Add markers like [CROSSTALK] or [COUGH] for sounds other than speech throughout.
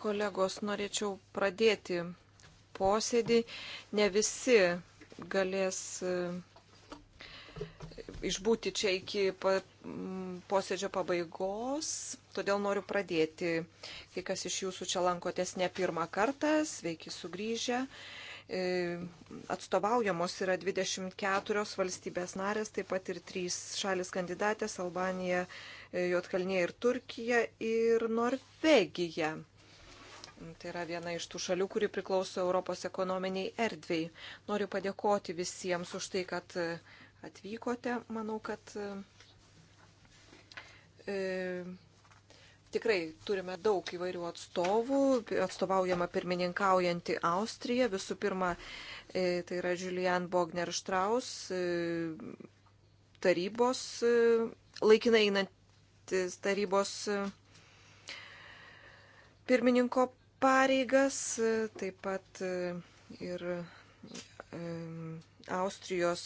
Kolegos, norėčiau pradėti posėdį. Ne visi galės e, išbūti čia iki posėdžio pabaigos, todėl noriu pradėti. Kai kas iš jūsų čia lankotės ne pirmą kartą, sveiki sugrįžę e, atstovaujamos yra 24 valstybės narės, taip pat ir 3 šalis kandidatės - Albanija, Jotkalnie ir Turkija, ir Norvegija. Tai yra viena iš tų šalių, kuri priklauso Europos ekonominiai erdvėjai. Noriu padėkoti visiems už tai, kad e, atvykote. Manau, kad e, tikrai turime daug įvairių atstovų. Atstovaujama pirmininkaujanti Austrija. Visų pirma, e, tai yra Julian Bogner Štraus, e, tarybos, e, laikinai einant tarybos e, pirmininko pareigas, e, taip pat e, ir Austrijos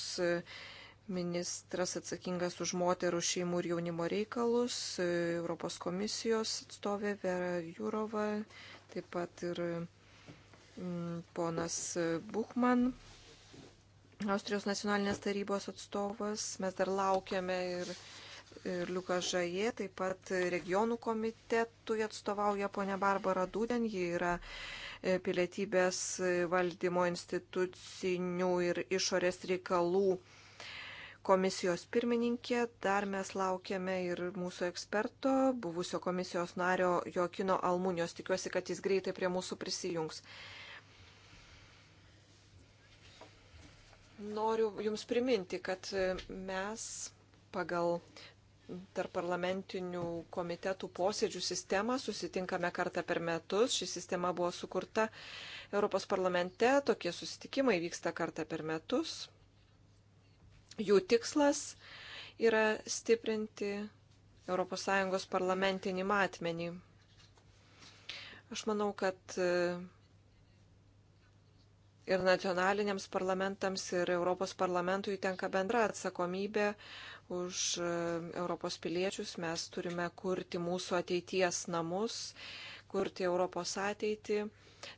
ministras atsakingas už moterų šeimų ir jaunimo reikalus, Europos komisijos atstovė Vera Jurova, taip pat ir ponas Buchman, Austrijos nacionalinės tarybos atstovas. Mes dar laukiame ir Liukas Žaje, taip pat regionų komitetui atstovauja ponia Barbara Dūden, ji yra e, pilietybės valdymo institucinių ir išorės reikalų komisijos pirmininkė. Dar mes laukiame ir mūsų eksperto, buvusio komisijos nario Jokino Almunijos. Tikiuosi, kad jis greitai prie mūsų prisijungs. Noriu Jums priminti, kad e, mes pagal tarp parlamentinių komitetų posėdžių sistemą, susitinkame kartą per metus. Ši sistema buvo sukurta Europos parlamente, tokie susitikimai vyksta kartą per metus. Jų tikslas yra stiprinti ES parlamentinį matmenį. Aš manau, kad ir nacionaliniams parlamentams, ir Europos parlamentui tenka bendra atsakomybė už e, Europos piliečius, mes turime kurti mūsų ateities namus, kurti Europos ateitį.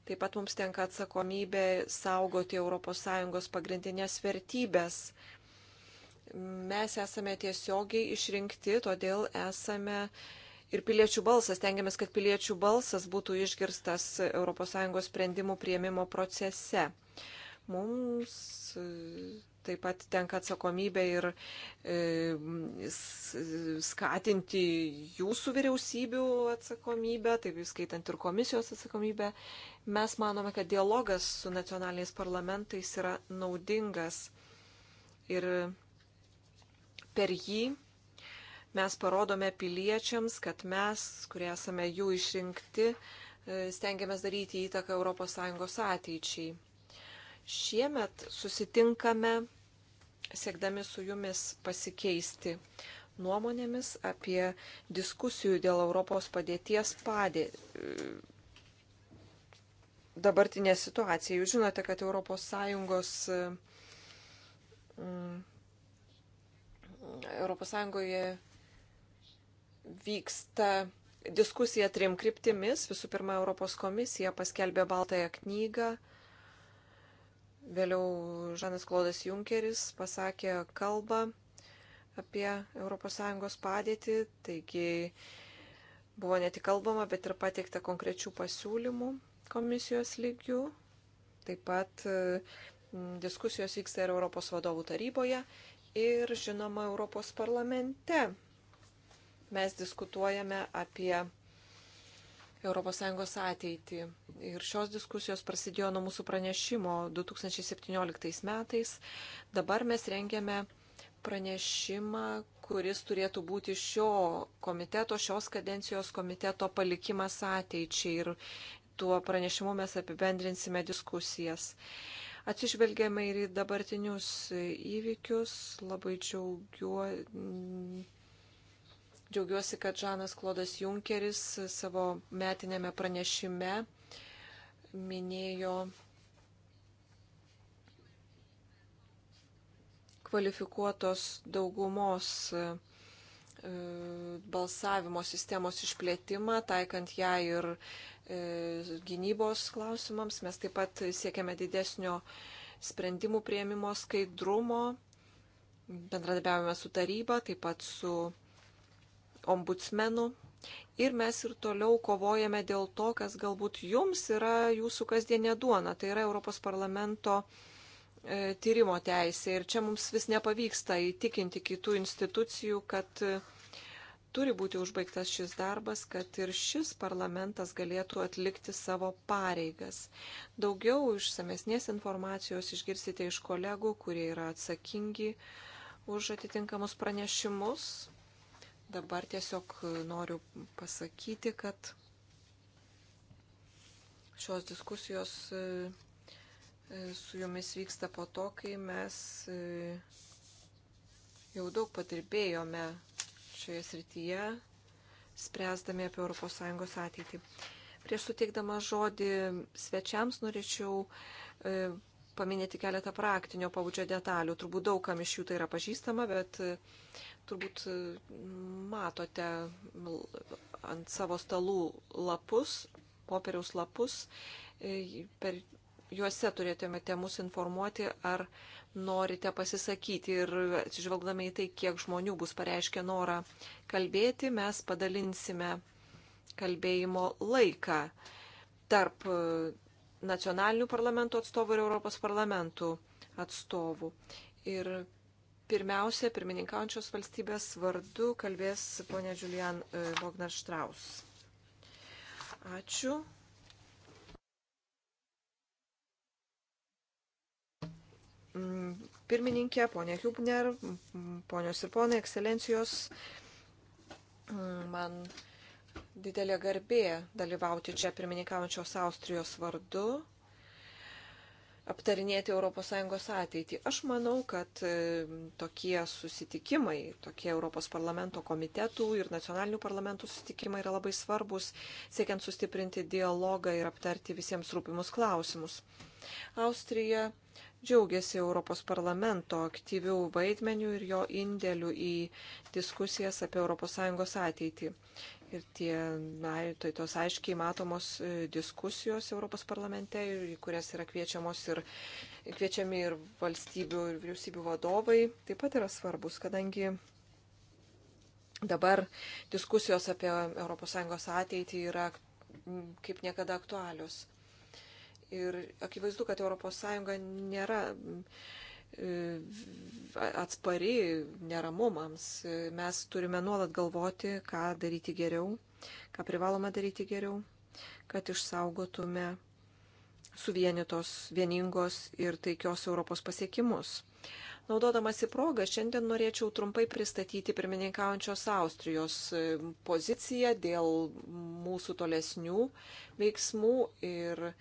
Taip pat mums tenka atsakomybė saugoti ES pagrindinės vertybės. Mes esame tiesiogiai išrinkti, todėl esame ir piliečių balsas. Tengiamės, kad piliečių balsas būtų išgirstas ES sprendimų prieimimo procese. Mums e, taip pat tenka atsakomybė ir e, skatinti jūsų vyriausybių atsakomybę, taip skaitant ir komisijos atsakomybę. Mes manome, kad dialogas su nacionaliniais parlamentais yra naudingas ir per jį mes parodome piliečiams, kad mes, kurie esame jų išrinkti, e, stengiamės daryti įtaką ES ateičiai. Šiemet susitinkame, siekdami su jumis pasikeisti nuomonėmis apie diskusijų dėl Europos padėties padė. Dabartinė situacija. Jūs žinote, kad ES mm, Europos Sąjungoje vyksta diskusija trim kryptimis. Visų pirma, Europos komisija paskelbė Baltąją knygą Vėliau Žanas Klodas Junkeris pasakė kalbą apie ES padėtį, taigi buvo ne tik kalbama, bet ir pateikta konkrečių pasiūlymų komisijos lygių. Taip pat diskusijos vyksta ir Europos vadovų taryboje ir, žinoma, Europos parlamente. Mes diskutuojame apie ES ateitį. Ir šios diskusijos prasidėjo nuo mūsų pranešimo 2017 metais. Dabar mes rengiame pranešimą, kuris turėtų būti šio komiteto, šios kadencijos komiteto palikimas ateičiai. Ir tuo pranešimu mes apibendrinsime diskusijas. Atsižvelgiame ir į dabartinius įvykius. Labai džiaugiuosi Džiaugiuosi, kad Žanas Klodas Junkeris savo metinėme pranešime minėjo kvalifikuotos daugumos e, balsavimo sistemos išplėtimą, taikant ją ir e, gynybos klausimams. Mes taip pat siekiame didesnio sprendimų prieimimo skaidrumo, bendradarbiavime su taryba, taip pat su ombudsmenų. Ir mes ir toliau kovojame dėl to, kas galbūt jums yra jūsų kasdienė duona. Tai yra Europos parlamento e, tyrimo teisė. Ir čia mums vis nepavyksta įtikinti kitų institucijų, kad e, turi būti užbaigtas šis darbas, kad ir šis parlamentas galėtų atlikti savo pareigas. Daugiau išsamesnės informacijos išgirsite iš kolegų, kurie yra atsakingi už atitinkamus pranešimus. Dabar tiesiog noriu pasakyti, kad šios diskusijos e, e, su jumis vyksta po to, kai mes e, jau daug padirbėjome šioje srityje, spręsdami apie ES ateitį. Prieš suteikdama žodį svečiams norėčiau paminėti keletą praktinio pabudžio detalių. Turbūt daugam iš jų tai yra pažįstama, bet e, turbūt e, matote ant savo stalų lapus, popieriaus lapus. E, per juose turėtumėte mus informuoti, ar norite pasisakyti. Ir atsižvelgdami į tai, kiek žmonių bus pareiškę norą kalbėti, mes padalinsime kalbėjimo laiką tarp nacionalinių parlamentų atstovų ir Europos parlamentų atstovų. Ir pirmiausia, pirmininkaujančios valstybės vardu kalbės ponia Julian Bognar e, Štraus. Ačiū. Mm, pirmininkė, ponia Hubner, ponios ir ponai, ekscelencijos, mm, man didelė garbė dalyvauti čia pirmininkaujančios Austrijos vardu, aptarinėti ES ateitį. Aš manau, kad e, tokie susitikimai, tokie Europos parlamento komitetų ir nacionalinių parlamentų susitikimai yra labai svarbus, siekiant sustiprinti dialogą ir aptarti visiems rūpimus klausimus. Austrija džiaugiasi Europos parlamento aktyvių vaidmenių ir jo indėlių į diskusijas apie ES ateitį. Ir tie, na, tai tos aiškiai matomos e, diskusijos Europos parlamente, į kurias yra kviečiamos ir kviečiami ir valstybių ir vyriausybių vadovai, taip pat yra svarbus, kadangi dabar diskusijos apie ES ateitį yra kaip niekada aktualios. Ir akivaizdu, kad ES nėra e, atspari neramumams. Mes turime nuolat galvoti, ką daryti geriau, ką privalome daryti geriau, kad išsaugotume suvienytos, vieningos ir taikios Europos pasiekimus. Naudodamasi progą, šiandien norėčiau trumpai pristatyti pirmininkaujančios Austrijos e, poziciją dėl mūsų tolesnių veiksmų ir e,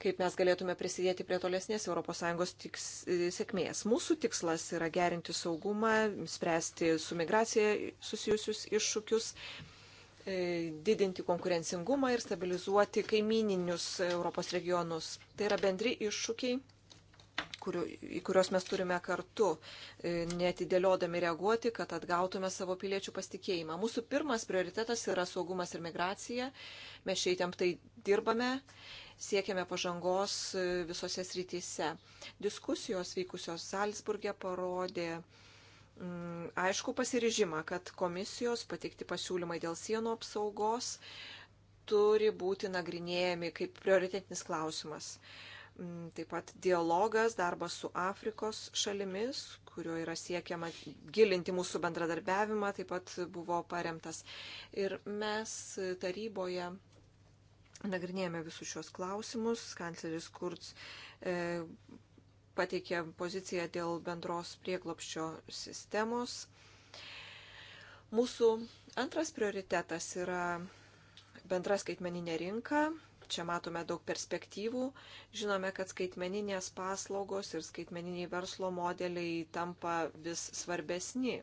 kaip mes galėtume prisidėti prie tolesnės ES tiks, e, sėkmės. Mūsų tikslas yra gerinti saugumą, spręsti su migracija susijusius iššūkius, e, didinti konkurencingumą ir stabilizuoti kaimininius Europos regionus. Tai yra bendri iššūkiai kuriu, į kuriuos mes turime kartu e, netidėliodami reaguoti, kad atgautume savo piliečių pasitikėjimą. Mūsų pirmas prioritetas yra saugumas ir migracija. Mes šiaip tai dirbame siekiame pažangos e, visose srityse. Diskusijos vykusios Salzburgė parodė mm, aišku pasiryžimą, kad komisijos patikti pasiūlymai dėl sienų apsaugos turi būti nagrinėjami kaip prioritetinis klausimas. Mm, taip pat dialogas, darbas su Afrikos šalimis, kuriuo yra siekiama gilinti mūsų bendradarbiavimą, taip pat buvo paremtas. Ir mes taryboje Nagrinėjame visus šios klausimus. Kancleris Kurz e, pateikė poziciją dėl bendros prieglopščio sistemos. Mūsų antras prioritetas yra bendra skaitmeninė rinka. Čia matome daug perspektyvų. Žinome, kad skaitmeninės paslaugos ir skaitmeniniai verslo modeliai tampa vis svarbesni.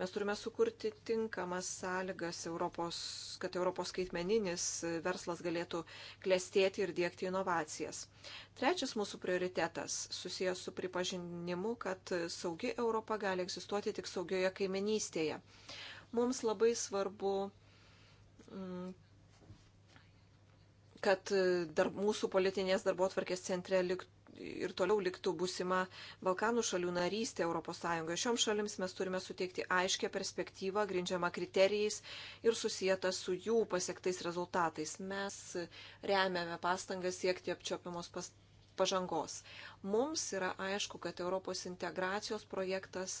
Mes turime sukurti tinkamas sąlygas, Europos, kad Europos skaitmeninis verslas galėtų klestėti ir dėkti inovacijas. Trečias mūsų prioritetas susijęs su pripažinimu, kad saugi Europa gali egzistuoti tik saugioje kaiminystėje. Mums labai svarbu mm, kad e, dar mūsų politinės darbo atvarkės centre liktų. Ir toliau liktų būsima Balkanų šalių narystė ES. Šioms šalims mes turime suteikti aiškę perspektyvą, grindžiamą kriterijais ir susijęta su jų pasiektais rezultatais. Mes remiame pastangą siekti apčiopiamos pas pažangos. Mums yra aišku, kad Europos integracijos projektas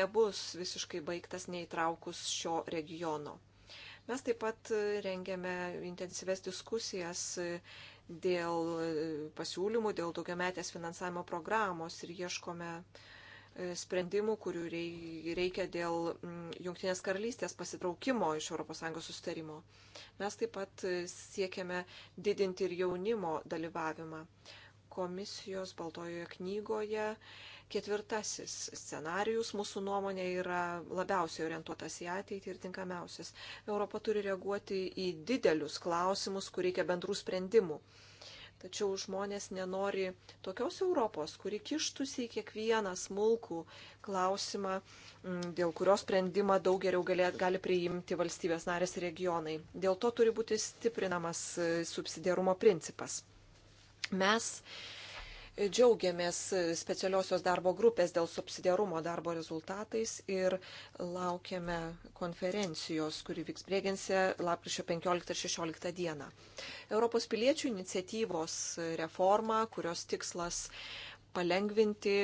nebus visiškai baigtas neįtraukus šio regiono. Mes taip pat e, rengiame intensyves diskusijas e, dėl e, pasiūlymų, dėl daugiametės finansavimo programos ir ieškome sprendimų, kurių reikia dėl Junktinės karalystės pasitraukimo iš ES sustarimo. Mes taip pat siekiame didinti ir jaunimo dalyvavimą. Komisijos baltojoje knygoje Ketvirtasis scenarius mūsų nuomonė yra labiausiai orientuotas į ateitį ir tinkamiausias. Europa turi reaguoti į didelius klausimus, kur reikia bendrų sprendimų. Tačiau žmonės nenori tokios Europos, kuri kištųsi į kiekvieną smulkų klausimą, mm, dėl kurio sprendimą daug geriau galėt, gali priimti valstybės narės regionai. Dėl to turi būti stiprinamas e, subsidiarumo principas. Mes uh, džiaugiamės specialiosios darbo grupės dėl subsidiarumo darbo rezultatais ir laukiame konferencijos, kuri vyks Brėgense lapkričio 15 ir 16 dieną. Europos piliečių iniciatyvos reforma, kurios tikslas palengvinti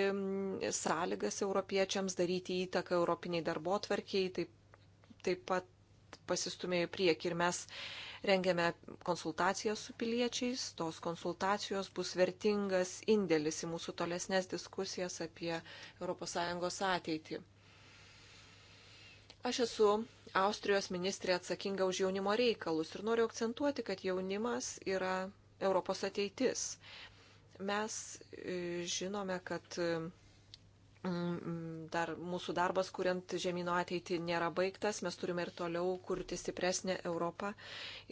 sąlygas europiečiams, daryti įtaką europiniai darbo tvarkiai, taip, taip pat pasistumėjo į priekį ir mes rengiame konsultacijas su piliečiais. Tos konsultacijos bus vertingas indėlis į mūsų tolesnės diskusijas apie ES ateitį. Aš esu Austrijos ministrė atsakinga už jaunimo reikalus ir noriu akcentuoti, kad jaunimas yra Europos ateitis. Mes e, žinome, kad Mm, dar mūsų darbas, kuriant žemynų ateitį, nėra baigtas. Mes turime ir toliau kurti stipresnę Europą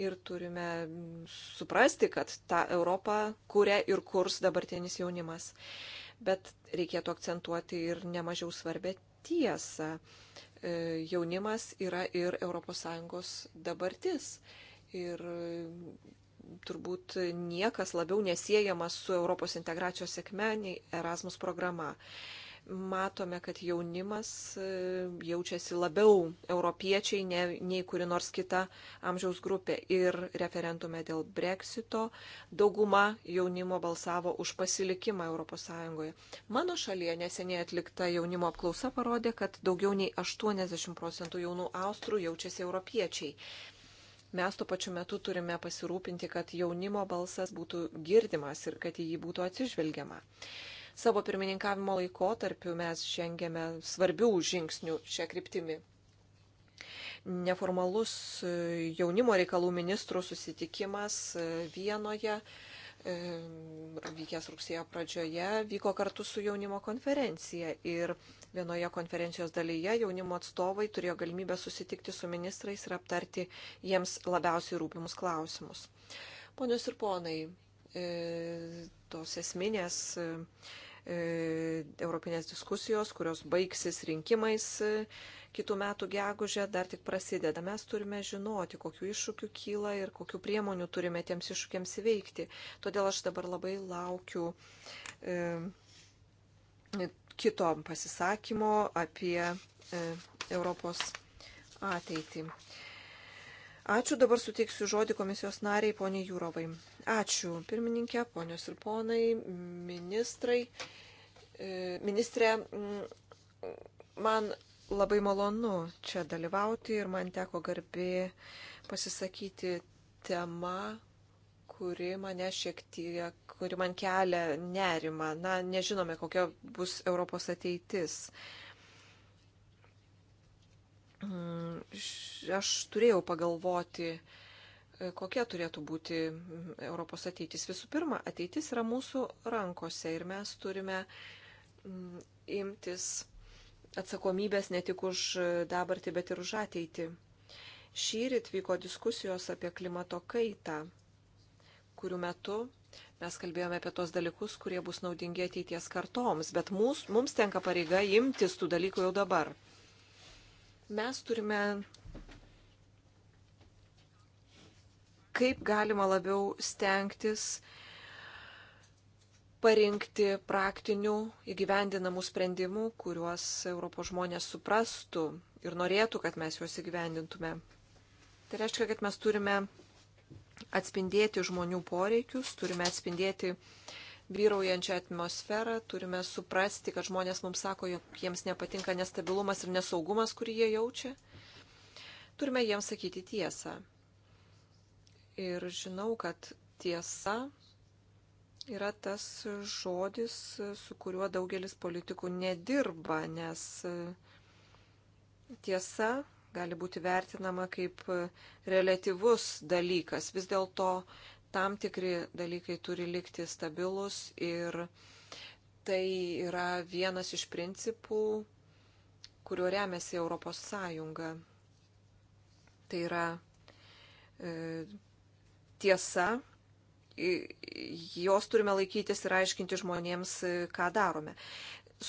ir turime mm, suprasti, kad tą Europą kuria ir kurs dabartinis jaunimas. Bet reikėtų akcentuoti ir nemažiau svarbę tiesą. E, jaunimas yra ir ES dabartis. Ir mm, turbūt niekas labiau nesiejamas su Europos integracijos sėkme nei Erasmus programa matome, kad jaunimas e, jaučiasi labiau europiečiai ne, nei kuri nors kita amžiaus grupė. Ir referendume dėl breksito dauguma jaunimo balsavo už pasilikimą ES. Mano šalyje neseniai atlikta jaunimo apklausa parodė, kad daugiau nei 80 procentų jaunų austrų jaučiasi europiečiai mes tuo pačiu metu turime pasirūpinti, kad jaunimo balsas būtų girdimas ir kad į jį būtų atsižvelgiama. Savo pirmininkavimo laikotarpiu mes žengėme svarbių žingsnių šią kryptimį. Neformalus e, jaunimo reikalų ministrų susitikimas e, Vienoje e, vykęs rugsėjo pradžioje, vyko kartu su jaunimo konferencija. Ir vienoje konferencijos dalyje jaunimo atstovai turėjo galimybę susitikti su ministrais ir aptarti jiems labiausiai rūpimus klausimus. Ponios ir ponai, E, tos esminės e, e, europinės diskusijos, kurios baigsis rinkimais kitų metų gegužę, dar tik prasideda. Mes turime žinoti, kokiu iššūkiu kyla ir kokiu priemonių turime tiems iššūkiams įveikti. Todėl aš dabar labai laukiu e, kito pasisakymo apie e, Europos ateitį. E, Ačiū, dabar suteiksiu žodį komisijos nariai, poniai Jūrovai. Ačiū, pirmininkė, ponios ir ponai, ministrai. E, ministrė, mm, man labai malonu čia dalyvauti ir man teko garbė pasisakyti tema, kuri mane šiek tiek, kuri man kelia nerimą. Na, nežinome, kokia bus Europos ateitis. Uh, Mm, aš turėjau pagalvoti, e, kokia turėtų būti mm, Europos ateitis. Visų pirma, ateitis yra mūsų rankose ir mes turime mm, imtis atsakomybės ne tik už dabartį, bet ir už ateitį. Šįryt vyko diskusijos apie klimato kaitą, kurių metu mes kalbėjome apie tos dalykus, kurie bus naudingi ateities kartoms, bet mūs, mums tenka pareiga imtis tų dalykų jau dabar. Mes turime kaip galima labiau stengtis parinkti praktinių įgyvendinamų sprendimų, kuriuos Europos žmonės suprastų ir norėtų, kad mes juos įgyvendintume. Tai reiškia, kad mes turime atspindėti žmonių poreikius, turime atspindėti uh, vyraujančią atmosferą, turime suprasti, kad žmonės mums sako, jog jiems nepatinka nestabilumas ir nesaugumas, kurį jie jaučia. Turime jiems sakyti tiesą. Ir žinau, kad tiesa yra tas žodis, su kuriuo daugelis politikų nedirba, nes e, tiesa gali būti vertinama kaip e, relativus dalykas. Vis dėlto tam tikri dalykai turi likti stabilus ir tai yra vienas iš principų, kuriuo remiasi Europos Sąjunga. Tai yra e, tiesa, jos turime laikytis ir aiškinti žmonėms, e, ką darome.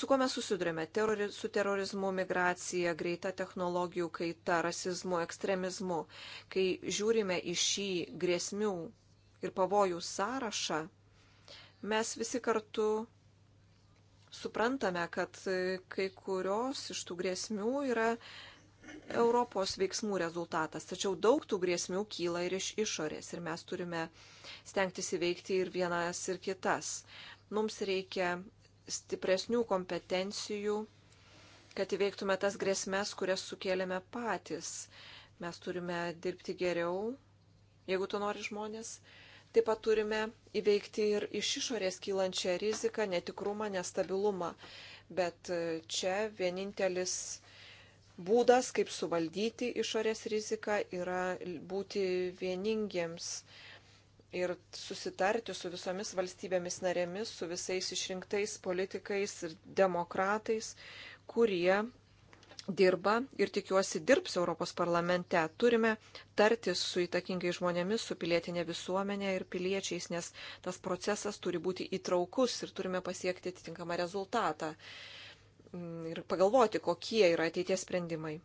Su kuo mes susidurėme? Terori, su terorizmu, migracija, greita technologijų kaita, rasizmu, ekstremizmu. Kai žiūrime į šį grėsmių ir pavojų sąrašą, mes visi kartu suprantame, kad kai kurios iš tų grėsmių yra Europos veiksmų rezultatas. Tačiau daug tų grėsmių kyla ir iš išorės ir mes turime stengtis įveikti ir vienas, ir kitas. Mums reikia stipresnių kompetencijų, kad įveiktume tas grėsmės, kurias sukėlėme patys. Mes turime dirbti geriau, jeigu to nori žmonės. Taip pat turime įveikti ir iš išorės kylančią riziką, netikrumą, nestabilumą. Bet e, čia vienintelis būdas, kaip suvaldyti išorės riziką, yra būti vieningiems ir susitarti su visomis valstybėmis narėmis, su visais išrinktais politikais ir demokratais, kurie dirba ir tikiuosi dirbs Europos parlamente. Turime tartis su įtakingai žmonėmis, su pilietinė visuomenė ir piliečiais, nes tas procesas turi būti įtraukus ir turime pasiekti atitinkamą rezultatą mm, ir pagalvoti, kokie yra ateities sprendimai.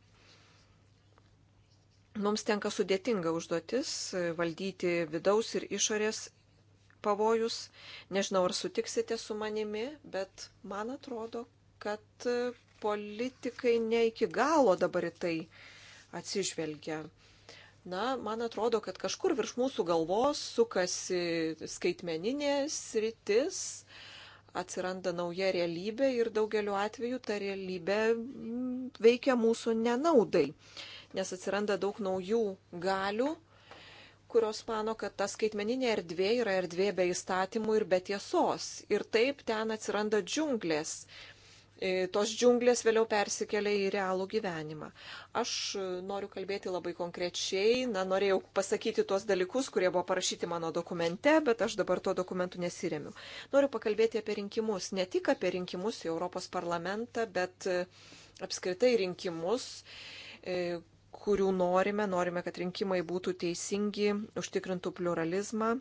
Mums tenka sudėtinga užduotis valdyti vidaus ir išorės pavojus. Nežinau, ar sutiksite su manimi, bet man atrodo, kad politikai ne iki galo dabar į tai atsižvelgia. Na, man atrodo, kad kažkur virš mūsų galvos sukasi skaitmeninė sritis, atsiranda nauja realybė ir daugeliu atveju ta realybė mm, veikia mūsų nenaudai, nes atsiranda daug naujų galių, kurios mano, kad ta skaitmeninė erdvė yra erdvė be įstatymų ir be tiesos. Ir taip ten atsiranda džiunglės, E, tos džiunglės vėliau persikelia į realų gyvenimą. Aš e, noriu kalbėti labai konkrečiai, na, norėjau pasakyti tuos dalykus, kurie buvo parašyti mano dokumente, bet aš dabar tuo dokumentu nesiremiu. Noriu pakalbėti apie rinkimus, ne tik apie rinkimus į Europos parlamentą, bet e, apskritai rinkimus kurių norime, norime, kad rinkimai būtų teisingi, užtikrintų pluralizmą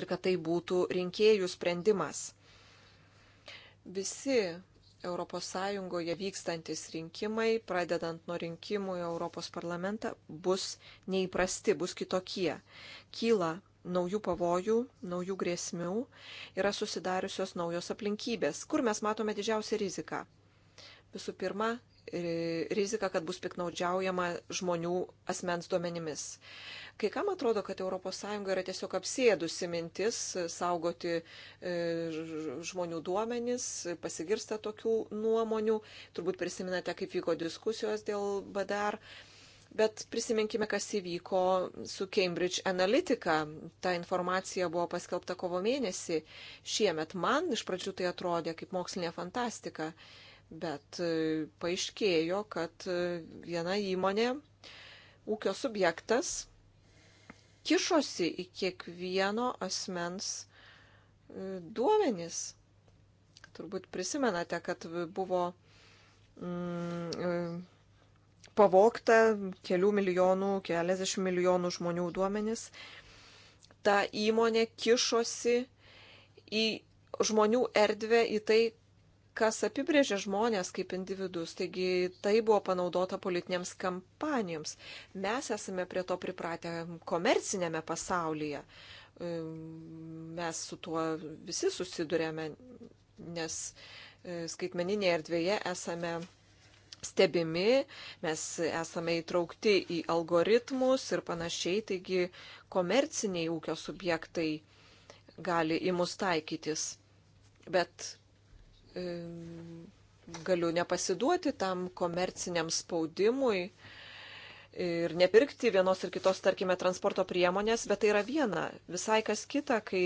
ir kad tai būtų rinkėjų sprendimas. Visi ES vykstantis rinkimai, pradedant nuo rinkimų į Europos parlamentą, bus neįprasti, bus kitokie. Kyla naujų pavojų, naujų grėsmių, yra susidariusios naujos aplinkybės. Kur mes matome didžiausią riziką? Visų pirma, rizika, kad bus piknaudžiaujama žmonių asmens duomenimis. Kai kam atrodo, kad ES yra tiesiog apsėdusi mintis saugoti e, žmonių duomenis, pasigirsta tokių nuomonių, turbūt prisiminate, kaip vyko diskusijos dėl BDR. Bet prisiminkime, kas įvyko su Cambridge Analytica. Ta informacija buvo paskelbta kovo mėnesį šiemet. Man iš pradžių tai atrodė kaip mokslinė fantastika. Uh, Bet e, paaiškėjo, kad e, viena įmonė, ūkio subjektas, kišosi į kiekvieno asmens e, duomenys. Turbūt prisimenate, kad buvo mm, pavokta kelių milijonų, keliasdešimt milijonų žmonių duomenys. Ta įmonė kišosi į žmonių erdvę, į tai, kas apibrėžia žmonės kaip individus, taigi tai buvo panaudota politinėms kampanijoms. Mes esame prie to pripratę komercinėme pasaulyje. Ehm, mes su tuo visi susidurėme, nes e, skaitmeninėje erdvėje esame stebimi, mes esame įtraukti į algoritmus ir panašiai, taigi komerciniai ūkio subjektai gali į mus taikytis. Bet galiu nepasiduoti tam komerciniam spaudimui ir nepirkti vienos ir kitos, tarkime, transporto priemonės, bet tai yra viena, visai kas kita, kai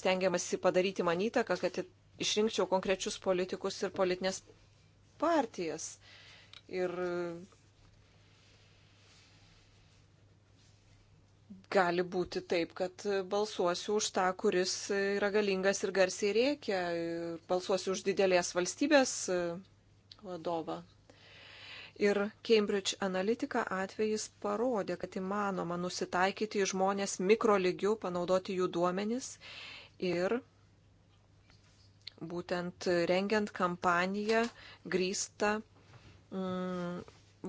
stengiamasi padaryti man įtaką, kad išrinkčiau konkrečius politikus ir politinės partijas. Ir gali būti taip, kad balsuosiu už tą, kuris yra galingas ir garsiai rėkia, ir balsuosiu už didelės valstybės e, vadovą. Ir Cambridge Analytica atvejis parodė, kad įmanoma nusitaikyti į žmonės mikrolygių, panaudoti jų duomenis ir būtent rengiant kampaniją grįstą mm,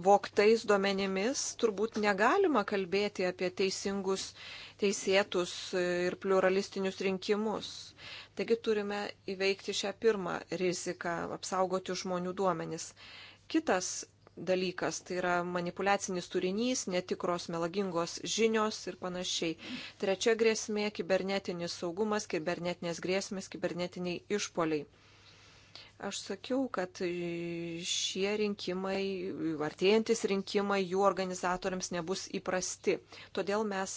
voktais duomenimis turbūt negalima kalbėti apie teisingus, teisėtus ir pluralistinius rinkimus. Taigi turime įveikti šią pirmą riziką - apsaugoti žmonių duomenis. Kitas dalykas, tai yra manipulacinis turinys, netikros melagingos žinios ir panašiai. Trečia grėsmė - kibernetinis saugumas, kibernetinės grėsmės, kibernetiniai išpoliai. Aš sakiau, kad šie rinkimai, artėjantis rinkimai jų organizatoriams nebus įprasti. Todėl mes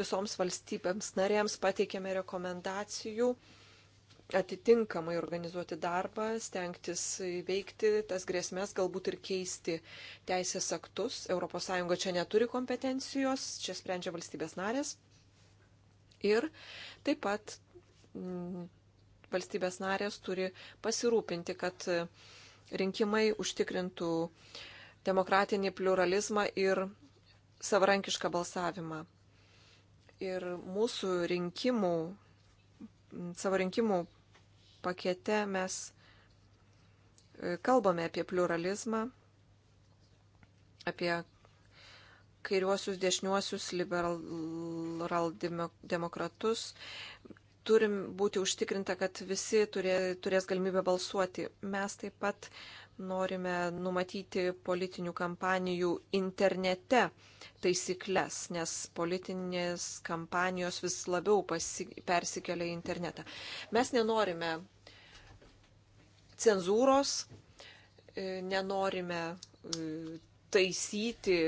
visoms valstybėms narėms pateikėme rekomendacijų atitinkamai organizuoti darbą, stengtis veikti tas grėsmės, galbūt ir keisti teisės aktus. ES čia neturi kompetencijos, čia sprendžia valstybės narės. Ir taip pat mm, valstybės narės turi pasirūpinti, kad rinkimai užtikrintų demokratinį pluralizmą ir savarankišką balsavimą. Ir mūsų rinkimų, savo rinkimų pakete mes e, kalbame apie pluralizmą, apie kairiuosius, dešiniuosius, liberal demokratus turim būti užtikrinta, kad visi turė, turės galimybę balsuoti. Mes taip pat norime numatyti politinių kampanijų internete taisyklės, nes politinės kampanijos vis labiau pasi, persikelia į internetą. Mes nenorime cenzūros, nenorime e, taisyti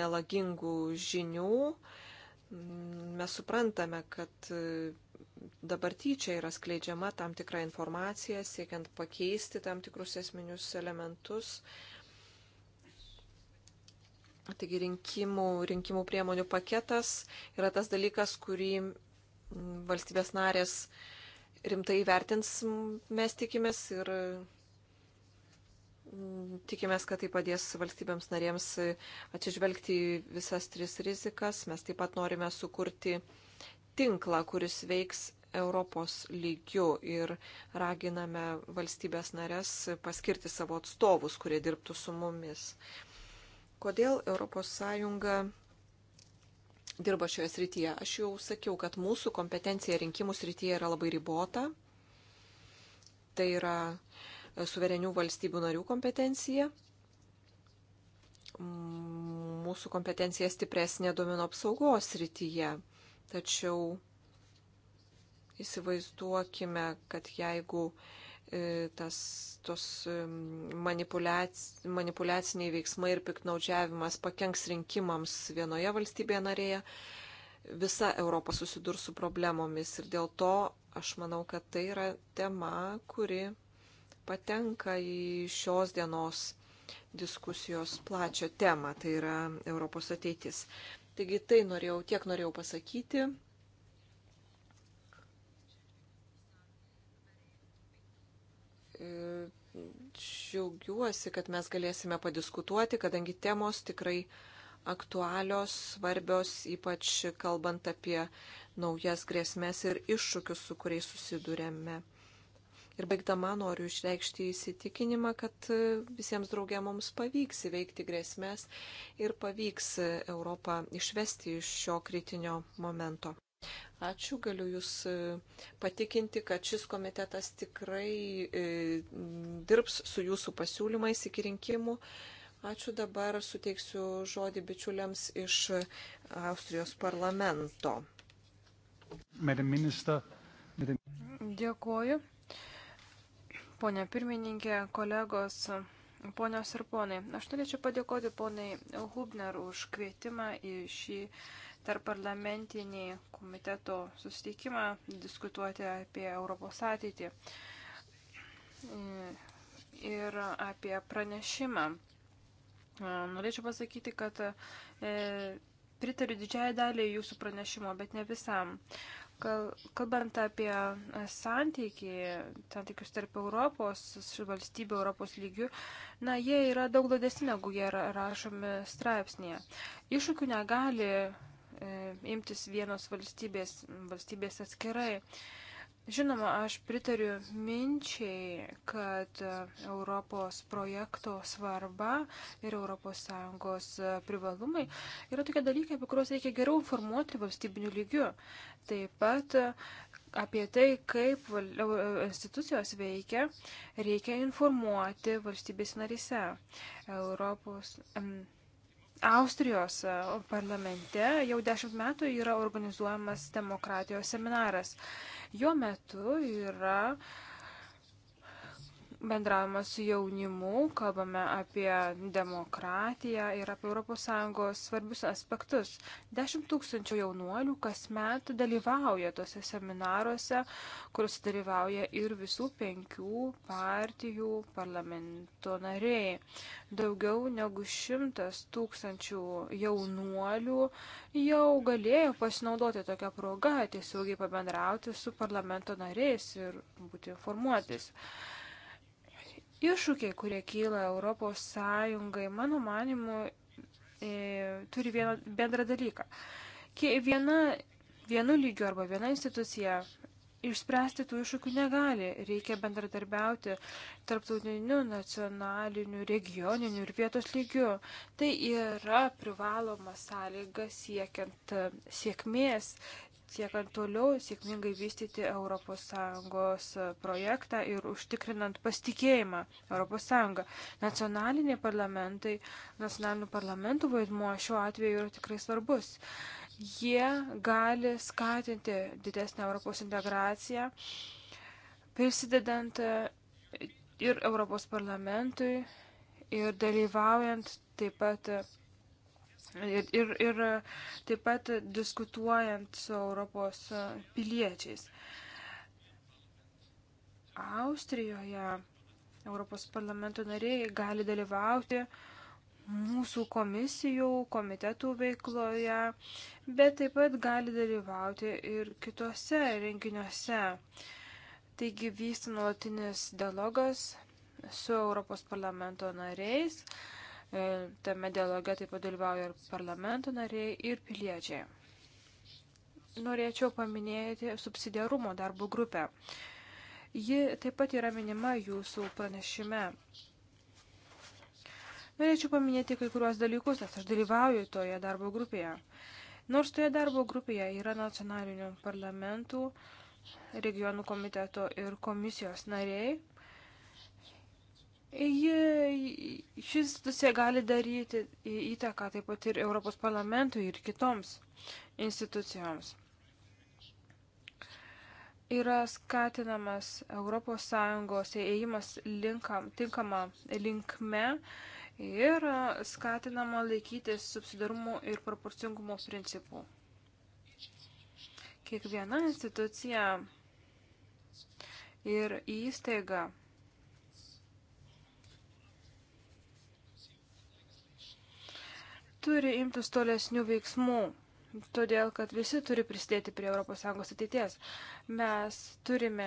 melagingų žinių. Mes suprantame, kad e, dabar tyčia yra skleidžiama tam tikra informacija, siekiant pakeisti tam tikrus esminius elementus. Taigi rinkimų, rinkimų priemonių paketas yra tas dalykas, kurį valstybės narės rimtai vertins, mes tikimės ir mm, Tikimės, kad tai padės valstybėms narėms atsižvelgti visas tris rizikas. Mes taip pat norime sukurti uh, tinklą, kuris veiks Europos lygiu ir raginame valstybės narės paskirti savo atstovus, kurie dirbtų su mumis. Kodėl ES dirba šioje srityje? Aš jau sakiau, kad mūsų kompetencija rinkimų srityje yra labai ribota. Tai yra suverenių valstybių narių kompetencija. Mūsų kompetencija stipresnė domino apsaugos srityje Tačiau įsivaizduokime, kad jeigu e, tas, tos e, manipulac, manipulaciniai veiksmai ir piknaudžiavimas pakenks rinkimams vienoje valstybėje narėje, visa Europa susidurs su problemomis. Ir dėl to aš manau, kad tai yra tema, kuri patenka į šios dienos diskusijos plačią temą, tai yra Europos ateitis. Taigi tai norėjau, tiek norėjau pasakyti. Džiaugiuosi, kad mes galėsime padiskutuoti, kadangi temos tikrai aktualios, svarbios, ypač kalbant apie naujas grėsmės ir iššūkius, su kuriais susidurėme. Ir baigdama noriu išreikšti įsitikinimą, kad e, visiems draugė mums pavyks įveikti grėsmės ir pavyks e, Europą išvesti iš šio kritinio momento. Ačiū, galiu Jūs e, patikinti, kad šis komitetas tikrai dirbs su Jūsų pasiūlymais iki rinkimų. Ačiū dabar suteiksiu žodį bičiuliams iš Austrijos parlamento. Madam Minister, Dėkuoju. Pone pirmininkė, kolegos, ponios ir ponai, aš norėčiau padėkoti ponai Hubner už kvietimą į šį tarp parlamentinį komiteto susitikimą diskutuoti apie Europos ateitį ir apie pranešimą. Norėčiau pasakyti, kad e, pritariu didžiai daliai jūsų pranešimo, bet ne visam. Kalbant apie e, santykį, santykius tarp Europos, šių valstybių Europos lygių, na, jie yra daug didesni, negu jie yra rašomi straipsnėje. Iššūkių negali e, imtis vienos valstybės, valstybės atskirai. E, Žinoma, aš pritariu minčiai, kad Europos projekto svarba ir ES privalumai yra tokie dalykai, apie kuriuos reikia geriau informuoti valstybinių lygių. Taip pat apie tai, kaip institucijos veikia, reikia informuoti valstybės narise. Europos. Um, Austrijos e, parlamente jau dešimt metų yra organizuojamas demokratijos seminaras. Jo metu yra uh, bendravimą su jaunimu, kalbame apie demokratiją ir apie ES svarbius aspektus. Dešimt tūkstančių jaunuolių kasmet dalyvauja tose seminaruose, kuriuose dalyvauja ir visų penkių partijų parlamento nariai. Daugiau negu šimtas tūkstančių jaunuolių jau galėjo pasinaudoti tokią progą tiesiogiai pabendrauti su parlamento nariais ir būti informuotis. Yes. Iššūkiai, kurie kyla Europos Sąjungai, mano manimu, e, turi vieną bendrą dalyką. Viena, vienu lygiu arba viena institucija išspręsti tų iššūkių negali. Reikia bendradarbiauti tarptautiniu, nacionaliniu, regioniniu ir vietos lygiu. Tai yra privaloma sąlyga siekiant e, sėkmės siekant toliau sėkmingai vystyti ES projektą ir užtikrinant pasitikėjimą ES. Nacionaliniai parlamentai, nacionalinių parlamentų vaidmuo šiuo atveju yra tikrai svarbus. Jie gali skatinti didesnę Europos integraciją, prisidedant e, ir Europos parlamentui, ir dalyvaujant taip pat Ir, ir, ir taip pat diskutuojant su Europos piliečiais. Austrijoje Europos parlamento nariai gali dalyvauti mūsų komisijų, komitetų veikloje, bet taip pat gali dalyvauti ir kitose renginiuose. Taigi vyksta nuolatinis dialogas su Europos parlamento nariais. Uh, E, tame dialoge taip pat dalyvauja ir parlamento nariai, ir piliečiai. Norėčiau paminėti subsidiarumo darbo grupę. Ji taip pat yra minima jūsų pranešime. Norėčiau paminėti kai kuriuos dalykus, nes aš dalyvauju toje darbo grupėje. Nors toje darbo grupėje yra nacionalinių parlamentų, regionų komiteto ir komisijos nariai, Ji, ši institucija gali daryti įtaką taip pat ir Europos parlamentui ir kitoms institucijoms. Yra skatinamas ES įėjimas linkam, tinkama linkme ir skatinama laikytis subsidarumo ir proporcingumo principų. Kiekviena institucija ir įstaiga turi imtis tolesnių veiksmų, todėl kad visi turi prisidėti prie ES ateities. Mes turime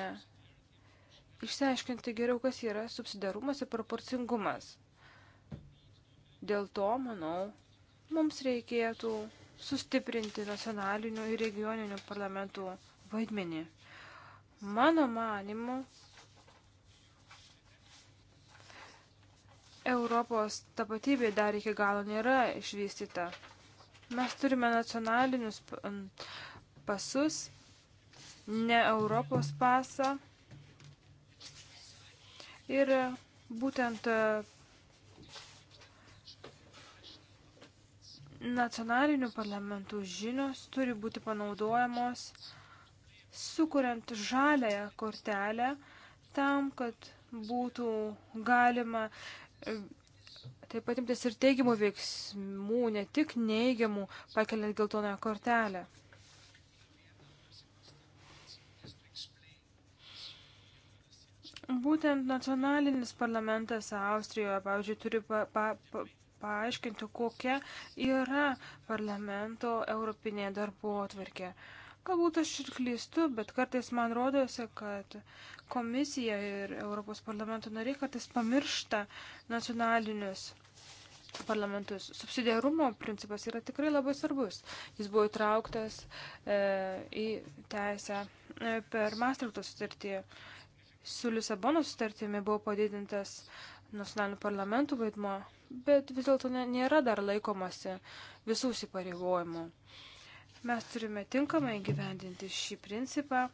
išsiaiškinti geriau, kas yra subsidarumas ir proporcingumas. Dėl to, manau, mums reikėtų sustiprinti nacionalinių ir regioninių parlamentų vaidmenį. Mano manimu, Europos tapatybė dar iki galo nėra išvystyta. Mes turime nacionalinius um, pasus, ne Europos pasą. Ir būtent uh, nacionalinių parlamentų žinios turi būti panaudojamos, sukuriant žalę kortelę tam, kad būtų galima taip pat imtis ir teigiamų veiksmų, ne tik neigiamų, pakeliant geltoną kortelę. Būtent nacionalinis parlamentas Austrijoje, pavyzdžiui, turi pa, pa, pa, paaiškinti, kokia yra parlamento europinė darbo atvarkė. Galbūt aš ir klystu, bet kartais man rodosi, kad Komisija ir Europos parlamento nariai kartais pamiršta nacionalinius parlamentus. Subsidiarumo principas yra tikrai labai svarbus. Jis buvo įtrauktas e, į teisę e, per Maastrichto sutartį. Su Lisabono sutartimi buvo padidintas nacionalinių parlamentų vaidmo, bet vis dėlto nėra dar laikomasi visų įsipareigojimų. Mes turime tinkamai gyvendinti šį principą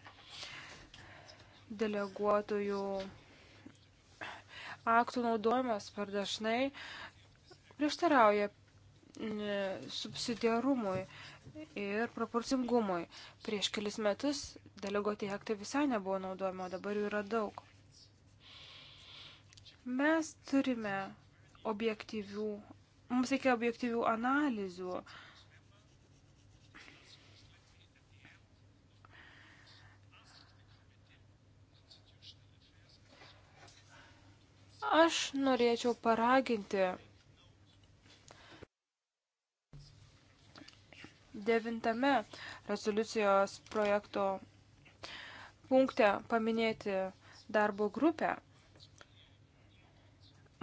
deleguotojų aktų naudojimas per dažnai prieštarauja subsidiarumui ir proporcingumui. Prieš kelis metus deleguoti aktai visai nebuvo naudojama, dabar jų yra daug. Mes turime objektyvių, mums reikia objektyvių analizių, Aš norėčiau paraginti devintame rezoliucijos projekto punkte paminėti darbo grupę.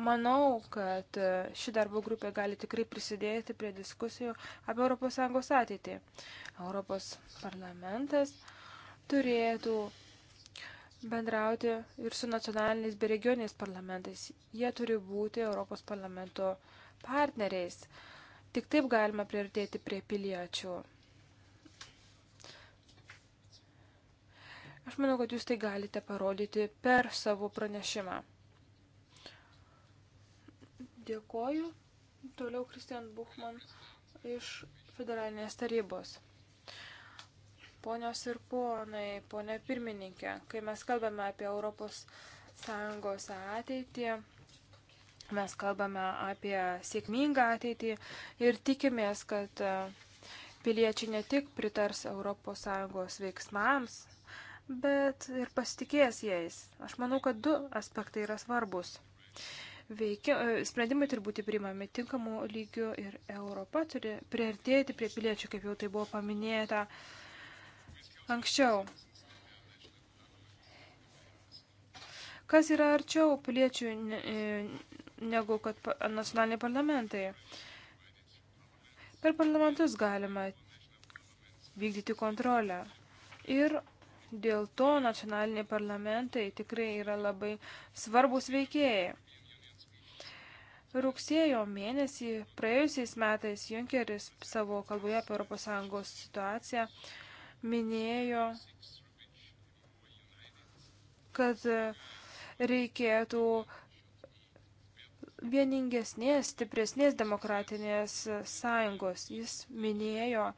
Manau, kad ši darbo grupė gali tikrai prisidėti prie diskusijų apie ES ateitį. Europos parlamentas turėtų bendrauti ir su nacionaliniais bei regioniais parlamentais. Jie turi būti Europos parlamento partneriais. Tik taip galima priartėti prie piliečių. Aš manau, kad jūs tai galite parodyti per savo pranešimą. Dėkoju. Toliau Kristian Buchman iš federalinės tarybos. Ponios ir ponai, ponė pirmininkė, kai mes kalbame apie ES ateitį, mes kalbame apie sėkmingą ateitį ir tikimės, kad e, piliečiai ne tik pritars ES veiksmams, bet ir pasitikės jais. Aš manau, kad du aspektai yra svarbus. Veikia, e, sprendimai turi būti priimami tinkamų lygių ir Europa turi priartėti prie piliečių, kaip jau tai buvo paminėta. Uh, anksčiau. Kas yra arčiau piliečių e, negu kad nacionaliniai parlamentai? Per parlamentus galima vykdyti kontrolę. Ir dėl to nacionaliniai parlamentai tikrai yra labai svarbus veikėjai. Rugsėjo mėnesį praėjusiais metais Junkeris savo kalboje apie ES situaciją minėjo, kad reikėtų vieningesnės, stipresnės demokratinės sąjungos. Jis minėjo,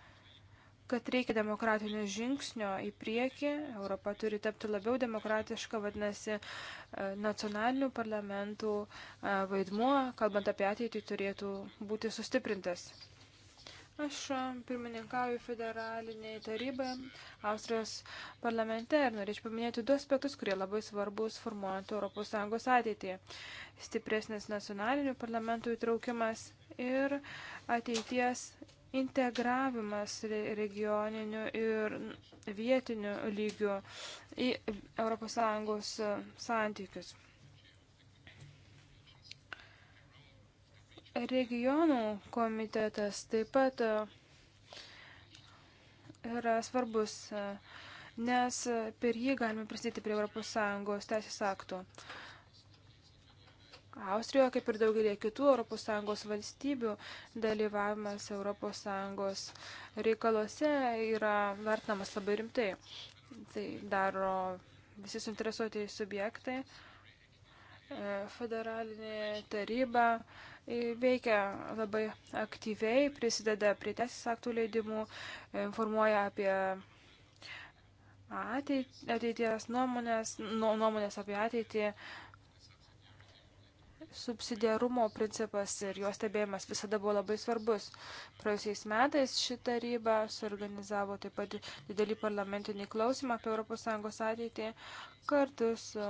kad reikia demokratinio žingsnio į priekį, Europa turi tapti labiau demokratiška, vadinasi, nacionalinių parlamentų vaidmuo, kalbant apie ateitį, turėtų būti sustiprintas. Aš pirmininkauju federaliniai tarybai Austrijos parlamente ir norėčiau paminėti du aspektus, kurie labai svarbus formuojant ES ateitį. Stipresnis nacionalinių parlamentų įtraukimas ir ateities integravimas regioniniu ir vietiniu lygiu į ES santykius. Regionų komitetas taip pat e, yra svarbus, e, nes per jį galime prisidėti prie ES teisės aktų. Austrijoje, kaip ir daugelį kitų ES valstybių, dalyvavimas ES reikaluose yra vertinamas labai rimtai. Tai daro visi suinteresuotieji subjektai, e, federalinė taryba, E, veikia labai aktyviai, prisideda prie teisės aktų leidimų, e, informuoja apie ateities nuomonės, nu, nuomonės apie ateitį. Subsidiarumo principas ir jo stebėjimas visada buvo labai svarbus. Praėjusiais metais ši taryba suorganizavo taip pat didelį parlamentinį klausimą apie ES ateitį kartu su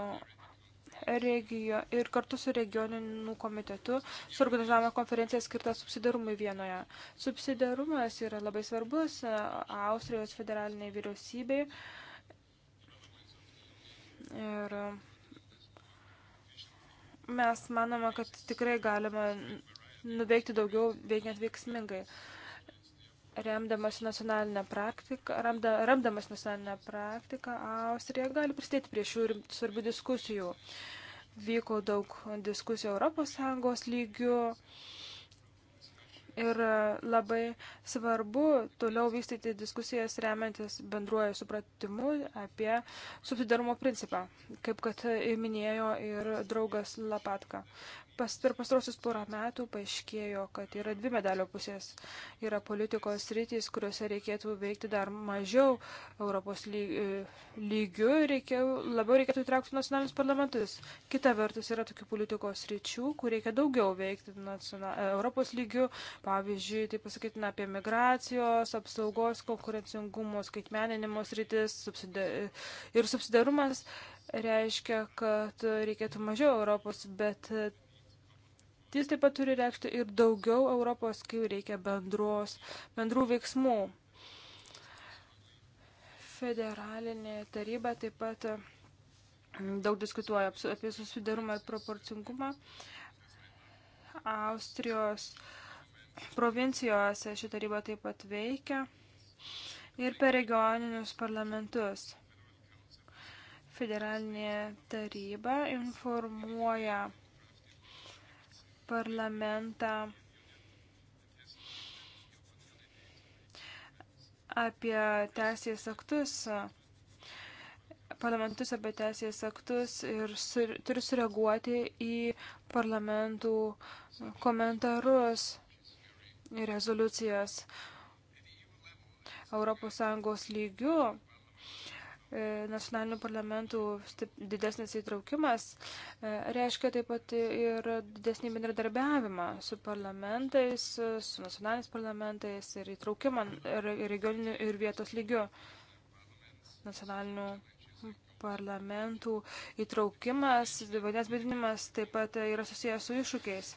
regio, ir kartu su regioniniu komitetu suorganizavome konferenciją skirtą subsidarumui vienoje. Subsidarumas yra labai svarbus Austrijos federaliniai vyriausybei. Ir mes manome, kad tikrai galima nuveikti daugiau veikiant veiksmingai. Uh, remdamas nacionalinę praktiką, ramda, ramdamas nacionalinę praktiką, Austrija gali pristėti prie šių svarbių diskusijų. Vyko daug diskusijų ES lygių ir labai svarbu toliau vystyti diskusijas remiantis bendruoju supratimu apie subsidarumo principą, kaip kad minėjo ir draugas Lapatka. Pas, per pastarosius porą metų paaiškėjo, kad yra dvi medalio pusės. Yra politikos rytis, kuriuose reikėtų veikti dar mažiau Europos lygių, reikia, labiau reikėtų įtraukti nacionalinius parlamentus. Kita vertus yra tokių politikos ryčių, kur reikia daugiau veikti nacional, Europos lygių, pavyzdžiui, tai pasakytina apie migracijos, apsaugos, konkurencingumo, skaitmeninimo rytis subsidi, ir subsidarumas reiškia, kad reikėtų mažiau Europos, bet Jis taip pat turi reikšti ir daugiau Europos, kai reikia bendros, bendrų veiksmų. Federalinė taryba taip pat mm, daug diskutuoja apie susidarumą ir proporcingumą. Austrijos provincijose ši taryba taip pat veikia ir per regioninius parlamentus. Federalinė taryba informuoja parlamentą apie teisės aktus, parlamentus apie teisės aktus ir sur, turi sureaguoti į parlamentų komentarus ir rezoliucijas. ES lygių E, nacionalinių parlamentų didesnis įtraukimas e, reiškia taip pat ir didesnį bendradarbiavimą su parlamentais, su nacionaliniais parlamentais ir įtraukimą ir regioninių ir vietos lygių nacionalinių parlamentų įtraukimas, vadinės bidinimas taip pat yra susijęs su iššūkiais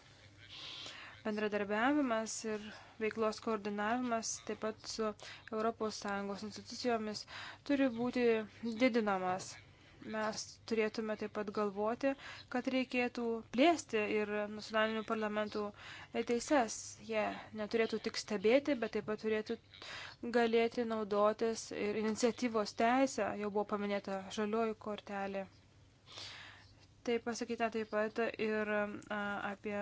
bendradarbiavimas ir veiklos koordinavimas taip pat su ES institucijomis turi būti didinamas. Mes turėtume taip pat galvoti, kad reikėtų plėsti ir nacionalinių parlamentų teises. Jie neturėtų tik stebėti, bet taip pat turėtų galėti naudotis ir iniciatyvos teisę. Jau buvo paminėta žalioji kortelė. Tai pasakyta taip pat ir apie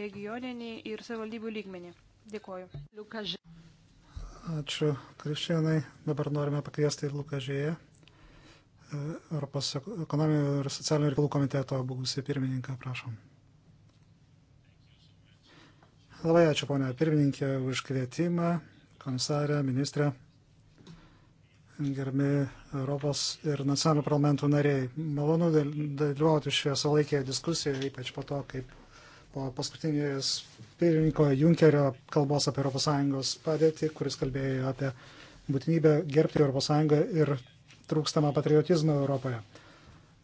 regioninį ir savivaldybių lygmenį. Dėkuoju. Lukaž. Ačiū, Kristianai. Dabar norime pakviesti Lukažėje, Europos ekonominio ir socialinio reikalų komiteto buvusi pirmininką, prašom. Labai ačiū, ponia pirmininkė, už kvietimą, komisarę, ministrę gerbiami Europos ir nacionalinių parlamentų nariai. Malonu dalyvauti šioje savalaikėje diskusijoje, ypač po to, kaip po paskutinės pirmininko Junkerio kalbos apie ES padėtį, kuris kalbėjo apie būtinybę gerbti ES ir trūkstamą patriotizmą Europoje.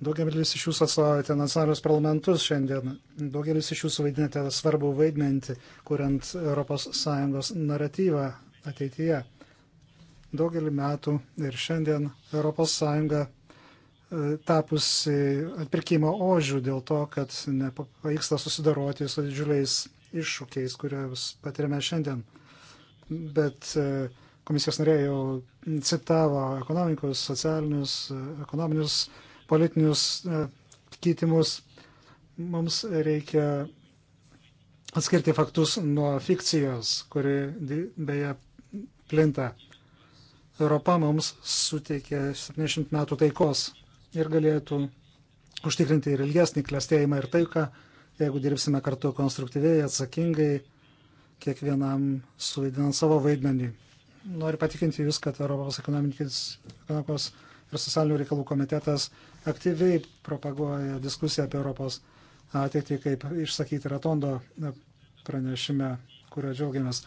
Daugelis iš jūsų atstovaujate nacionalius parlamentus šiandien, daugelis iš jūsų vaidinate svarbų vaidmentį, kuriant ES naratyvą ateityje daugelį metų ir šiandien ES e, tapusi atpirkimo ožių dėl to, kad nepavyksta susidaroti su didžiuliais iššūkiais, kuriuos patiriame šiandien. Bet e, komisijos narė jau citavo ekonomikos, socialinius, e, ekonominius, politinius keitimus. Mums reikia atskirti faktus nuo fikcijos, kuri beje plinta. Europa mums suteikė 70 metų taikos ir galėtų užtikrinti ir ilgesnį klestėjimą ir taiką, jeigu dirbsime kartu konstruktyviai, atsakingai, kiekvienam suvaidinant savo vaidmenį. Noriu patikinti Jūs, kad Europos ekonomikos ir socialinių reikalų komitetas aktyviai propaguoja diskusiją apie Europos ateitį, kaip išsakyti Ratondo pranešime, kurio džiaugiamės.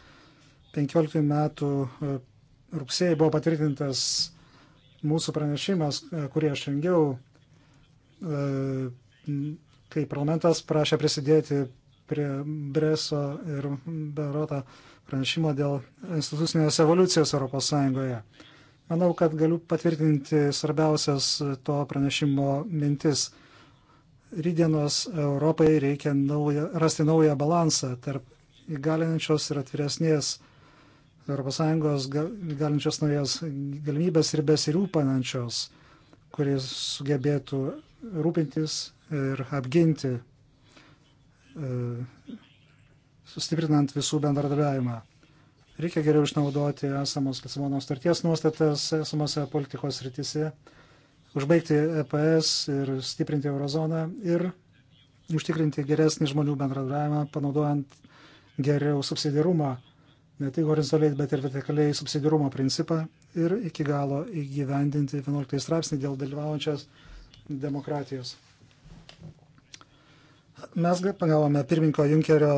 15 metų rugsėjai buvo patvirtintas mūsų pranešimas, e, kurį aš rengiau, e, kai parlamentas prašė prisidėti prie Breso ir Berota pranešimo dėl institucinės evoliucijos ES. Manau, kad galiu patvirtinti svarbiausias to pranešimo mintis. Rydienos Europai reikia nauja, rasti naują balansą tarp įgalinančios ir atviresnės ES galinčios naujas galimybės ir besirūpanančios, kuris sugebėtų rūpintis ir apginti, e, sustiprinant visų bendradarbiavimą. Reikia geriau išnaudoti esamos Lisabono starties nuostatas esamose politikos rytise, užbaigti EPS ir stiprinti eurozoną ir užtikrinti geresnį žmonių bendradarbiavimą, panaudojant geriau subsidirumą ne tik horizontaliai, bet ir vertikaliai subsidiarumo principą ir iki galo įgyvendinti 11 straipsnį dėl dalyvaujančios demokratijos. Mes pagavome pirmininko Junkerio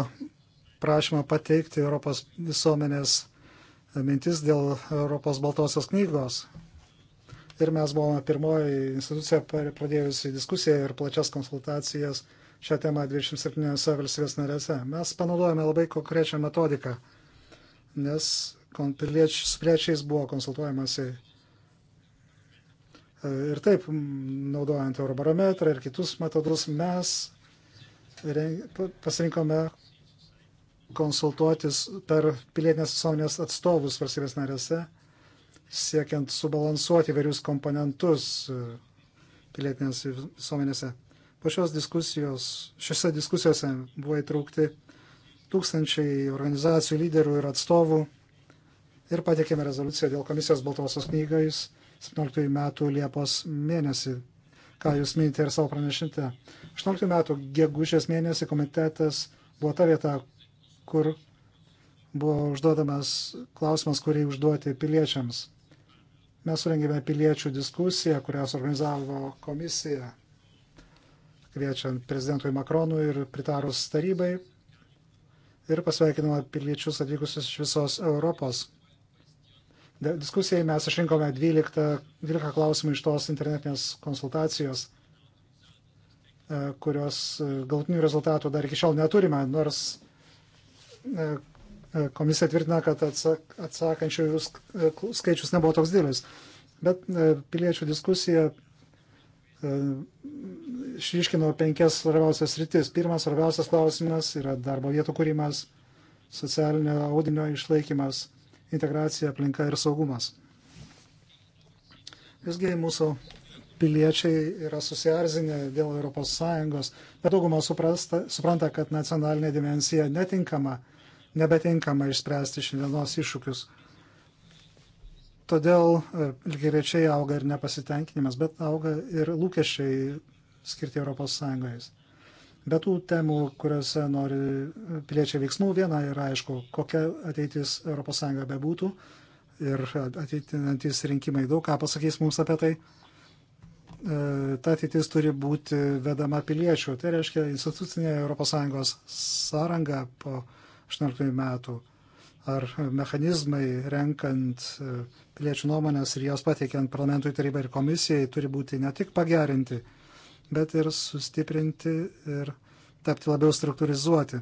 prašymą pateikti Europos visuomenės mintis dėl Europos baltosios knygos. Ir mes buvome pirmoji institucija pradėjusi diskusiją ir plačias konsultacijas šią temą 27 valstybės narėse. Mes panaudojame labai konkrečią metodiką nes piliečiais, piliečiais buvo konsultuojamasi e, ir taip, naudojant Eurobarometrą ir kitus metodus, mes pasirinkome konsultuotis per pilietinės visuomenės atstovus valstybės narėse, siekiant subalansuoti įvairius komponentus e, pilietinės visuomenėse. Po šios diskusijos, šiose diskusijose buvo įtraukti tūkstančiai organizacijų lyderių ir atstovų ir patikėme rezoliuciją dėl komisijos Baltosios knygais 17 metų Liepos mėnesį, ką jūs minite ir savo pranešinte. 18 metų gegužės mėnesį komitetas buvo ta vieta, kur buvo užduodamas klausimas, kurį užduoti piliečiams. Mes surengėme piliečių diskusiją, kurią suorganizavo komisija, kviečiant prezidentui Makronui ir pritarus tarybai ir pasveikinome piliečius atvykusius iš visos Europos. Diskusijai mes išrinkome 12, 12 klausimų iš tos internetinės konsultacijos, e, kurios e, galtinių rezultatų dar iki šiol neturime, nors e, komisija tvirtina, kad atsakančių skaičius nebuvo toks didelis. Bet piliečių diskusija išryškinau penkias svarbiausias rytis. Pirmas svarbiausias klausimas yra darbo vietų kūrimas, socialinio audinio išlaikymas, integracija, aplinka ir saugumas. Visgi mūsų piliečiai yra susiarzinę dėl ES, bet dauguma suprasta, supranta, kad nacionalinė dimensija netinkama, nebetinkama išspręsti šiandienos iššūkius. Todėl e, lygiai auga ir nepasitenkinimas, bet auga ir lūkesčiai skirti Europos Sąjungais. Be tų temų, kuriuose nori piliečiai veiksmų, viena yra aišku, kokia ateitis ES bebūtų ir ateitinantis rinkimai daug ką pasakys mums apie tai. E, ta ateitis turi būti vedama piliečių. Tai reiškia institucinė ES sąranga po 18 metų ar mechanizmai renkant e, piliečių nuomonės ir jos pateikiant parlamentui tarybai ir komisijai turi būti ne tik pagerinti, bet ir sustiprinti ir tapti labiau struktūrizuoti.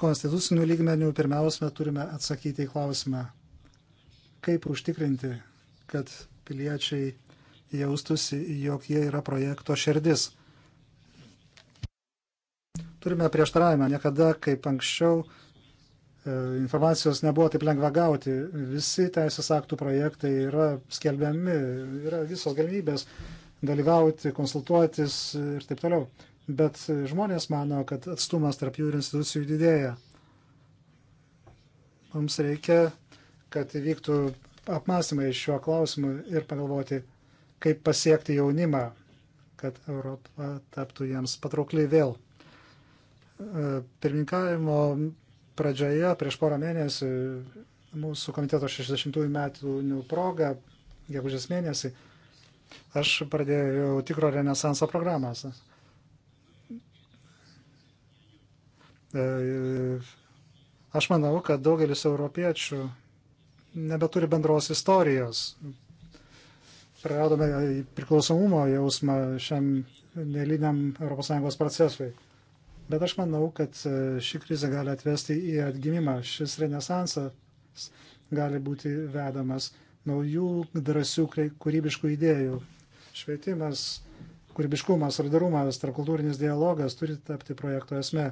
Konstitucinių lygmenių pirmiausia turime atsakyti į klausimą, kaip užtikrinti, kad piliečiai jaustusi, jog jie yra projekto širdis. Turime prieštaravimą, niekada kaip anksčiau E, informacijos nebuvo taip lengva gauti. Visi teisės aktų projektai yra skelbiami, yra visos galimybės dalyvauti, konsultuotis ir taip toliau. Bet žmonės mano, kad atstumas tarp jų ir institucijų didėja. Mums reikia, kad vyktų apmąstymai šiuo klausimu ir pagalvoti, kaip pasiekti jaunimą, kad Europa taptų jiems patraukliai vėl e, pirmininkavimo pradžioje, prieš porą mėnesių, mūsų komiteto 60-ųjų metų nu, proga, gegužės mėnesį, aš pradėjau tikro renesanso programą. E, aš manau, kad daugelis europiečių nebeturi bendros istorijos. Praradome priklausomumo jausmą šiam neliniam ES procesui. Bet aš manau, kad e, ši krizė gali atvesti į atgimimą. Šis renesansas gali būti vedamas naujų, drąsių, kūrybiškų idėjų. Švietimas, kūrybiškumas, solidarumas, tarpkultūrinis dialogas turi tapti projekto esme.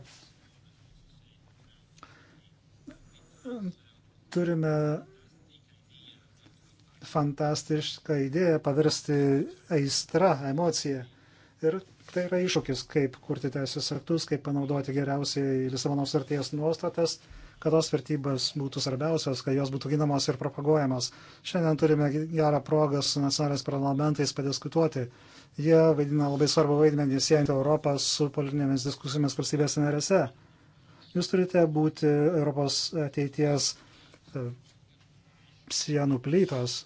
Turime fantastišką idėją paversti aistrą, emociją. Ir tai yra iššūkis, kaip kurti teisės aktus, kaip panaudoti geriausiai Lisabono sutarties nuostatas, kad tos vertybės būtų svarbiausios, kad jos būtų ginamos ir propaguojamos. Šiandien turime gerą progą su nacionalės parlamentais padiskutuoti. Jie vaidina labai svarbu vaidmenį siejant Europą su politinėmis diskusijomis valstybės narėse. Jūs turite būti Europos ateities e, sienų plytos,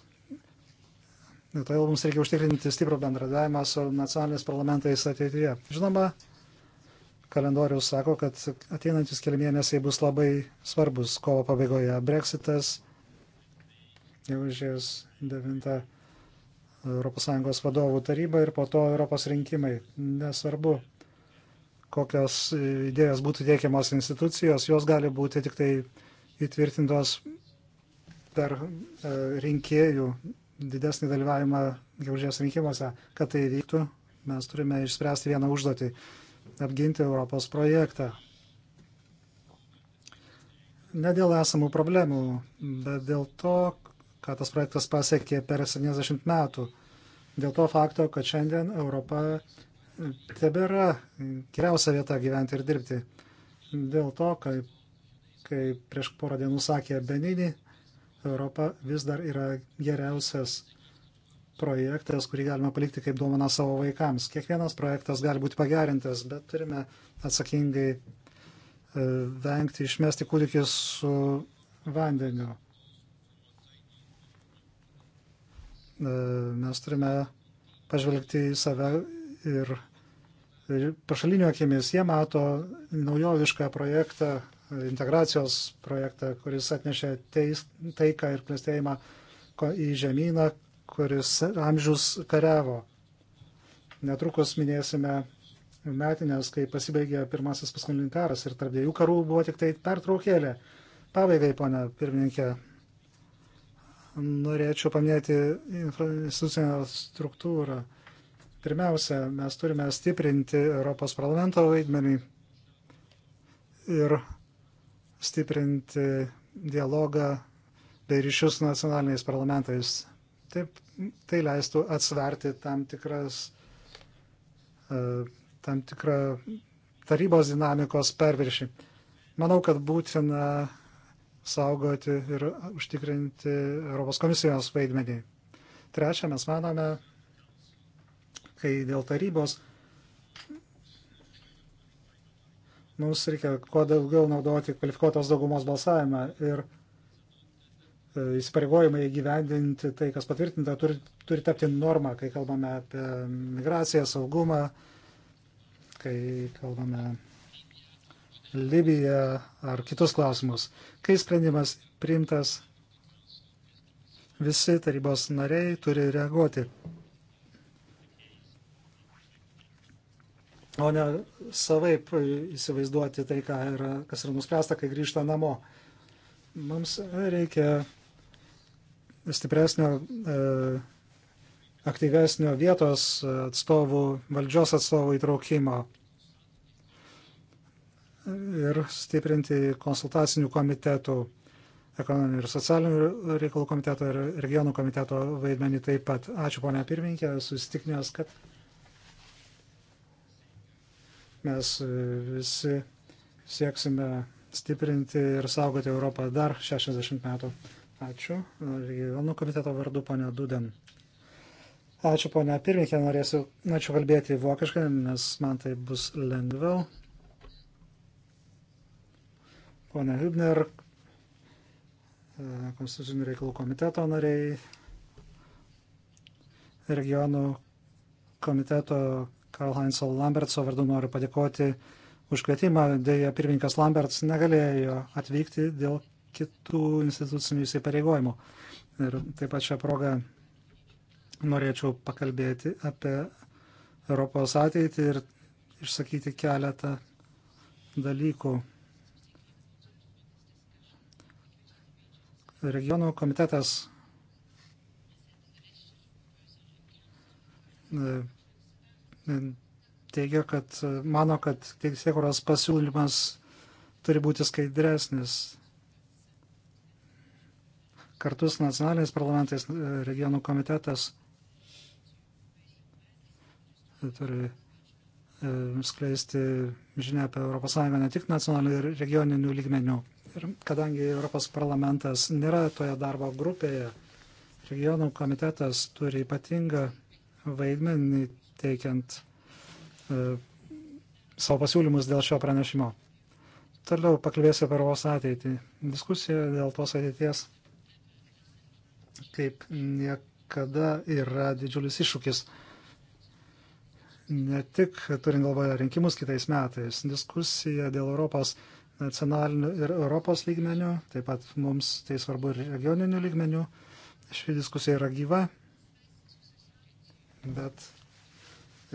Todėl mums reikia užtikrinti stiprų bendradavimą su nacionaliniais parlamentais ateityje. Žinoma, kalendorius sako, kad ateinantis keli mėnesiai bus labai svarbus. Kovo pabaigoje Brexitas, gegužės 9 ES vadovų taryba ir po to Europos rinkimai. Nesvarbu, kokios idėjos būtų tiekiamos institucijos, jos gali būti tik tai įtvirtintos per e, rinkėjų didesnį dalyvavimą gegužės rinkimuose. Kad tai vyktų, mes turime išspręsti vieną užduotį - apginti Europos projektą. Ne dėl esamų problemų, bet dėl to, ką tas projektas pasiekė per 70 metų. Dėl to fakto, kad šiandien Europa tebėra geriausia vieta gyventi ir dirbti. Dėl to, kaip, kaip prieš porą dienų sakė Beninį, Europa vis dar yra geriausias projektas, kurį galima palikti kaip duomeną savo vaikams. Kiekvienas projektas gali būti pagerintas, bet turime atsakingai e, vengti išmesti kūdikį su vandeniu. E, mes turime pažvelgti į save ir pašalinio akimis. Jie mato naujovišką projektą, integracijos projektą, kuris atnešė teis, taiką ir klėstėjimą į žemyną, kuris amžius kariavo. Netrukus minėsime metinės, kai pasibaigė pirmasis paskutinis karas ir tarp dviejų karų buvo tik tai pertraukėlė. Pabaigai, ponia pirmininkė, norėčiau paminėti institucinę struktūrą. Pirmiausia, mes turime stiprinti Europos parlamento vaidmenį ir stiprinti dialogą bei ryšius su nacionaliniais parlamentais. Taip, tai leistų atsverti tam, tikras, e, tam tikrą tarybos dinamikos perviršį. Manau, kad būtina saugoti ir užtikrinti Europos komisijos vaidmenį. Trečia, mes manome, kai dėl tarybos Mums reikia kuo daugiau naudoti kvalifikuotos daugumos balsavimą ir e, įsipareigojimai gyvendinti tai, kas patvirtinta, turi, turi tapti normą, kai kalbame apie migraciją, saugumą, kai kalbame Libiją ar kitus klausimus. Kai sprendimas priimtas, visi tarybos nariai turi reaguoti. o ne savaip įsivaizduoti tai, yra, kas yra nuspręsta, kai grįžta namo. Mums reikia stipresnio, e, aktyvesnio vietos atstovų, valdžios atstovų įtraukimo ir stiprinti konsultacinių komitetų, ekonominių ir socialinių reikalų komiteto ir regionų komiteto vaidmenį taip pat. Ačiū, ponia pirmininkė, susitiknės, kad Mes e, visi sieksime stiprinti ir saugoti Europą dar 60 metų. Ačiū. Regionų komiteto vardu, ponia Duden. Ačiū, ponia pirmininkė, norėsiu, ačiū kalbėti vokiškai, nes man tai bus lengviau. Pone Hübner, e, Konstitucinių reikalų komiteto nariai, regionų komiteto Karl-Heinzo Lambertso vardu noriu padėkoti už kvietimą. Deja, pirmininkas Lamberts negalėjo atvykti dėl kitų institucinių įsipareigojimų. Ir taip pat šią progą norėčiau pakalbėti apie Europos ateitį ir išsakyti keletą dalykų. Regionų komitetas e, teigia, kad e, mano, kad teisėkuros pasiūlymas turi būti skaidresnis. Kartu su nacionaliniais parlamentais e, regionų komitetas turi e, skleisti žinę apie ES ne tik nacionalinių ir regioninių lygmenių. Ir kadangi Europos parlamentas nėra toje darbo grupėje, regionų komitetas turi ypatingą vaidmenį teikiant e, savo pasiūlymus dėl šio pranešimo. Toliau pakalbėsiu apie Europos ateitį. Diskusija dėl tos ateities kaip niekada yra didžiulis iššūkis. Ne tik turint galvoje rinkimus kitais metais, diskusija dėl Europos nacionalinių ir Europos lygmenių, taip pat mums tai svarbu ir regioninių lygmenių. Ši diskusija yra gyva, bet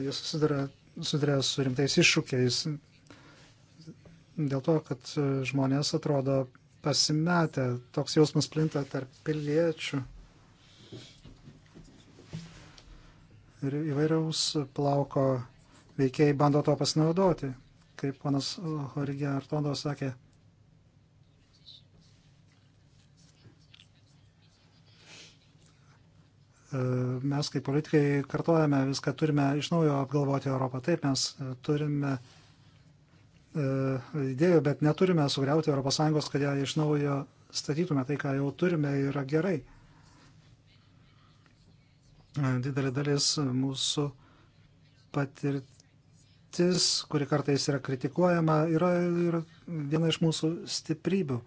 jis susiduria su rimtais iššūkiais dėl to, kad e, žmonės atrodo pasimetę, toks jausmas plinta tarp piliečių. Ir įvairiaus plauko veikėjai bando to pasinaudoti. Kaip ponas Horigė Artondo sakė, E, mes kaip politikai kartuojame viską, turime iš naujo apgalvoti Europą. Taip, mes e, turime e, idėjų, bet neturime sugriauti ES, kad ją iš naujo statytume. Tai, ką jau turime, yra gerai. Didelė dalis mūsų patirtis, kuri kartais yra kritikuojama, yra, yra viena iš mūsų stiprybių.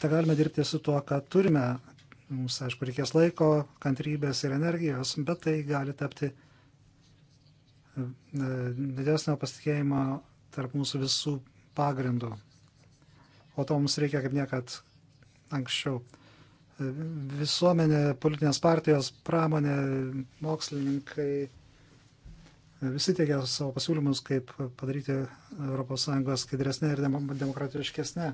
Tai galime dirbti su tuo, ką turime Mums, aišku, reikės laiko, kantrybės ir energijos, bet tai gali tapti e, e, didesnio pasitikėjimo tarp mūsų visų pagrindų. O to mums reikia kaip niekad anksčiau. E, visuomenė, politinės partijos, pramonė, mokslininkai visi teikia savo pasiūlymus, kaip padaryti ES skaidresnė ir demokratiškesnė.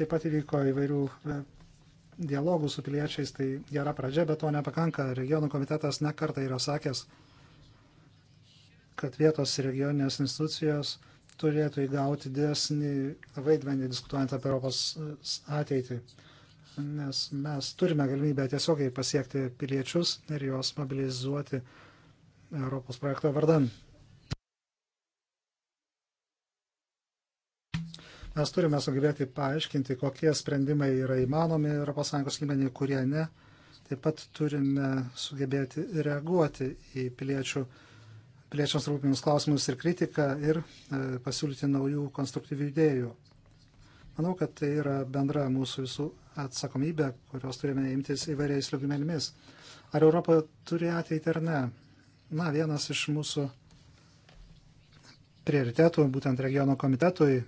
Taip pat įvyko įvairių dialogų su piliečiais, tai gera pradžia, bet to nepakanka. Regionų komitetas nekartą yra sakęs, kad vietos regioninės institucijos turėtų įgauti didesnį vaidmenį diskutuojant apie Europos ateitį, nes mes turime galimybę tiesiogiai pasiekti piliečius ir juos mobilizuoti Europos projekto vardan. Mes turime sugebėti paaiškinti, kokie sprendimai yra įmanomi ES lygmenį, kurie ne. Taip pat turime sugebėti reaguoti į piliečių, piliečiams rūpimus klausimus ir kritiką ir e, pasiūlyti naujų konstruktyvių idėjų. Manau, kad tai yra bendra mūsų visų atsakomybė, kurios turime imtis įvairiais lygmenimis. Ar Europa turi ateitį ar ne? Na, vienas iš mūsų prioritetų, būtent regiono komitetui,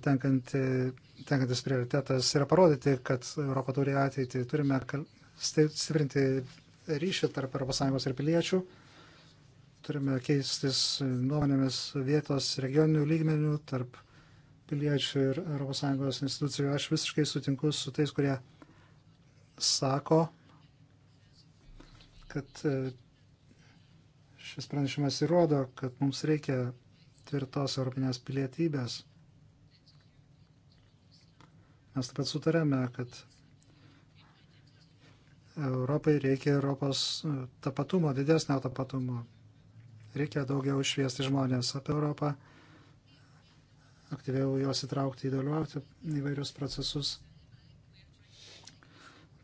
tenkant, e, tenkantis prioritetas yra parodyti, kad Europa turi ateitį. Turime stiprinti ryšį tarp ES ir piliečių. Turime keistis nuomonėmis vietos regioninių lygmenių tarp piliečių ir ES institucijų. Aš visiškai sutinku su tais, kurie sako, kad e, šis pranešimas įrodo, kad mums reikia tvirtos europinės pilietybės. Mes taip pat sutarėme, kad Europai reikia Europos e, tapatumo, didesnio tapatumo. Reikia daugiau šviesti žmonės apie Europą, aktyviau juos įtraukti, įdalyvauti įvairius procesus.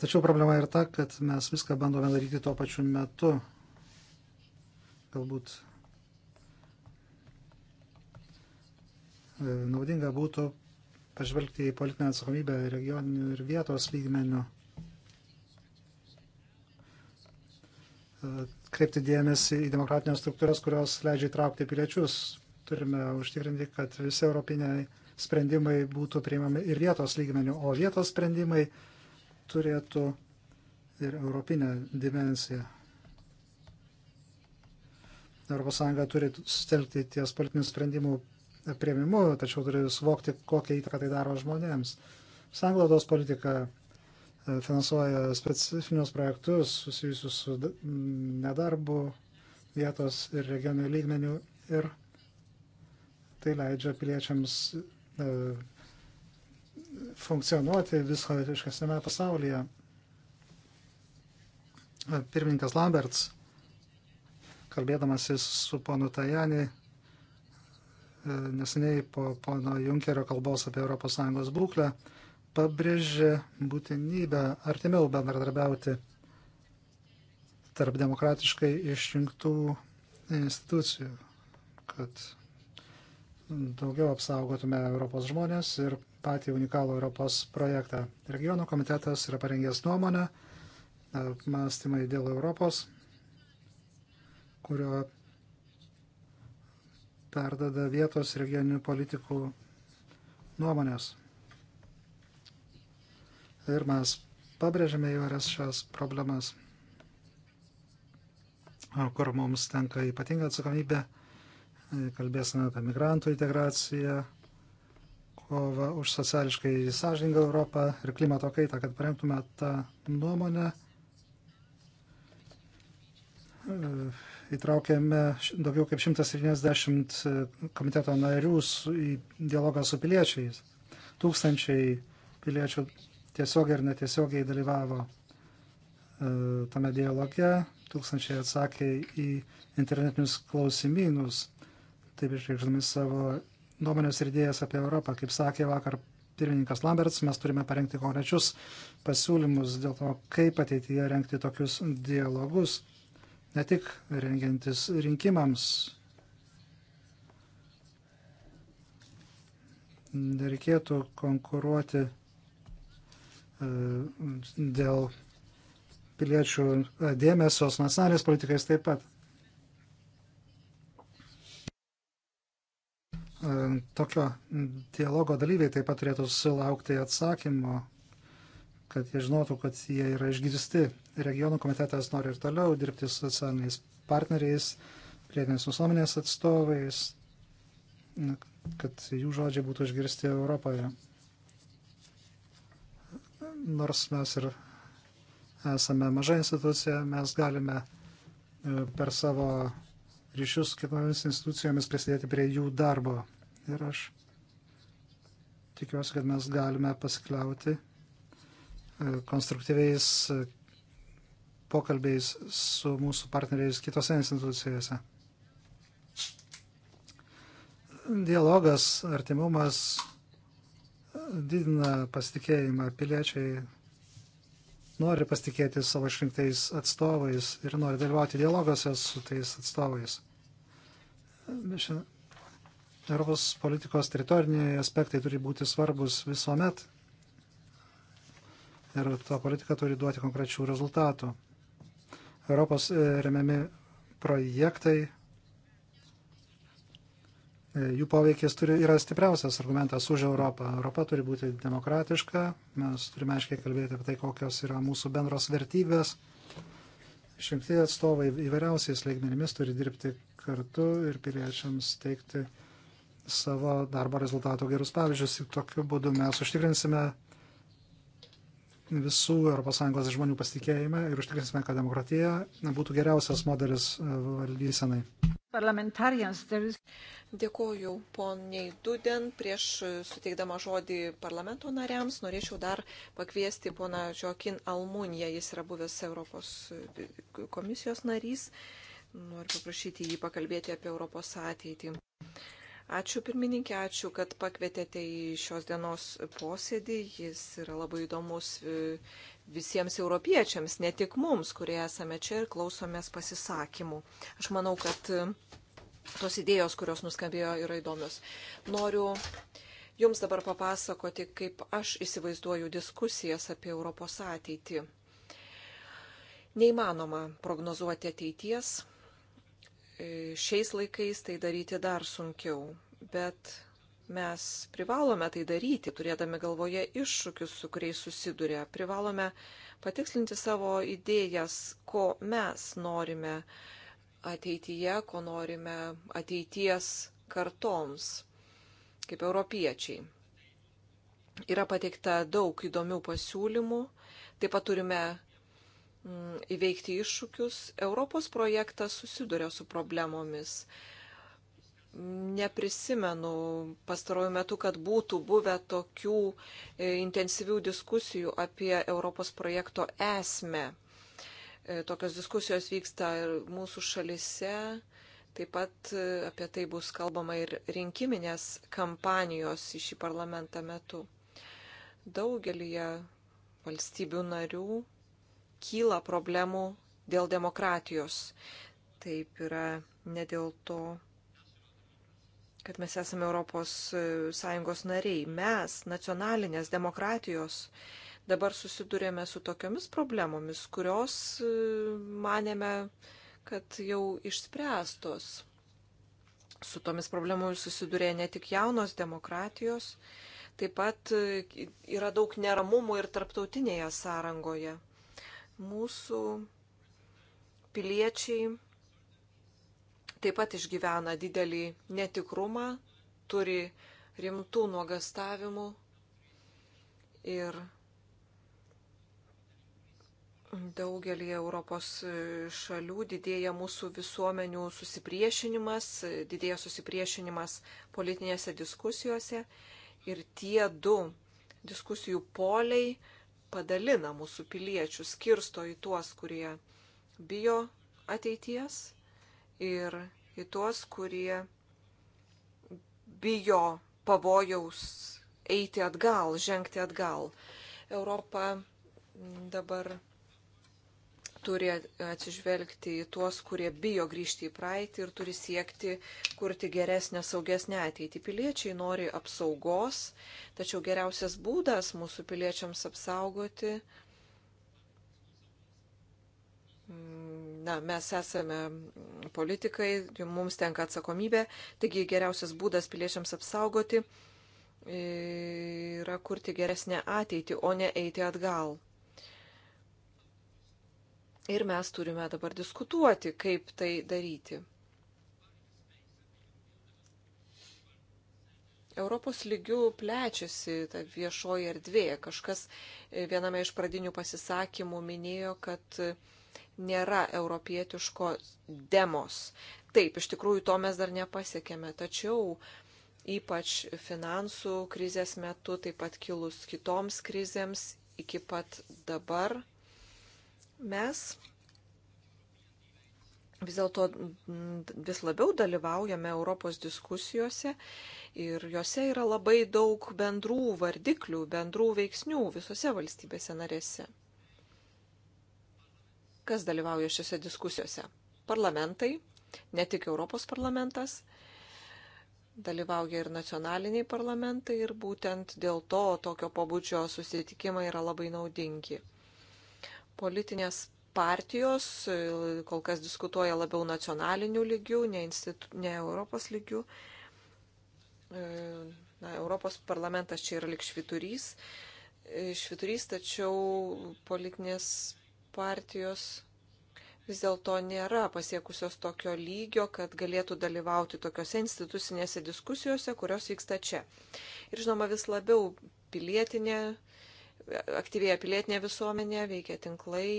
Tačiau problema yra ta, kad mes viską bandome daryti tuo pačiu metu. Galbūt e, naudinga būtų pažvelgti į politinę atsakomybę regioninių ir vietos lygmenių, kreipti dėmesį į demokratinės struktūras, kurios leidžia įtraukti piliečius. Turime užtikrinti, kad visi europiniai sprendimai būtų priimami ir vietos lygmenių, o vietos sprendimai turėtų ir europinę dimensiją. ES turi sustelkti ties politinių sprendimų prieimimu, tačiau turi suvokti, kokią įtaką tai daro žmonėms. Sanglaudos politika e, finansuoja specifinius projektus susijusius su nedarbu vietos ir regionių lygmenių ir tai leidžia piliečiams e, funkcionuoti viso iškasnėme pasaulyje. Pirmininkas Lamberts, kalbėdamasis su ponu Tajani, E, neseniai po pono Junkerio kalbos apie ES būklę pabrėžė būtinybę artimiau bendradarbiauti tarp demokratiškai išrinktų institucijų, kad daugiau apsaugotume Europos žmonės ir patį unikalų Europos projektą. Regionų komitetas yra parengęs nuomonę, e, mąstymai dėl Europos, kurio perdada vietos regioninių politikų nuomonės. Ir mes pabrėžiame įvairias šias problemas, kur mums tenka ypatinga atsakomybė. E, kalbėsime apie migrantų integraciją, kovą už sociališkai sąžiningą Europą ir klimato kaitą, kad parengtume tą nuomonę e, įtraukėme daugiau kaip 170 e, komiteto narių į dialogą su piliečiais. Tūkstančiai piliečių tiesiogiai ir netiesiogiai dalyvavo e, tame dialoge, tūkstančiai atsakė į internetinius klausimynus, taip išreikšdami savo nuomonės ir idėjas apie Europą. Kaip sakė vakar pirmininkas Lamberts, mes turime parengti konkrečius pasiūlymus dėl to, kaip ateityje rengti tokius dialogus ne tik rengiantis rinkimams. Nereikėtų konkuruoti e, dėl piliečių e, dėmesio su nacionalės politikais taip pat. E, tokio dialogo dalyviai taip pat turėtų sulaukti atsakymo, kad jie žinotų, kad jie yra išgirsti regionų komitetas nori ir toliau dirbti su socialiniais partneriais, plėtinės visuomenės atstovais, kad jų žodžiai būtų išgirsti Europoje. Nors mes ir esame maža institucija, mes galime e, per savo ryšius su kitomis institucijomis prisidėti prie jų darbo. Ir aš tikiuosi, kad mes galime pasikliauti e, konstruktyviais pokalbiais su mūsų partneriais kitose institucijose. Dialogas, artimumas didina pasitikėjimą. Piliečiai nori pasitikėti savo išrinktais atstovais ir nori dalyvauti dialogose su tais atstovais. Europos politikos teritoriniai aspektai turi būti svarbus visuomet ir ta politika turi duoti konkrečių rezultatų. Europos e, remiami projektai, e, jų poveikis turi, yra stipriausias argumentas už Europą. Europa turi būti demokratiška, mes turime aiškiai kalbėti apie tai, kokios yra mūsų bendros vertybės. Išrinkti atstovai įvairiausiais lygmenimis turi dirbti kartu ir piliečiams teikti savo darbo rezultato gerus pavyzdžius. Tokiu būdu mes užtikrinsime visų ES žmonių pasitikėjimą ir užtikrinsime, kad demokratija būtų geriausias modelis e, valdysenai. Dėkuoju poniai Duden. Prieš suteikdama žodį parlamento nariams norėčiau dar pakviesti poną Žiokin Almuniją. Jis yra buvęs Europos komisijos narys. Noriu paprašyti jį pakalbėti apie Europos ateitį. Ačiū pirmininkė, ačiū, kad pakvietėte į šios dienos posėdį. Jis yra labai įdomus e, visiems europiečiams, ne tik mums, kurie esame čia ir klausomės pasisakymų. Aš manau, kad e, tos idėjos, kurios nuskambėjo, yra įdomios. Noriu Jums dabar papasakoti, kaip aš įsivaizduoju diskusijas apie Europos ateitį. Neįmanoma prognozuoti ateities, E, šiais laikais tai daryti dar sunkiau, bet mes privalome tai daryti, turėdami galvoje iššūkius, su kuriais susiduria. Privalome patikslinti savo idėjas, ko mes norime ateityje, ko norime ateities kartoms, kaip europiečiai. Yra pateikta daug įdomių pasiūlymų, taip pat turime Mm, įveikti iššūkius, Europos projektas susiduria su problemomis. Neprisimenu pastaruoju metu, kad būtų buvę tokių e, intensyvių diskusijų apie Europos projekto esmę. E, tokios diskusijos vyksta ir mūsų šalise. Taip pat e, apie tai bus kalbama ir rinkiminės kampanijos į šį parlamentą metu. Daugelį valstybių narių kyla problemų dėl demokratijos. Taip yra ne dėl to, kad mes esame ES e, nariai. Mes, nacionalinės demokratijos, dabar susidurėme su tokiomis problemomis, kurios e, manėme, kad jau išspręstos. Su tomis problemomis susidurė ne tik jaunos demokratijos, taip pat e, yra daug neramumų ir tarptautinėje sąrangoje mūsų piliečiai taip pat išgyvena didelį netikrumą, turi rimtų nuogastavimų ir daugelį Europos šalių didėja mūsų visuomenių susipriešinimas, didėja susipriešinimas politinėse diskusijose ir tie du diskusijų poliai padalina mūsų piliečius, skirsto į tuos, kurie bijo ateities ir į tuos, kurie bijo pavojaus eiti atgal, žengti atgal. Europa dabar turi atsižvelgti į tuos, kurie bijo grįžti į praeitį ir turi siekti kurti geresnę, saugesnę ateitį. Piliečiai nori apsaugos, tačiau geriausias būdas mūsų piliečiams apsaugoti. Na, mes esame politikai, mums tenka atsakomybė, taigi geriausias būdas piliečiams apsaugoti e, yra kurti geresnę ateitį, o ne eiti atgal. Ir mes turime dabar diskutuoti, kaip tai daryti. Europos lygių plečiasi ta viešoji erdvė. Kažkas e, viename iš pradinių pasisakymų minėjo, kad e, nėra europietiško demos. Taip, iš tikrųjų to mes dar nepasiekėme, tačiau ypač finansų krizės metu, taip pat kilus kitoms krizėms iki pat dabar Mes vis dėlto vis labiau dalyvaujame Europos diskusijose ir juose yra labai daug bendrų vardiklių, bendrų veiksnių visose valstybėse narėse. Kas dalyvauja šiuose diskusijose? Parlamentai, ne tik Europos parlamentas, dalyvauja ir nacionaliniai parlamentai ir būtent dėl to tokio pobūdžio susitikimai yra labai naudingi politinės partijos kol kas diskutuoja labiau nacionaliniu lygiu, ne, institu, ne Europos lygiu. E, na, Europos parlamentas čia yra lik šviturys, e, šviturys, tačiau politinės partijos vis dėlto nėra pasiekusios tokio lygio, kad galėtų dalyvauti tokiuose institucinėse diskusijose, kurios vyksta čia. Ir žinoma, vis labiau pilietinė aktyvėja pilietinė visuomenė, veikia tinklai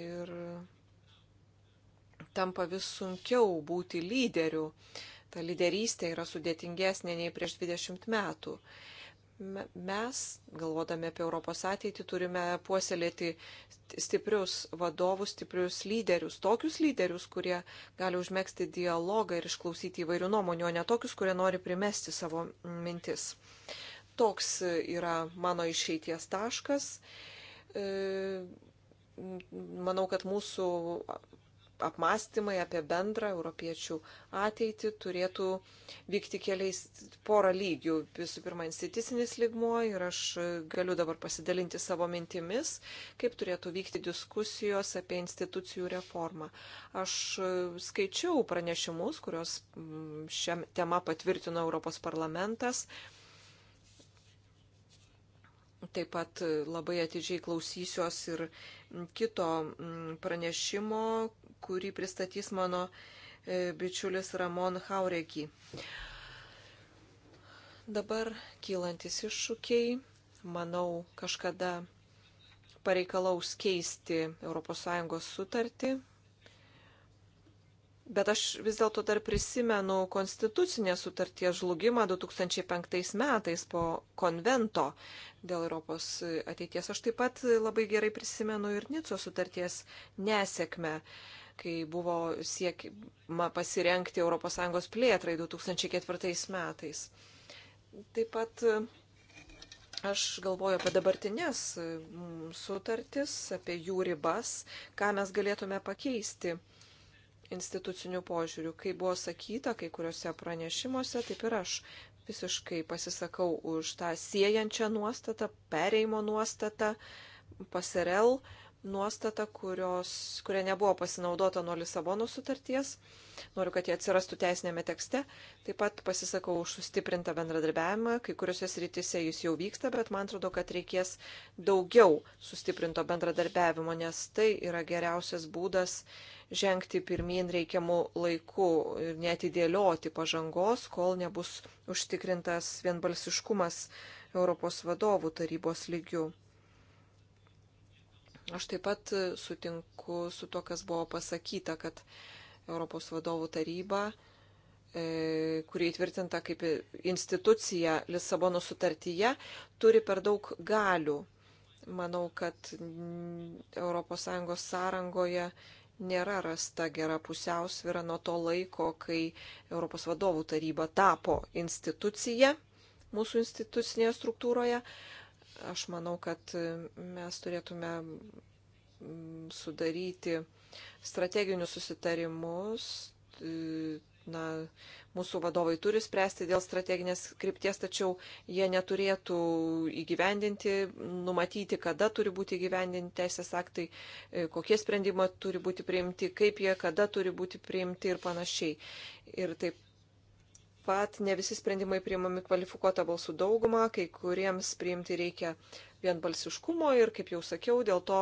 ir tampa vis sunkiau būti lyderiu. Ta lyderystė yra sudėtingesnė nei prieš 20 metų. Mes, galvodami apie Europos ateitį, turime puoselėti stiprius vadovus, stiprius lyderius, tokius lyderius, kurie gali užmėgsti dialogą ir išklausyti įvairių nuomonių, o ne tokius, kurie nori primesti savo mintis. Uh, Toks e, yra mano išeities taškas. E, manau, kad mūsų apmąstymai apie bendrą europiečių ateitį turėtų vykti keliais porą lygių. Visų pirma, institucinis ligmuo ir aš galiu dabar pasidalinti savo mintimis, kaip turėtų vykti diskusijos apie institucijų reformą. Aš skaičiau pranešimus, kuriuos šiam tema patvirtino Europos parlamentas. Taip pat e, labai atidžiai klausysiuos ir kito pranešimo, kurį pristatys mano e, bičiulis Ramon Haureki. Dabar kylantis iššūkiai, manau, kažkada pareikalaus keisti ES sutartį, Bet aš vis dėlto dar prisimenu konstitucinės sutarties žlugimą 2005 metais po konvento dėl Europos ateities. Aš taip pat labai gerai prisimenu ir Nico sutarties nesėkmę, kai buvo siekima pasirenkti ES plėtrai 2004 metais. Taip pat e, aš galvoju apie dabartinės sutartis, apie jų ribas, ką mes galėtume pakeisti institucinių požiūrių. Kai buvo sakyta kai kuriuose pranešimuose, taip ir aš visiškai pasisakau už tą siejančią nuostatą, pereimo nuostatą, pasirel nuostatą, kurios, kuria nebuvo pasinaudota nuo Lisabono sutarties. Noriu, kad jie atsirastų teisinėme tekste. Taip pat pasisakau už sustiprintą bendradarbiavimą. Kai kuriuose srityse jis jau vyksta, bet man atrodo, kad reikės daugiau sustiprinto bendradarbiavimo, nes tai yra geriausias būdas uh, žengti pirmin reikiamų laikų ir netidėlioti pažangos, kol nebus užtikrintas vienbalsiškumas Europos vadovų tarybos lygių. Aš taip pat sutinku su to, kas buvo pasakyta, kad Europos vadovų taryba e, kuri įtvirtinta kaip institucija Lisabono sutartyje, turi per daug galių. Manau, kad ES sąrangoje nėra rasta gera pusiausvyrą nuo to laiko, kai Europos vadovų taryba tapo institucija mūsų institucinėje struktūroje. Aš manau, kad mes turėtume mm, sudaryti strateginius susitarimus na, mūsų vadovai turi spręsti dėl strateginės krypties, tačiau jie neturėtų įgyvendinti, numatyti, kada turi būti įgyvendinti teisės aktai, e, kokie sprendimai turi būti priimti, kaip jie, kada turi būti priimti ir panašiai. Ir taip pat ne visi sprendimai priimami kvalifikuota balsų dauguma, kai kuriems priimti reikia vienbalsiškumo ir, kaip jau sakiau, dėl to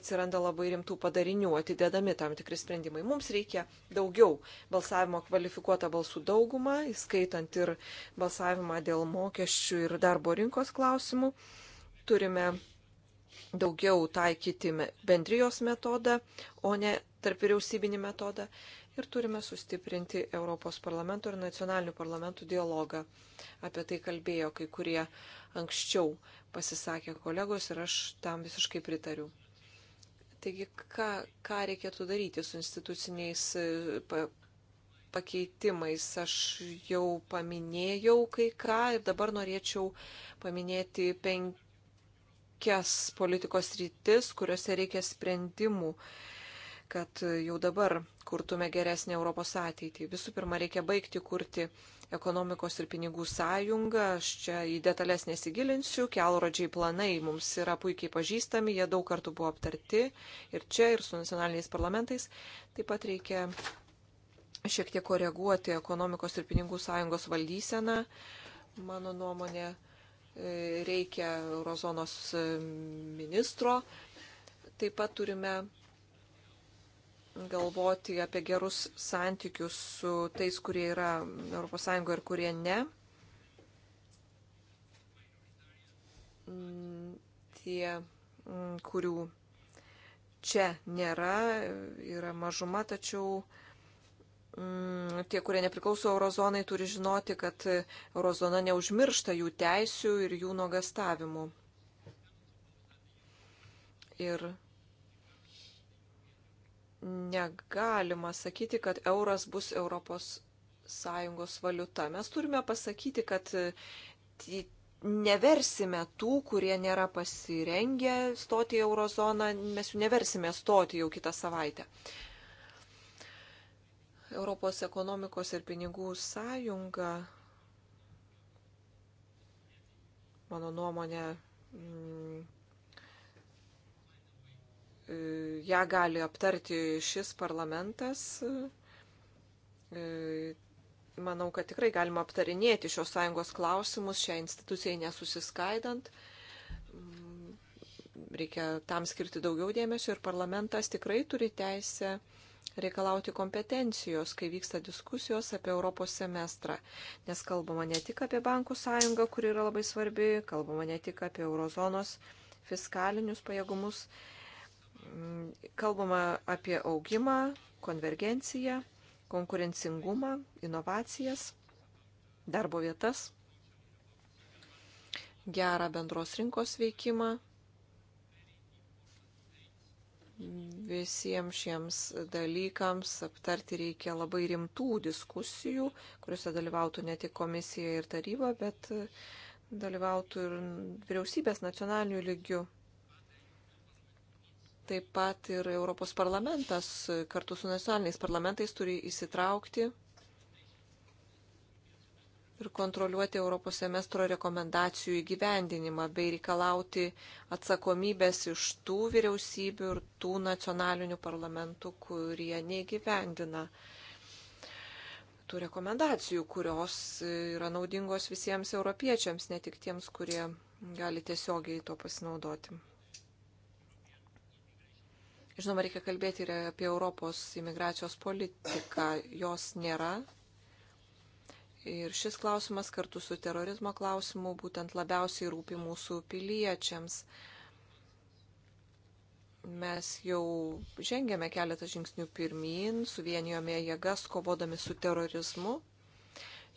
atsiranda labai rimtų padarinių, atidedami tam tikri sprendimai. Mums reikia daugiau balsavimo kvalifikuotą balsų daugumą, įskaitant ir balsavimą dėl mokesčių ir darbo rinkos klausimų. Turime daugiau taikyti bendrijos metodą, o ne tarp vyriausybinį metodą. Ir turime sustiprinti Europos parlamento ir nacionalinių parlamentų dialogą. Apie tai kalbėjo kai kurie anksčiau pasisakė kolegos ir aš tam visiškai pritariu. Taigi, ką, ką reikėtų daryti su instituciniais e, pakeitimais? Aš jau paminėjau kai ką ir dabar norėčiau paminėti penkias politikos rytis, kuriuose reikia sprendimų. Uh, kad jau dabar kurtume geresnį Europos ateitį. Visų pirma, reikia baigti kurti ekonomikos ir pinigų sąjungą. Aš čia į detalės nesigilinsiu. Kelrodžiai planai mums yra puikiai pažįstami, jie daug kartų buvo aptarti ir čia, ir su nacionaliniais parlamentais. Taip pat reikia šiek tiek koreguoti ekonomikos ir pinigų sąjungos valdyseną. Mano nuomonė, e, reikia eurozonos e, ministro. Taip pat turime galvoti apie gerus santykius su tais, kurie yra ES ir kurie ne. Mm, tie, mm, kurių čia nėra, yra mažuma, tačiau mm, tie, kurie nepriklauso eurozonai, turi žinoti, kad eurozona neužmiršta jų teisių ir jų nuogastavimų. Ir negalima sakyti, kad euras bus Europos Sąjungos valiuta. Mes turime pasakyti, kad e, neversime tų, kurie nėra pasirengę stoti į eurozoną, mes jų neversime stoti jau kitą savaitę. Europos ekonomikos ir pinigų sąjunga, mano nuomonė, ją gali aptarti šis parlamentas. E, manau, kad tikrai galima aptarinėti šios sąjungos klausimus šią instituciją nesusiskaidant. Mm, reikia tam skirti daugiau dėmesio ir parlamentas tikrai turi teisę reikalauti kompetencijos, kai vyksta diskusijos apie Europos semestrą. Nes kalbama ne tik apie bankų sąjungą, kuri yra labai svarbi, kalbama ne tik apie eurozonos fiskalinius pajėgumus, Kalbama apie augimą, konvergenciją, konkurencingumą, inovacijas, darbo vietas, gerą bendros rinkos veikimą. Visiems šiems dalykams aptarti reikia labai rimtų diskusijų, kuriuose dalyvautų ne tik komisija ir taryba, bet dalyvautų ir vyriausybės nacionalinių lygių Taip pat ir Europos parlamentas kartu su nacionaliniais parlamentais turi įsitraukti ir kontroliuoti Europos semestro rekomendacijų įgyvendinimą bei reikalauti atsakomybės iš tų vyriausybių ir tų nacionalinių parlamentų, kurie neįgyvendina tų rekomendacijų, kurios yra naudingos visiems europiečiams, ne tik tiems, kurie gali tiesiogiai to pasinaudoti. Žinoma, reikia kalbėti ir apie Europos imigracijos politiką. Jos nėra. Ir šis klausimas kartu su terorizmo klausimu būtent labiausiai rūpi mūsų piliečiams. Mes jau žengėme keletą žingsnių pirmin, suvienijome jėgas kovodami su terorizmu.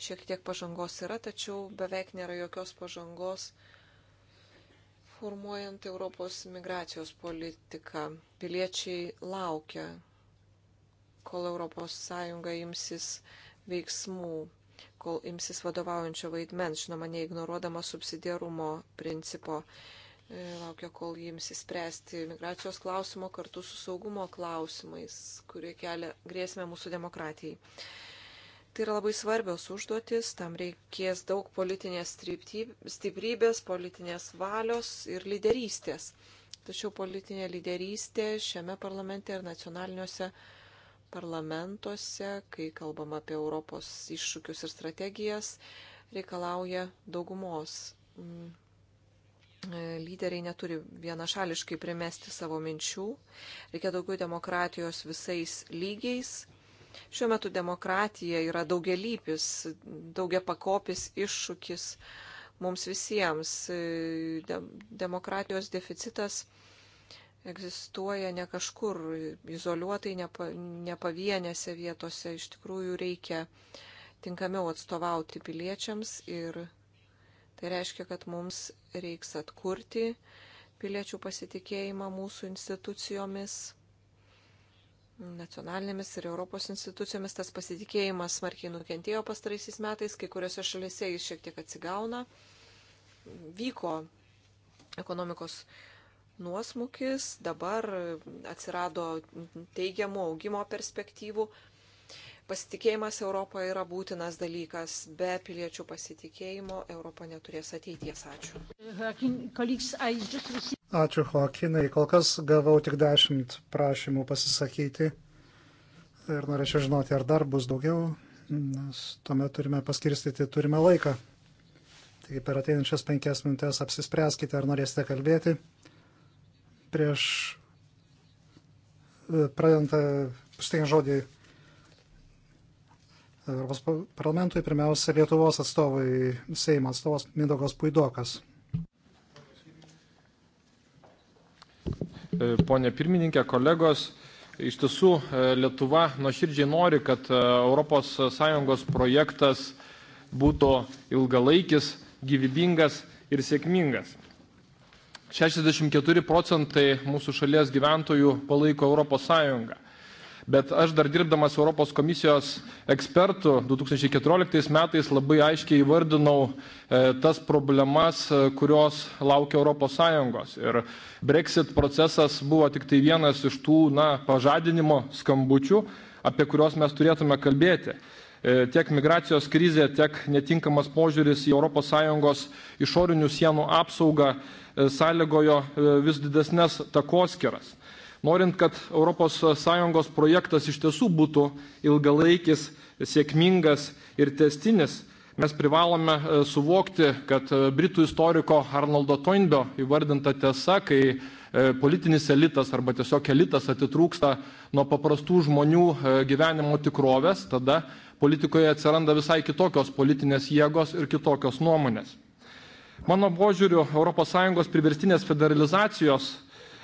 Šiek tiek pažangos yra, tačiau beveik nėra jokios pažangos formuojant Europos migracijos politiką. Piliečiai laukia, kol ES imsis veiksmų, kol imsis vadovaujančio vaidmens, žinoma, neignoruodama subsidiarumo principo. E, laukia, kol jiems įspręsti migracijos klausimo kartu su saugumo klausimais, kurie kelia grėsmę mūsų demokratijai. Tai yra labai svarbios užduotis, tam reikės daug politinės stiprybės, politinės valios ir lyderystės. Tačiau politinė lyderystė šiame parlamente ir nacionaliniuose parlamentuose, kai kalbam apie Europos iššūkius ir strategijas, reikalauja daugumos. Mm. E, lyderiai neturi vienašališkai primesti savo minčių, reikia daugiau demokratijos visais lygiais, Šiuo metu demokratija yra daugialypis, daugia pakopis iššūkis mums visiems. Demokratijos deficitas egzistuoja ne kažkur izoliuotai, ne pavienėse vietose. Iš tikrųjų reikia tinkamiau atstovauti piliečiams ir tai reiškia, kad mums reiks atkurti piliečių pasitikėjimą mūsų institucijomis nacionalinėmis ir Europos institucijomis tas pasitikėjimas smarkiai nukentėjo pastaraisiais metais, kai kuriuose šalise jis šiek tiek atsigauna. Vyko ekonomikos nuosmukis, dabar atsirado teigiamų augimo perspektyvų. Pasitikėjimas Europoje yra būtinas dalykas. Be piliečių pasitikėjimo Europa neturės ateities. Ačiū. Ačiū, Joakinai. Kol kas gavau tik dešimt prašymų pasisakyti ir norėčiau žinoti, ar dar bus daugiau, nes tuomet turime paskirstyti turimą laiką. Taigi per ateinančias penkias minutės apsispręskite, ar norėsite kalbėti. Prieš e, pradant, suteikiant e, žodį Europos parlamentui, pirmiausia, Lietuvos atstovai, Seimo atstovas Mindogos Puidokas. E, ponė pirmininkė, kolegos. Iš tiesų, e, Lietuva nuoširdžiai nori, kad ES projektas būtų ilgalaikis, gyvybingas ir sėkmingas. 64 procentai mūsų šalies gyventojų palaiko ES bet aš dar dirbdamas Europos komisijos ekspertų 2014 metais labai aiškiai įvardinau e, tas problemas, e, kurios laukia Europos Sąjungos. Ir Brexit procesas buvo tik tai vienas iš tų na, pažadinimo skambučių, apie kuriuos mes turėtume kalbėti e, tiek migracijos krizė, tiek netinkamas požiūris į ES išorinių sienų apsaugą sąlygojo vis didesnės takoskiras. Norint, kad ES projektas iš tiesų būtų ilgalaikis, sėkmingas ir testinis, mes privalome e, suvokti, kad e, Britų istoriko Arnoldo Toinbio įvardinta tiesa, kai e, politinis elitas arba tiesiog elitas atitrūksta nuo paprastų žmonių gyvenimo tikrovės, tada politikoje atsiranda visai kitokios politinės jėgos ir kitokios nuomonės. Mano požiūriu, ES priverstinės federalizacijos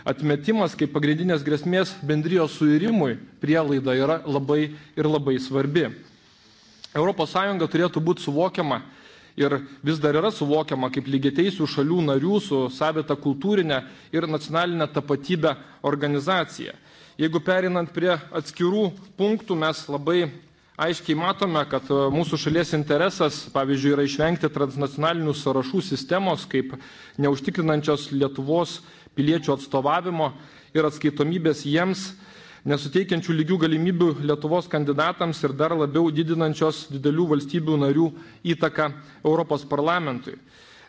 atmetimas kaip pagrindinės grėsmės bendrijos suirimui prielaida yra labai ir labai svarbi. ES turėtų būti suvokiama ir vis dar yra suvokiama kaip lygiateisių šalių narių su savita kultūrinė ir nacionalinė tapatybė organizacija. Jeigu perinant prie atskirų punktų, mes labai aiškiai matome, kad e, mūsų šalies interesas, pavyzdžiui, yra išvengti transnacionalinių sąrašų sistemos kaip neužtikrinančios Lietuvos piliečių atstovavimo ir atskaitomybės jiems nesuteikiančių lygių galimybių Lietuvos kandidatams ir dar labiau didinančios didelių valstybių narių įtaką Europos parlamentui.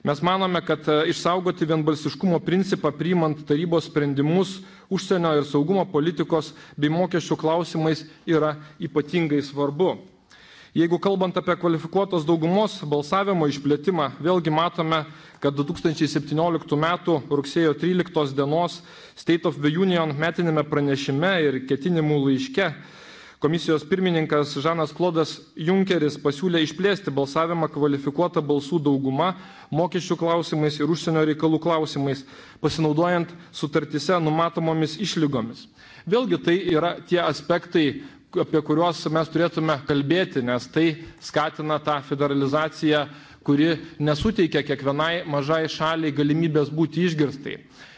Mes manome, kad e, išsaugoti vienbalsiškumo principą priimant tarybos sprendimus užsienio ir saugumo politikos bei mokesčių klausimais yra ypatingai svarbu. Jeigu kalbant apie kvalifikuotos daugumos balsavimo išplėtimą, vėlgi matome, kad 2017 m. rugsėjo 13 d. State of the Union metinėme pranešime ir ketinimų laiške Komisijos pirmininkas Žanas Klodas Junkeris pasiūlė išplėsti balsavimą kvalifikuotą balsų daugumą mokesčių klausimais ir užsienio reikalų klausimais, pasinaudojant sutartise numatomomis išlygomis. Vėlgi tai yra tie aspektai, apie kuriuos mes turėtume kalbėti, nes tai skatina tą federalizaciją, kuri nesuteikia kiekvienai mažai šaliai galimybės būti išgirstai.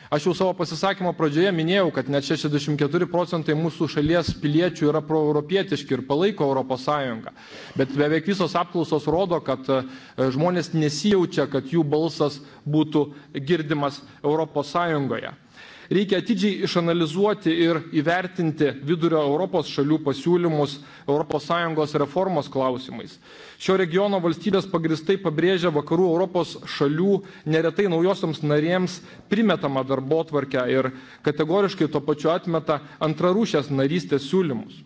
Aš jau savo pasisakymo pradžioje minėjau, kad net 64 procentai mūsų šalies piliečių yra proeuropietiški ir palaiko ES. Bet beveik visos apklausos rodo, kad e, žmonės nesijaučia, kad jų balsas būtų girdimas ES reikia atidžiai išanalizuoti ir įvertinti vidurio Europos šalių pasiūlymus ES reformos klausimais. Šio regiono valstybės pagristai pabrėžia vakarų Europos šalių neretai naujosioms narėms primetamą darbo tvarkę ir kategoriškai tuo pačiu atmeta antrarūšės narystės siūlymus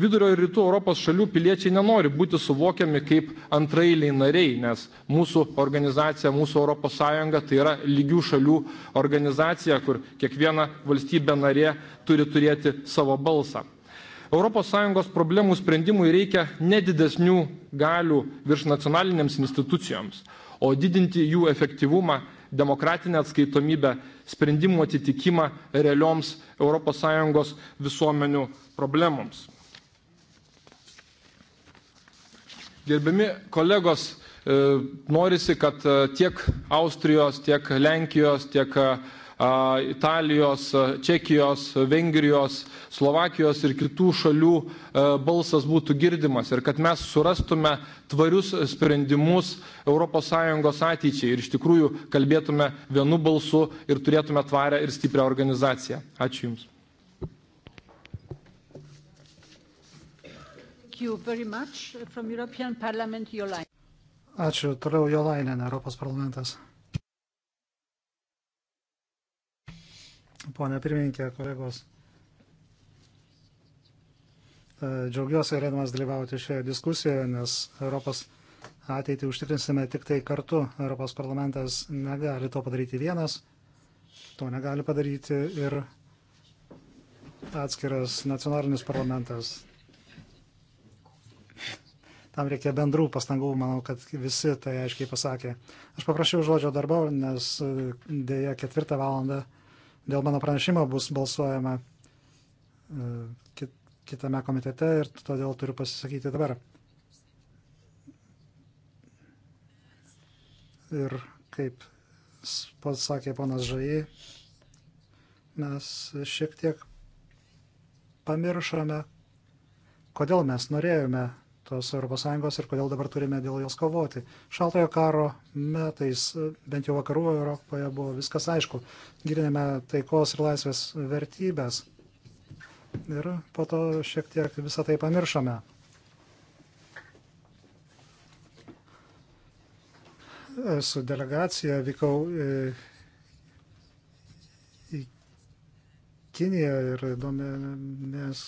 vidurio ir rytų europos šalių piliečiai nenori būti suvokiami kaip antraeiliai nariai nes mūsų organizacija mūsų europos sąjunga tai yra lygių šalių organizacija kur kiekviena valstybė narė turi turėti savo balsą europos sąjungos problemų sprendimui reikia ne didesnių galių virš nacionalinėms institucijoms o didinti jų efektyvumą demokratinę atskaitomybę sprendimų atitikimą realioms europos sąjungos visuomenių problemoms Gerbiami kolegos, e, norisi, kad e, tiek Austrijos, tiek Lenkijos, tiek e, Italijos, Čekijos, Vengrijos, Slovakijos ir kitų šalių balsas būtų girdimas ir kad mes surastume tvarius sprendimus ES ateičiai ir iš tikrųjų kalbėtume vienu balsu ir turėtume tvarę ir stiprią organizaciją. Ačiū Jums. Ačiū. Toliau Jolainen, Europos parlamentas. Pone pirmininkė, kolegos. E, džiaugiuosi galėdamas dalyvauti šioje diskusijoje, nes Europos ateitį užtikrinsime tik tai kartu. Europos parlamentas negali to padaryti vienas, to negali padaryti ir atskiras nacionalinis parlamentas tam reikia bendrų pastangų, manau, kad visi tai aiškiai pasakė. Aš paprašiau žodžio darbo, nes e, dėja ketvirtą valandą dėl mano pranešimo bus balsuojama e, kitame komitete ir todėl turiu pasisakyti dabar. Ir kaip pats sakė ponas Žai, mes šiek tiek pamiršome, kodėl mes norėjome tos ES ir kodėl dabar turime dėl jos kovoti. Šaltojo karo metais, e, bent jau vakarų Europoje, buvo viskas aišku. Gilinėme taikos ir laisvės vertybės. Ir po to šiek tiek visą tai pamiršome. Su delegacija vykau e, į Kiniją ir domės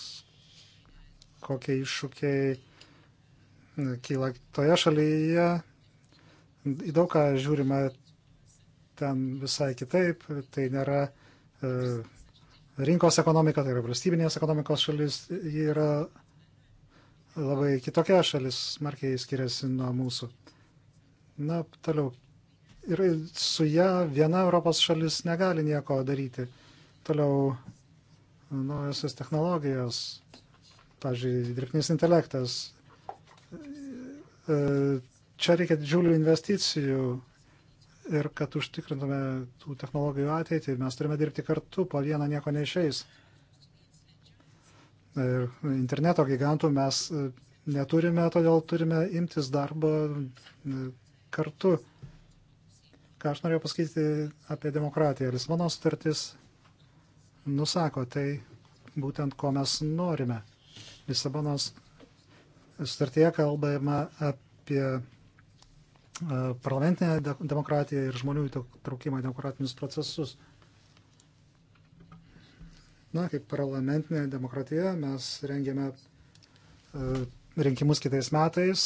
kokie iššūkiai kyla toje šalyje, į daug ką žiūrima ten visai kitaip, tai nėra e, rinkos ekonomika, tai yra valstybinės ekonomikos šalis, ji yra labai kitokia šalis, smarkiai skiriasi nuo mūsų. Na, toliau. Ir su ją viena Europos šalis negali nieko daryti. Toliau e, naujasios technologijos, pavyzdžiui, dirbtinis intelektas, E, čia reikia didžiulių investicijų ir kad užtikrintume tų technologijų ateitį, mes turime dirbti kartu, po vieną nieko neišeis. Ir e, interneto gigantų mes e, neturime, todėl turime imtis darbo kartu. Ką aš norėjau pasakyti apie demokratiją. Lisbono sutartis nusako tai būtent, ko mes norime. Lisabonos Sutartyje kalbama apie e, parlamentinę demokratiją ir žmonių įtraukimą į demokratinius procesus. Na, kaip parlamentinė demokratija mes rengėme e, rinkimus kitais metais.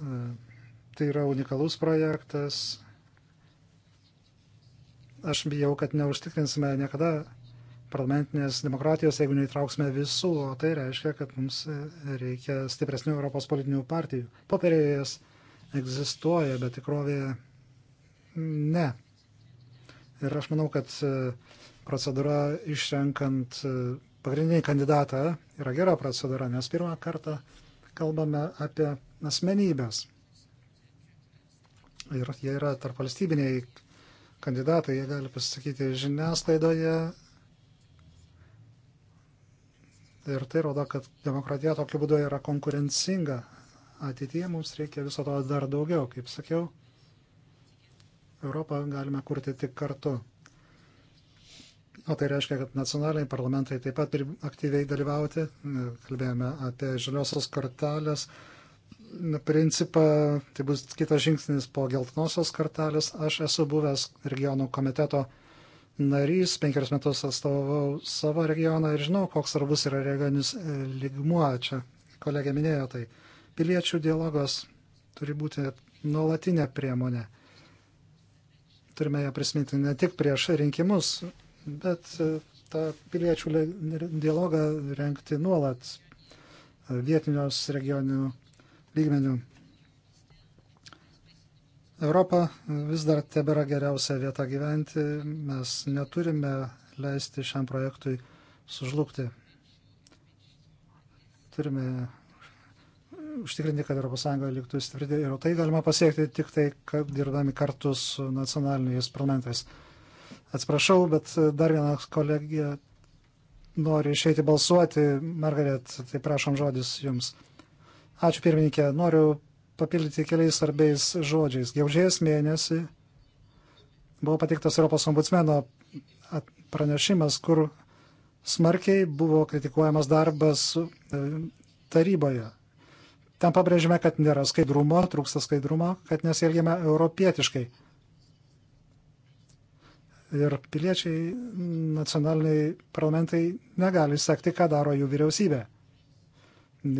E, tai yra unikalus projektas. Aš bijau, kad neužtikrinsime niekada parlamentinės demokratijos, jeigu neįtrauksime visų, o tai reiškia, kad mums e, reikia stipresnių Europos politinių partijų. Popierėjas egzistuoja, bet tikrovėje ne. Ir aš manau, kad e, procedūra išrenkant e, pagrindinį kandidatą yra gera procedūra, nes pirmą kartą kalbame apie asmenybės. Ir jie yra tarp valstybiniai kandidatai, jie gali pasisakyti žiniasklaidoje Ir tai rodo, kad demokratija tokiu būdu yra konkurencinga. Ateityje mums reikia viso to dar daugiau, kaip sakiau. Europą galime kurti tik kartu. O tai reiškia, kad nacionaliniai parlamentai taip pat turi aktyviai dalyvauti. Kalbėjome apie žaliosios kortelės principą. Tai bus kitas žingsnis po geltonosios kortelės. Aš esu buvęs regionų komiteto narys, penkerius metus atstovau savo regioną ir žinau, koks svarbus yra regionis e, lygmuo. Čia kolegė minėjo tai. Piliečių dialogas turi būti nuolatinė priemonė. Turime ją prisiminti ne tik prieš rinkimus, bet e, tą piliečių dialogą renkti nuolat e, vietinios regioninių lygmenių. Europa vis dar tebėra geriausia vieta gyventi, mes neturime leisti šiam projektui sužlugti. Turime užtikrinti, kad ES liktų stipri ir tai galima pasiekti tik tai, kad dirbdami kartu su nacionaliniais parlamentais. Atsiprašau, bet dar viena kolegija nori išeiti balsuoti. Margaret, tai prašom žodis jums. Ačiū pirmininkė. Noriu papildyti keliais svarbiais žodžiais. Gegužės mėnesį buvo pateiktas Europos ombudsmeno pranešimas, kur smarkiai buvo kritikuojamas darbas e, taryboje. Ten pabrėžime, kad nėra skaidrumo, trūksta skaidrumo, kad nesielgėme europietiškai. Ir piliečiai, nacionaliniai parlamentai negali sekti, ką daro jų vyriausybė.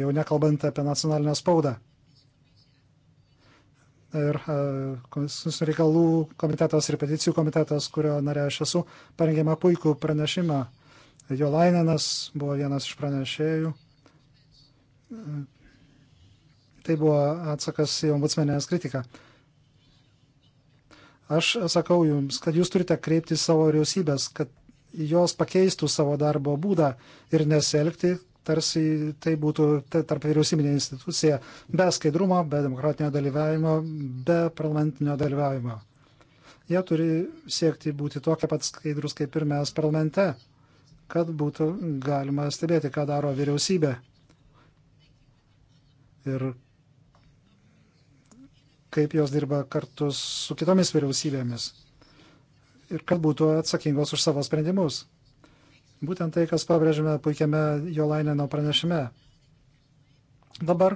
Jau nekalbant apie nacionalinę spaudą ir e, konstitucinių reikalų komitetas ir peticijų komitetas, kurio narė aš esu, parengėme puikų pranešimą. Jo Laininas buvo vienas iš pranešėjų. E, tai buvo atsakas į ombudsmenės kritiką. Aš sakau jums, kad jūs turite kreipti savo vyriausybės, kad jos pakeistų savo darbo būdą ir nesielgti tarsi tai būtų tarp vyriausybinė institucija be skaidrumo, be demokratinio dalyvavimo, be parlamentinio dalyvavimo. Jie turi siekti būti tokie pat skaidrus kaip ir mes parlamente, kad būtų galima stebėti, ką daro vyriausybė. Ir kaip jos dirba kartu su kitomis vyriausybėmis. Ir kad būtų atsakingos už savo sprendimus. Būtent tai, kas pabrėžime puikiame jo lainino pranešime. Dabar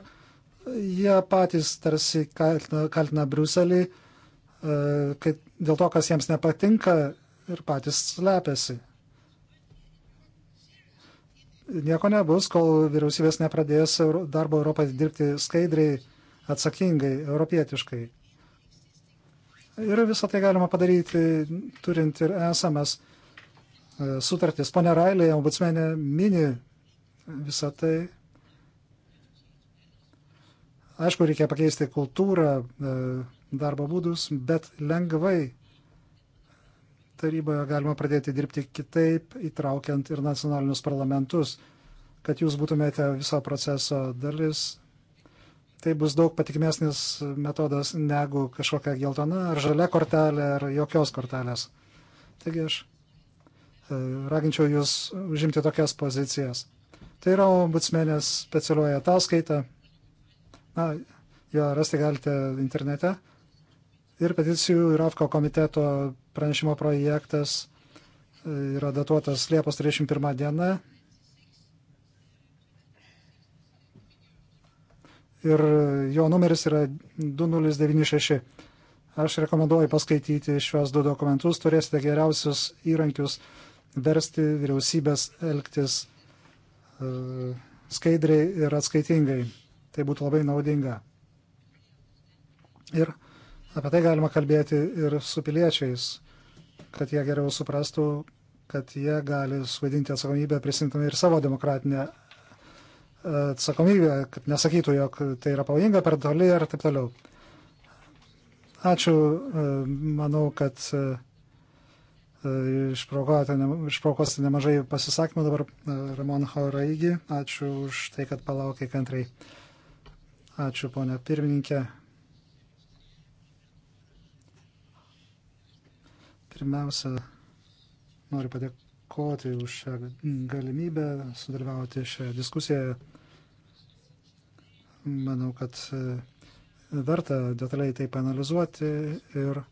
jie patys tarsi kaltina, kaltina Briuselį e, kad dėl to, kas jiems nepatinka ir patys slepiasi. Nieko nebus, kol vyriausybės nepradės darbo Europą dirbti skaidriai, atsakingai, europietiškai. Ir visą tai galima padaryti turint ir esamas E, sutartis. Pone Railė, ombudsmenė mini visą tai. Aišku, reikia pakeisti kultūrą, e, darbo būdus, bet lengvai taryboje galima pradėti dirbti kitaip, įtraukiant ir nacionalinius parlamentus, kad jūs būtumėte viso proceso dalis. Tai bus daug patikimesnis metodas negu kažkokia geltona ar žalia kortelė ar jokios kortelės. Taigi aš Tai raginčiau jūs užimti tokias pozicijas. Tai yra ombudsmenės specialioje ataskaita. Na, jo rasti galite internete. Ir peticijų ir AFKO komiteto pranešimo projektas e, yra datuotas Liepos 31 diena. Ir jo numeris yra 2096. Aš rekomenduoju paskaityti šios du dokumentus, turėsite geriausius įrankius versti vyriausybės elgtis e, skaidriai ir atskaitingai. Tai būtų labai naudinga. Ir apie tai galima kalbėti ir su piliečiais, kad jie geriau suprastų, kad jie gali suvaidinti atsakomybę, prisimtami ir savo demokratinę e, atsakomybę, kad nesakytų, jog tai yra pavojinga per toli ir taip toliau. Ačiū, e, manau, kad išprokosite nemažai pasisakymų. Dabar e, Ramon Horaigi, ačiū už tai, kad palaukiai kantrai. Ačiū, ponia pirmininkė. Pirmiausia, noriu padėkoti už šią galimybę sudalyvauti šią diskusiją. Manau, kad e, verta detaliai tai panalizuoti ir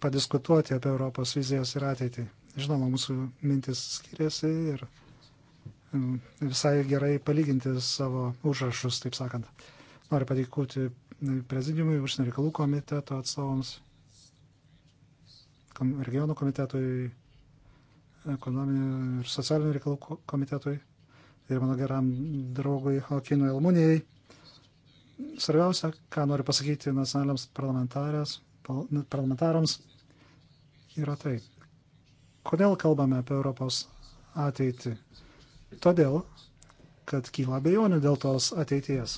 padiskutuoti apie Europos vizijas ir ateitį. Žinoma, mūsų mintis skiriasi ir um, visai gerai palyginti savo užrašus, taip sakant. Noriu padėkoti prezidiumui, užsienio reikalų komiteto atstovams, regionų komitetui, ekonominių ir socialinių reikalų komitetui ir mano geram draugui Hokinui Almunijai. Svarbiausia, ką noriu pasakyti nacionaliams parlamentarės, Nu, parlamentarams yra tai. Kodėl kalbame apie Europos ateitį? Todėl, kad kyla bejonių dėl tos ateities.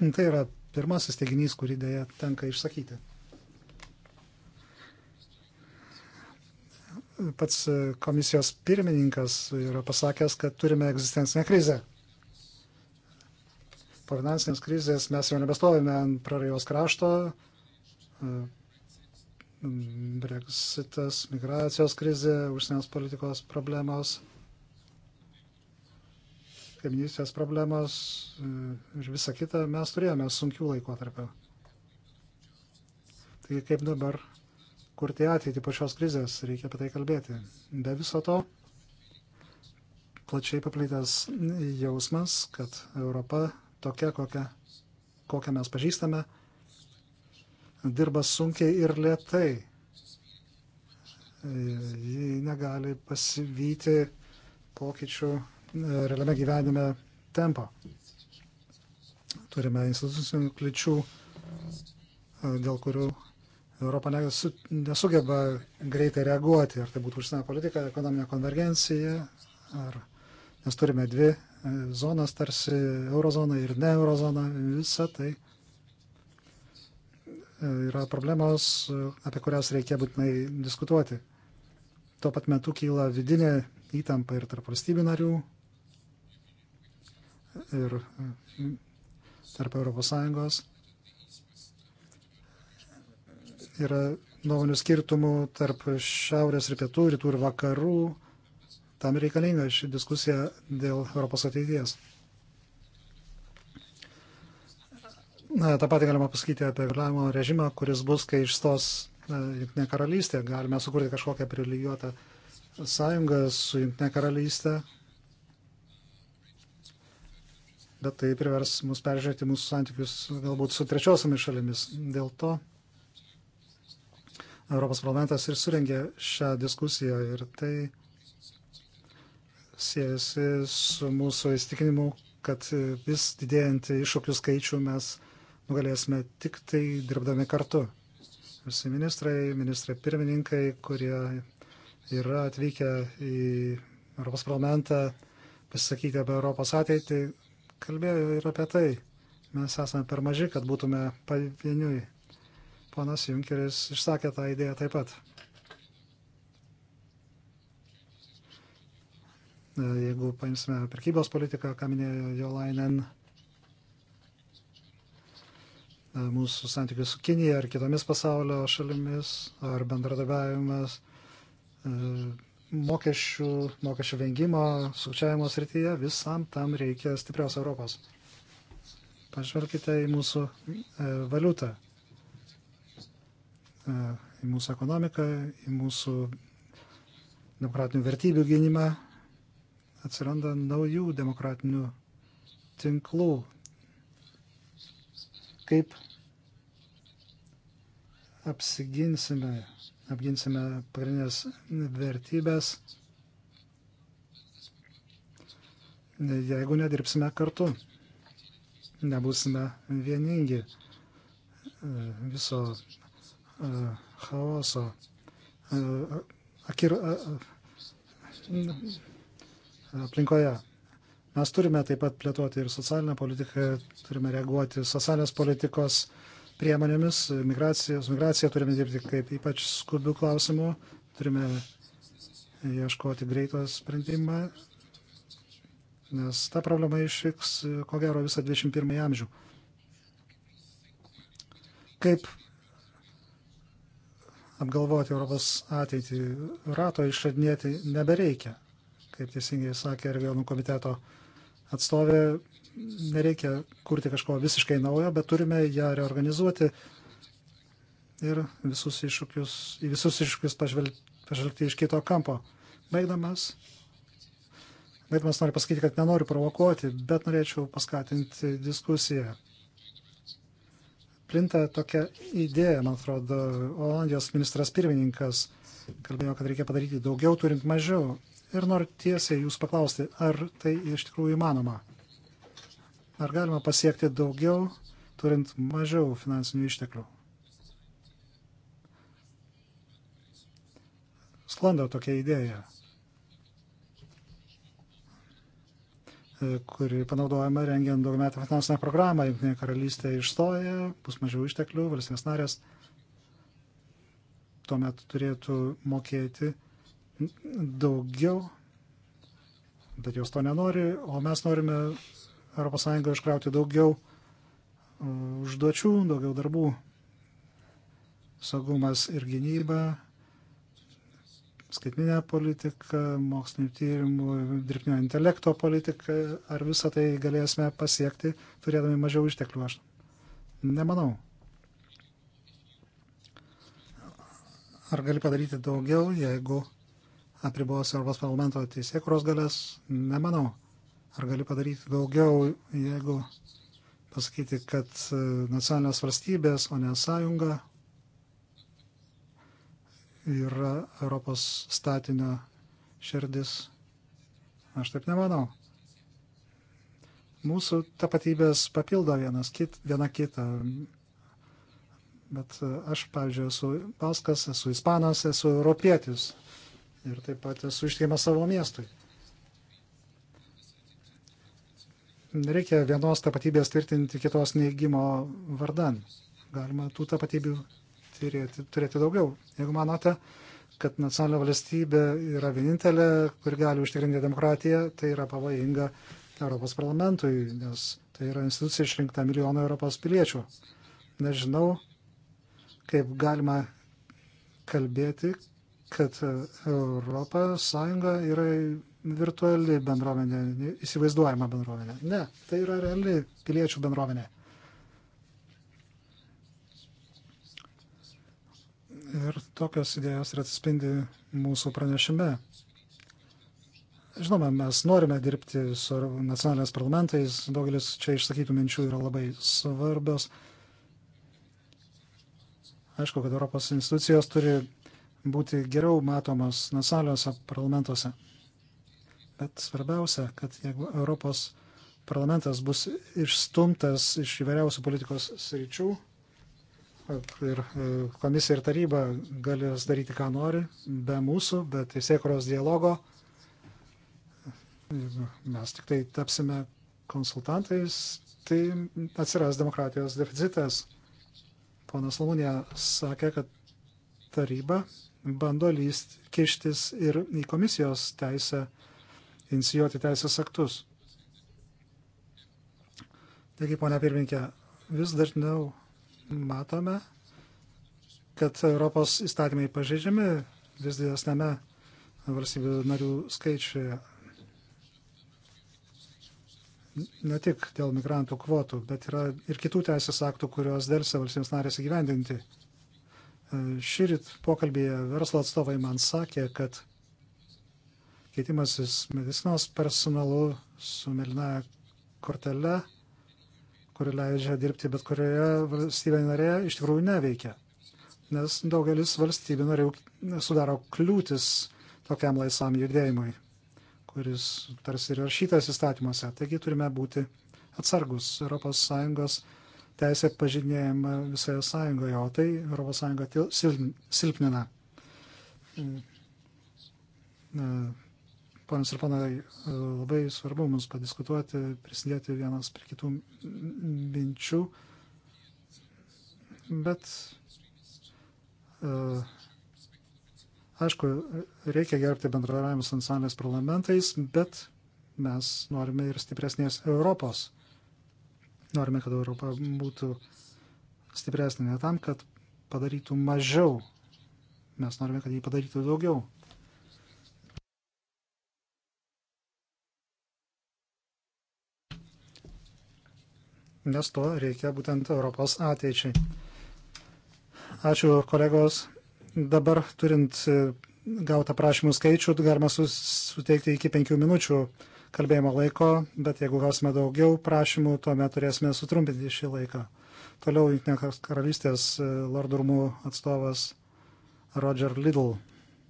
Tai yra pirmasis teiginys, kurį dėja tenka išsakyti. Pats komisijos pirmininkas yra pasakęs, kad turime egzistencinę krizę finansinės krizės mes jau nebestovime ant prarajos krašto. Brexitas, migracijos krizė, užsienės politikos problemos, kaiminystės problemos ir visa kita. Mes turėjome sunkių laikotarpių. Tai kaip dabar kurti ateitį po šios krizės, reikia apie tai kalbėti. Be viso to, plačiai paplitęs jausmas, kad Europa tokia, kokia, kokią mes pažįstame, dirba sunkiai ir lietai. Ji negali pasivyti pokyčių e, realiame gyvenime tempo. Turime institucinių kličių, e, dėl kurių Europa nesu, nesugeba greitai reaguoti, ar tai būtų užsienio politika, ekonominė konvergencija, ar, nes turime dvi zonas tarsi eurozona ir ne eurozona, visa tai e, yra problemos, apie kurias reikia būtinai diskutuoti. Tuo pat metu kyla vidinė įtampa ir tarp valstybių narių, ir e, tarp ES. Yra nuomonių skirtumų tarp šiaurės ir pietų, rytų ir vakarų, Tam reikalinga ši diskusija dėl Europos ateities. Na, tą patį galima pasakyti apie reguliavimo režimą, kuris bus, kai išstos Junktinė karalystė. Galime sukurti kažkokią prilygiuotą sąjungą su Junktinė karalystė, bet tai privers mus peržiūrėti mūsų santykius galbūt su trečiosiamis šalimis. Dėl to Europos parlamentas ir surengė šią diskusiją ir tai siejasi su mūsų įstikinimu, kad vis didėjantį iššūkių skaičių mes nugalėsime tik tai dirbdami kartu. Visi ministrai, ministrai pirmininkai, kurie yra atvykę į Europos parlamentą pasisakyti apie Europos ateitį, kalbėjo ir apie tai. Mes esame per maži, kad būtume pavieniui. Ponas Junkeris išsakė tą idėją taip pat. Jeigu paimsime prekybos politiką, ką minėjo Jolainen, mūsų santykius su Kinija ar kitomis pasaulio šalimis, ar bendradarbiavimas e, mokesčių, mokesčių vengimo, sukčiavimo srityje, visam tam reikia stiprios Europos. Pažvelkite į mūsų e, valiutą, e, į mūsų ekonomiką, į mūsų demokratinių vertybių gynimą atsiranda naujų demokratinių tinklų. Kaip apsiginsime, apginsime pagrindinės vertybės, jeigu nedirbsime kartu, nebusime vieningi viso e, chaoso. E, akir, e, aplinkoje. Mes turime taip pat plėtoti ir socialinę politiką, turime reaguoti socialinės politikos priemonėmis, migracijos, migraciją turime dirbti kaip ypač skubių klausimų, turime ieškoti greito sprendimą, nes ta problema išvyks ko gero visą 21 amžių. Kaip apgalvoti Europos ateitį, rato išradinėti nebereikia kaip teisingai sakė ir vienų komiteto atstovė, nereikia kurti kažko visiškai naujo, bet turime ją reorganizuoti ir visus iššūkius, į visus iššūkius pažvelgti iš kito kampo. Baigdamas, baigdamas noriu pasakyti, kad nenoriu provokuoti, bet norėčiau paskatinti diskusiją. Plinta tokia idėja, man atrodo, Olandijos ministras pirmininkas kalbėjo, kad reikia padaryti daugiau turint mažiau. Ir noriu tiesiai jūs paklausti, ar tai iš tikrųjų įmanoma? Ar galima pasiekti daugiau, turint mažiau finansinių išteklių? Sklando tokia idėja, kuri panaudojama rengiant daugiametę finansinę programą. Junktinė karalystė išstoja, bus mažiau išteklių, valstybės narės tuomet turėtų mokėti daugiau, bet jos to nenori, o mes norime ES iškrauti daugiau mm, užduočių, daugiau darbų. Saugumas ir gynyba, skaitminė politika, mokslinių tyrimų, dirbtinio intelekto politika, ar visą tai galėsime pasiekti, turėdami mažiau išteklių? Aš nemanau. Ar gali padaryti daugiau, jeigu apribos Europos parlamento teisėkuros galės, nemanau. Ar gali padaryti daugiau, jeigu pasakyti, kad e, nacionalinės valstybės, o ne sąjunga, yra Europos statinio širdis? Aš taip nemanau. Mūsų tapatybės papildo vienas, kit, viena kitą. Bet e, aš, pavyzdžiui, esu Baskas, esu Ispanas, esu Europietis ir taip pat esu ištikimas savo miestui. Nereikia vienos tapatybės tvirtinti kitos neįgymo vardan. Galima tų tapatybių turėti, turėti daugiau. Jeigu manote, kad nacionalinė valstybė yra vienintelė, kur gali užtikrinti demokratiją, tai yra pavojinga Europos parlamentui, nes tai yra institucija išrinkta milijono Europos piliečių. Nežinau, kaip galima kalbėti, kad ES yra virtuali bendruomenė, įsivaizduojama bendruomenė. Ne, tai yra reali piliečių bendruomenė. Ir tokios idėjos ir atsispindi mūsų pranešime. Žinoma, mes norime dirbti su nacionalinės parlamentais, daugelis čia išsakytų minčių yra labai svarbios. Aišku, kad Europos institucijos turi būti geriau matomos nacionaliniuose parlamentuose. Bet svarbiausia, kad jeigu Europos parlamentas bus išstumtas iš įvairiausių politikos sričių ir e, komisija ir taryba galės daryti, ką nori, be mūsų, be teisėkuros dialogo, jeigu mes tik tai tapsime konsultantais, tai atsiras demokratijos deficitas. Ponas Lamunė sakė, kad taryba bando lyst, kištis ir į komisijos teisę inicijuoti teisės aktus. Taigi, ponia pirminkė, vis dažniau matome, kad Europos įstatymai pažeidžiami vis didesnėme valstybių narių skaičiuje. Ne tik dėl migrantų kvotų, bet yra ir kitų teisės aktų, kurios dėlse valstybės narės įgyvendinti. E, šįryt pokalbėje verslo atstovai man sakė, kad keitimasis medicinos personalu su melina kortele, kuri leidžia dirbti bet kurioje valstybėje narėje, iš tikrųjų neveikia. Nes daugelis valstybių narių sudaro kliūtis tokiam laisvam judėjimui, kuris tarsi ir rašytas įstatymuose. Taigi turime būti atsargus. ES teisė pažydinėjama visoje sąjungoje, o tai ES silpnina. E, e, Ponas ir panai, e, labai svarbu mums padiskutuoti, prisidėti vienas prie kitų minčių, bet aišku, reikia gerbti bendradarbiavimus nacionalinės parlamentais, bet mes norime ir stipresnės Europos. Norime, kad Europa būtų stipresnė ne tam, kad padarytų mažiau. Mes norime, kad jį padarytų daugiau. Nes to reikia būtent Europos ateičiai. Ačiū, kolegos. Dabar turint e, gautą prašymų skaičių, galima suteikti iki penkių minučių kalbėjimo laiko, bet jeigu gausime daugiau prašymų, tuomet turėsime sutrumpinti šį laiką. Toliau Junktinės karalystės e, Lordų rūmų atstovas Roger Liddell.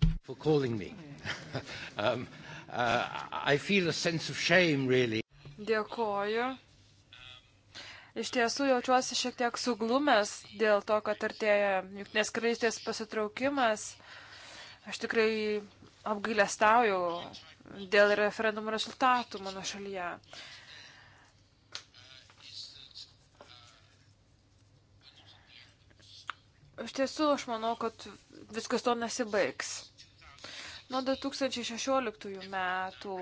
[LAUGHS] um, uh, shame, really. Dėkoju. Iš tiesų jaučiuosi šiek tiek suglumęs dėl to, kad artėja Junktinės karalystės pasitraukimas. Aš tikrai apgailestauju dėl referendumo rezultatų mano šalyje. Iš tiesų, aš manau, kad viskas to nesibaigs. Nuo 2016 metų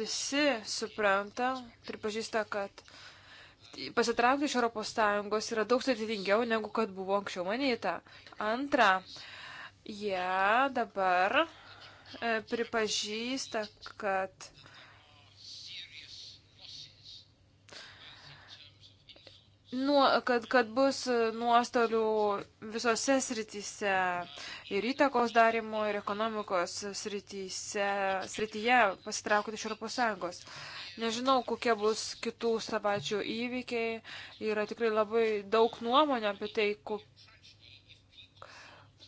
visi supranta, pripažįsta, kad pasitraukti iš ES yra daug sudėtingiau, negu kad buvo anksčiau manyta. Antra, jie dabar E, pripažįsta, kad Nuo, kad, kad bus nuostolių visose srityse ir įtakos darimo ir ekonomikos srityse, srityje pasitraukti iš ES. Nežinau, kokie bus kitų savaičių įvykiai. Yra tikrai labai daug nuomonė apie tai,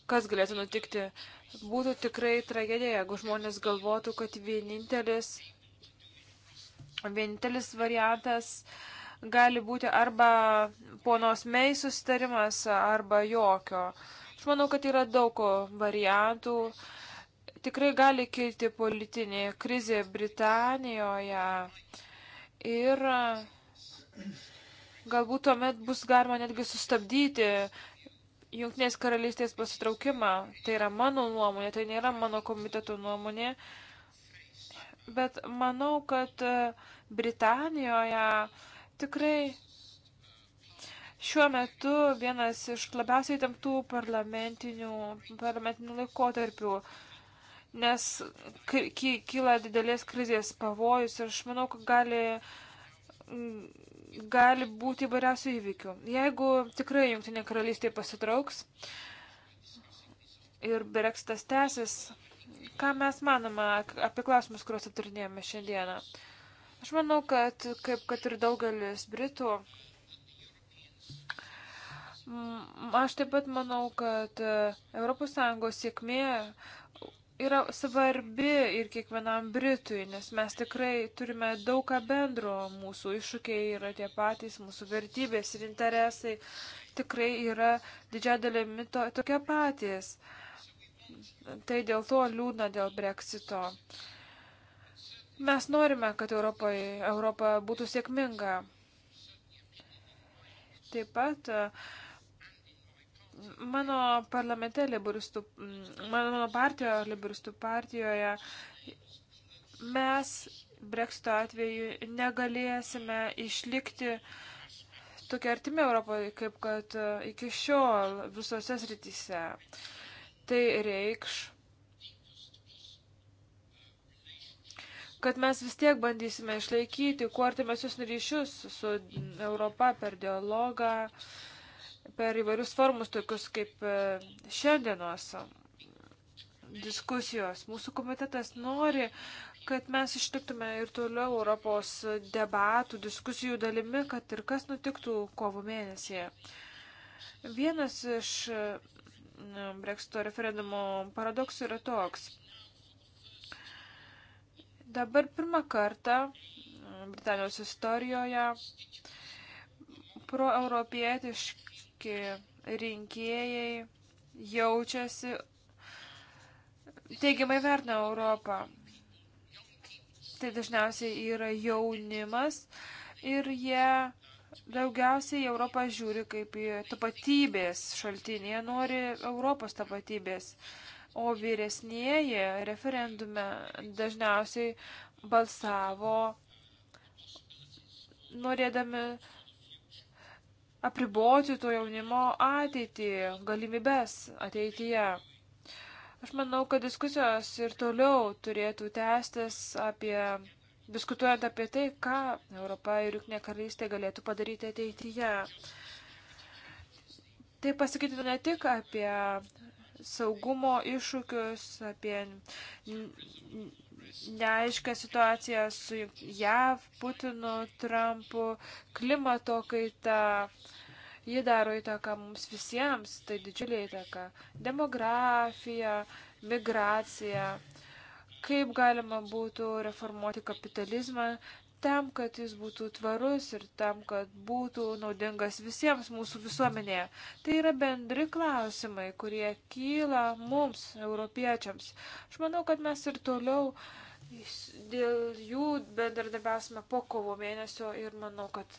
kas galėtų nutikti būtų tikrai tragedija, jeigu žmonės galvotų, kad vienintelis, vienintelis variantas gali būti arba ponos mei sustarimas, arba jokio. Aš manau, kad yra daug variantų. Tikrai gali kilti politinė krizė Britanijoje. Ir galbūt tuomet bus galima netgi sustabdyti Junktinės karalystės pasitraukimą. Tai yra mano nuomonė, tai nėra mano komiteto nuomonė. Bet manau, kad e, Britanijoje tikrai šiuo metu vienas iš labiausiai tamtų parlamentinių, parlamentinių laikotarpių, nes kyla didelės krizės pavojus ir aš manau, kad gali gali būti įvairiausių įvykių. Jeigu tikrai Junktinė karalystė pasitrauks ir Brexitas tęsis, ką mes manome apie klausimus, kuriuos aptarinėjame šiandieną? Aš manau, kad kaip kad ir daugelis Britų, aš taip pat manau, kad ES sėkmė yra svarbi ir kiekvienam Britui, nes mes tikrai turime daug ką bendro, mūsų iššūkiai yra tie patys, mūsų vertybės ir interesai tikrai yra didžia dalimi to, tokie patys. Tai dėl to liūdna dėl breksito. Mes norime, kad Europoje, Europa būtų sėkminga. Taip pat uh, Mano parlamente liberistų, mano partijoje, liberistų partijoje mes Brexito atveju negalėsime išlikti tokia artimi Europoje, kaip kad e, iki šiol visose srityse. Tai reikš, kad mes vis tiek bandysime išlaikyti kuo artimesius ryšius su Europa per dialogą, uh, per įvairius formus, tokius kaip e, šiandienos e, diskusijos. Mūsų komitetas nori, kad mes ištiktume ir toliau Europos debatų, diskusijų dalimi, kad ir kas nutiktų kovo mėnesį. Vienas iš e, Brexito referendumo paradoksų yra toks. Dabar pirmą kartą Britanijos istorijoje proeuropietiški ki rinkėjai jaučiasi teigiamai vertina Europą. Tai dažniausiai yra jaunimas ir jie daugiausiai Europą žiūri kaip į tapatybės šaltinį. Jie nori Europos tapatybės. O vyresnieji referendume dažniausiai balsavo norėdami apriboti to jaunimo ateitį, galimybės ateityje. Aš manau, kad diskusijos ir toliau turėtų tęstis apie, diskutuojant apie tai, ką Europa ir Junktinė karalystė galėtų padaryti ateityje. Tai pasakytų ne tik apie saugumo iššūkius, apie neaiškia situacija su JAV, Putinu, Trumpu, klimato kaita. Ji daro įtaką mums visiems, tai didžiulė įtaka. Demografija, migracija, kaip galima būtų reformuoti kapitalizmą tam, kad jis būtų tvarus ir tam, kad būtų naudingas visiems mūsų visuomenėje. Tai yra bendri klausimai, kurie kyla mums, europiečiams. Aš manau, kad mes ir toliau uh, Dėl jų bendradarbiausime po kovo mėnesio ir manau, kad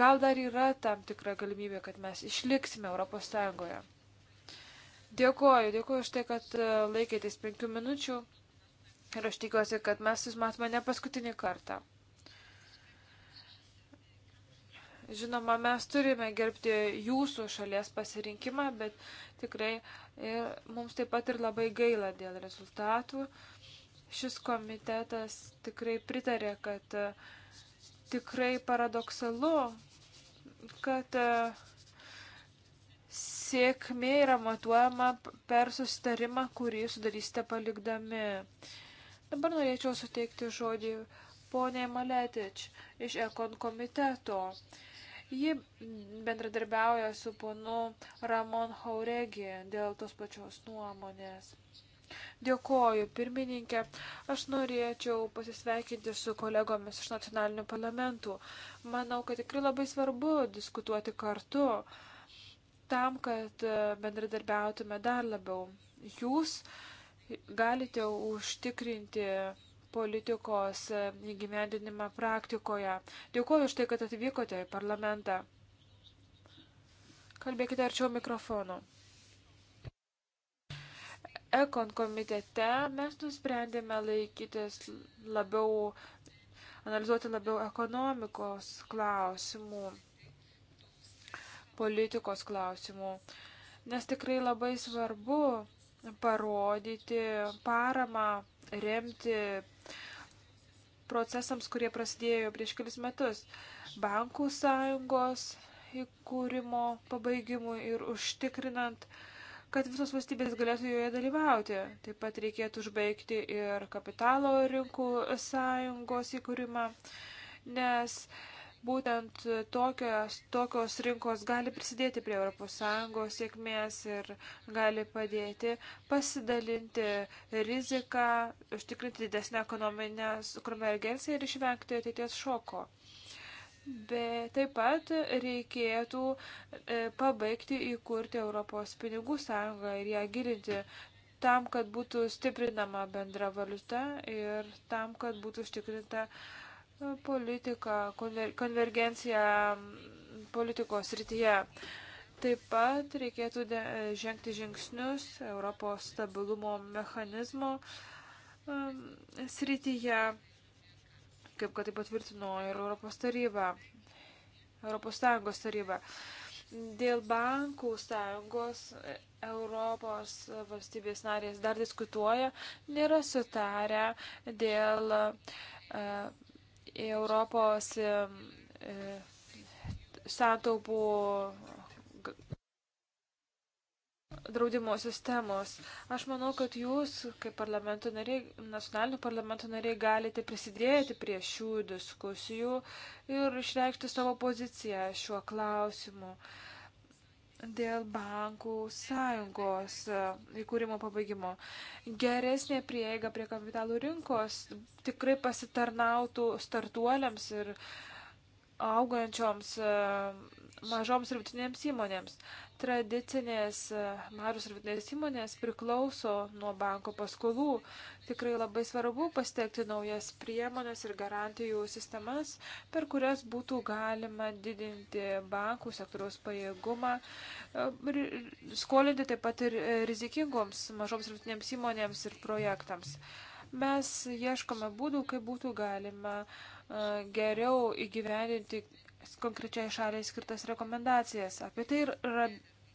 gal dar yra tam tikra galimybė, kad mes išliksime Europos Sąjungoje. Dėkuoju, dėkuoju už tai, kad e, laikėtės penkių minučių ir aš tikiuosi, kad mes jūs matome ne paskutinį kartą. Žinoma, mes turime gerbti jūsų šalies pasirinkimą, bet tikrai ir, e, mums taip pat ir labai gaila dėl rezultatų. Šis komitetas tikrai pritarė, kad e, tikrai paradoksalu, kad e, sėkmė yra matuojama per susitarimą, kurį sudarysite palikdami. Dabar norėčiau suteikti žodį poniai Maletič iš Ekon komiteto. Ji bendradarbiauja su ponu Ramon Hauregi dėl tos pačios nuomonės. Dėkoju, pirmininkė. Aš norėčiau pasisveikinti su kolegomis iš nacionalinių parlamentų. Manau, kad tikrai labai svarbu diskutuoti kartu tam, kad e, bendradarbiautume dar labiau. Jūs galite užtikrinti politikos e, įgyvendinimą praktikoje. Dėkuoju už tai, kad atvykote į parlamentą. Kalbėkite arčiau mikrofono. Ekon komitete mes nusprendėme laikytis labiau, analizuoti labiau ekonomikos klausimų, politikos klausimų, nes tikrai labai svarbu parodyti paramą, remti procesams, kurie prasidėjo prieš kelis metus. Bankų sąjungos įkūrimo pabaigimui ir užtikrinant uh, kad visos valstybės galėtų joje dalyvauti. Taip pat reikėtų užbaigti ir kapitalo rinkų sąjungos įkūrimą, nes būtent tokios, tokios rinkos gali prisidėti prie ES sėkmės ir gali padėti pasidalinti riziką, užtikrinti didesnę ekonominę konvergenciją ir išvengti ateities šoko bet taip pat reikėtų e, pabaigti įkurti Europos pinigų sąjungą ir ją gilinti tam, kad būtų stiprinama bendra valiuta ir tam, kad būtų užtikrinta e, politika, konver, konvergencija politikos rytyje. Taip pat reikėtų de, e, žengti žingsnius Europos stabilumo mechanizmo um, srityje kaip kad tai patvirtino ir Europos taryba, Europos Sąjungos taryba. Dėl bankų sąjungos Europos valstybės narės dar diskutuoja, nėra sutarę dėl uh, Europos uh, santaupų draudimo sistemos. Aš manau, kad jūs, kaip parlamento nariai, nacionalinių parlamento nariai, galite prisidėti prie šių diskusijų ir išreikšti savo poziciją šiuo klausimu dėl bankų sąjungos e, įkūrimo pabaigimo. Geresnė prieiga prie kapitalų rinkos tikrai pasitarnautų startuoliams ir augančioms e, mažoms ir vidutinėms įmonėms. Tradicinės e, mažos ir vidutinės įmonės priklauso nuo banko paskolų. Tikrai labai svarbu pasitekti naujas priemonės ir garantijų sistemas, per kurias būtų galima didinti bankų sektoriaus pajėgumą, e, skolinti taip pat ir e, rizikingoms mažoms ir vidutinėms įmonėms ir projektams mes ieškome būdų, kaip būtų galima geriau įgyvendinti konkrečiai šaliai skirtas rekomendacijas. Apie tai ir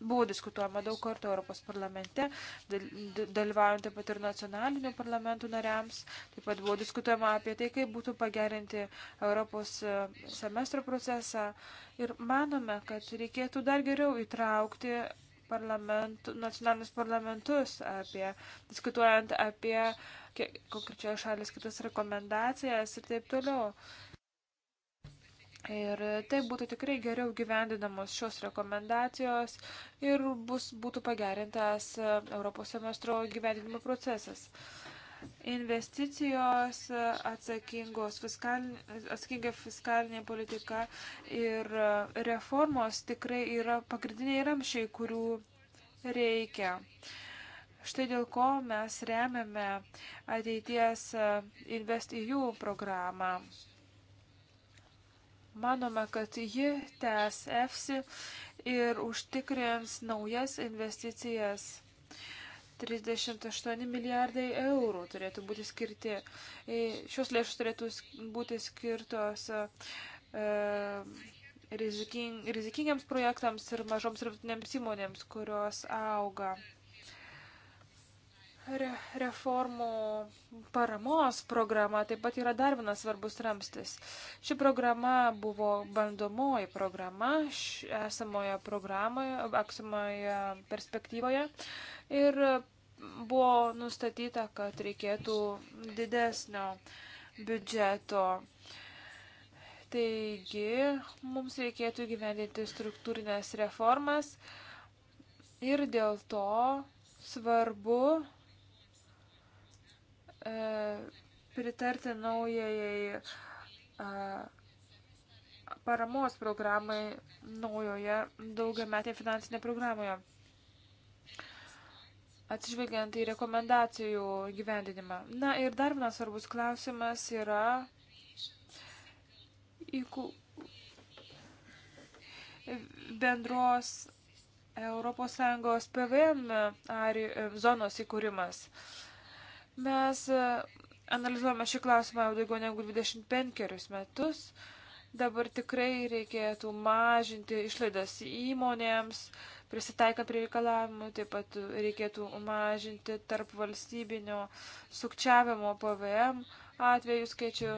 buvo diskutuojama daug kartų Europos parlamente, dalyvaujant taip pat ir nacionalinių parlamentų nariams. Taip pat buvo diskutuojama apie tai, kaip būtų pagerinti Europos e, semestro procesą. Ir manome, kad reikėtų dar geriau įtraukti parlamentų, nacionalinius parlamentus, apie, diskutuojant apie konkrečioje šalis kitas rekomendacijas ir taip toliau. Uh, Ir tai būtų tikrai geriau gyvendinamos šios rekomendacijos ir bus, būtų pagerintas e, Europos semestro gyvendinimo procesas. Investicijos, e, atsakingos fiskalinė, atsakinga fiskalinė politika ir e, reformos tikrai yra pagrindiniai ramšiai, kurių reikia. Štai dėl ko mes remiame ateities InvestEU programą. Manome, kad ji tęs EFSI ir užtikrins naujas investicijas. 38 milijardai eurų turėtų būti skirti. E, šios lėšos turėtų būti skirtos e, riziking, rizikingiams projektams ir mažoms ir vidutinėms įmonėms, kurios auga re reformų paramos programa taip pat yra dar vienas svarbus ramstis. Ši programa buvo bandomoji programa esamoje programoje, esamoje perspektyvoje ir buvo nustatyta, kad reikėtų didesnio biudžeto. Taigi, mums reikėtų gyvendinti struktūrinės reformas ir dėl to svarbu E, pritarti naujajai e, paramos programai naujoje daugiametėje finansinėje programoje, atsižvelgiant į rekomendacijų gyvendinimą. Na ir dar vienas svarbus klausimas yra, ku... bendros ES PVM zonos įkūrimas. Uh, Mes e, analizuojame šį klausimą jau daugiau negu 25 metus. Dabar tikrai reikėtų mažinti išlaidas įmonėms, prisitaikant prie reikalavimų, taip pat reikėtų mažinti tarp valstybinio sukčiavimo PVM atvejų skaičių,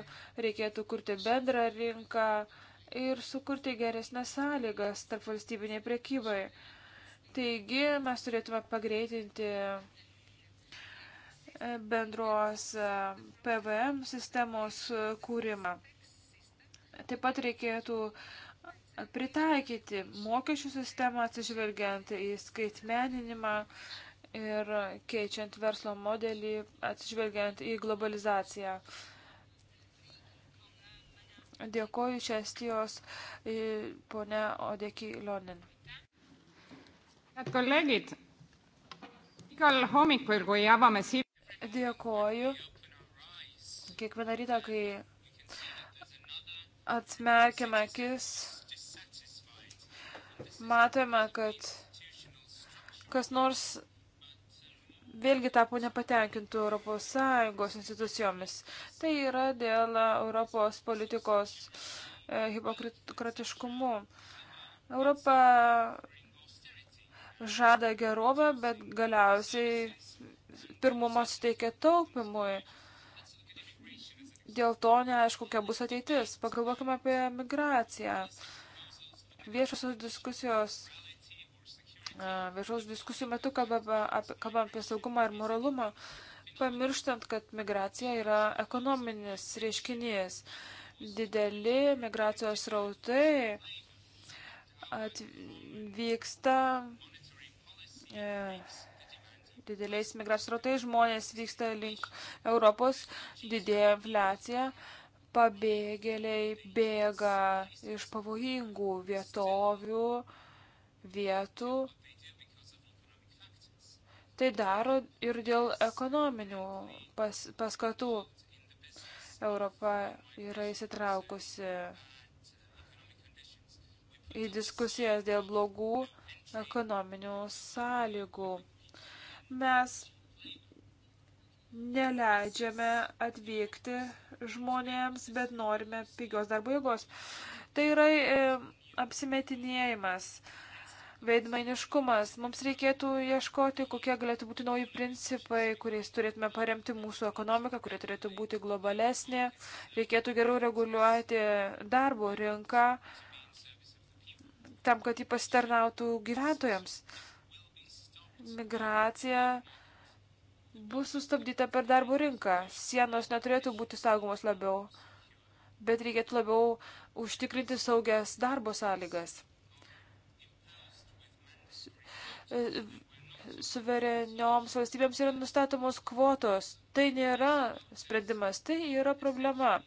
reikėtų kurti bendrą rinką ir sukurti geresnės sąlygas tarp valstybiniai prekybai. Taigi mes turėtume pagreitinti bendros e, PVM sistemos kūrimą. Taip pat reikėtų pritaikyti mokesčių sistemą atsižvelgiant į skaitmeninimą ir keičiant verslo modelį atsižvelgiant į globalizaciją. Dėkoju iš Estijos pone Odeki Lonin. Head kolleegid, igal hommikul, kui avame siin dėkoju. Kiekvieną rytą, kai atmerkiame akis, matome, kad kas nors vėlgi tapo nepatenkintų ES institucijomis. Tai yra dėl Europos politikos e, hipokratiškumu. Europa žada gerovę, bet galiausiai pirmumą suteikia taupimui. Dėl to neaišku, kokia bus ateitis. Pagalvokime apie migraciją. Viešosios diskusijos, viešos diskusijų metu kalbame apie, kalbame apie saugumą ir moralumą, pamirštant, kad migracija yra ekonominis reiškinys. Dideli migracijos rautai atvyksta. Yes dideliais migracijos rautais, žmonės vyksta link Europos, didėja infliacija, pabėgėliai bėga iš pavojingų vietovių, vietų. Tai daro ir dėl ekonominių pas, paskatų. Europa yra įsitraukusi į diskusijas dėl blogų ekonominių sąlygų mes neleidžiame atvykti žmonėms, bet norime pigios darbo jėgos. Tai yra e, apsimetinėjimas, veidmainiškumas. Mums reikėtų ieškoti, kokie galėtų būti nauji principai, kuriais turėtume paremti mūsų ekonomiką, kurie turėtų būti globalesnė. Reikėtų geriau reguliuoti darbo rinką tam, kad jį pasitarnautų gyventojams. E, migracija bus sustabdyta per darbo rinką. Sienos neturėtų būti saugomos labiau, bet reikėtų labiau užtikrinti saugias darbo sąlygas. E, suverenioms valstybėms yra nustatomos kvotos. Tai nėra sprendimas, tai yra problema.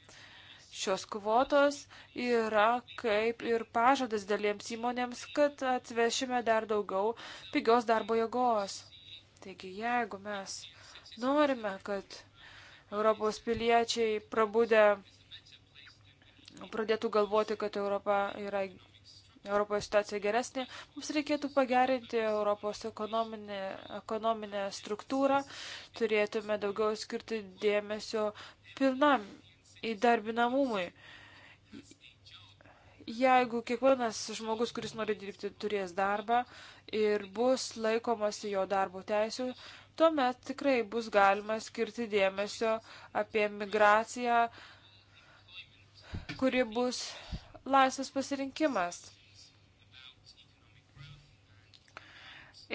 Šios kvotos yra kaip ir pažadas dėliems įmonėms, kad atvešime dar daugiau pigios darbo jėgos. Taigi, jeigu mes norime, kad Europos piliečiai prabudę pradėtų galvoti, kad Europa yra Europoje situacija geresnė, mums reikėtų pagerinti Europos ekonominę, ekonominę struktūrą, turėtume daugiau skirti dėmesio pilnam įdarbinamumui. Jeigu kiekvienas žmogus, kuris nori dirbti, turės darbą ir bus laikomasi jo darbo teisų, tuomet tikrai bus galima skirti dėmesio apie migraciją, kuri bus laisvas pasirinkimas.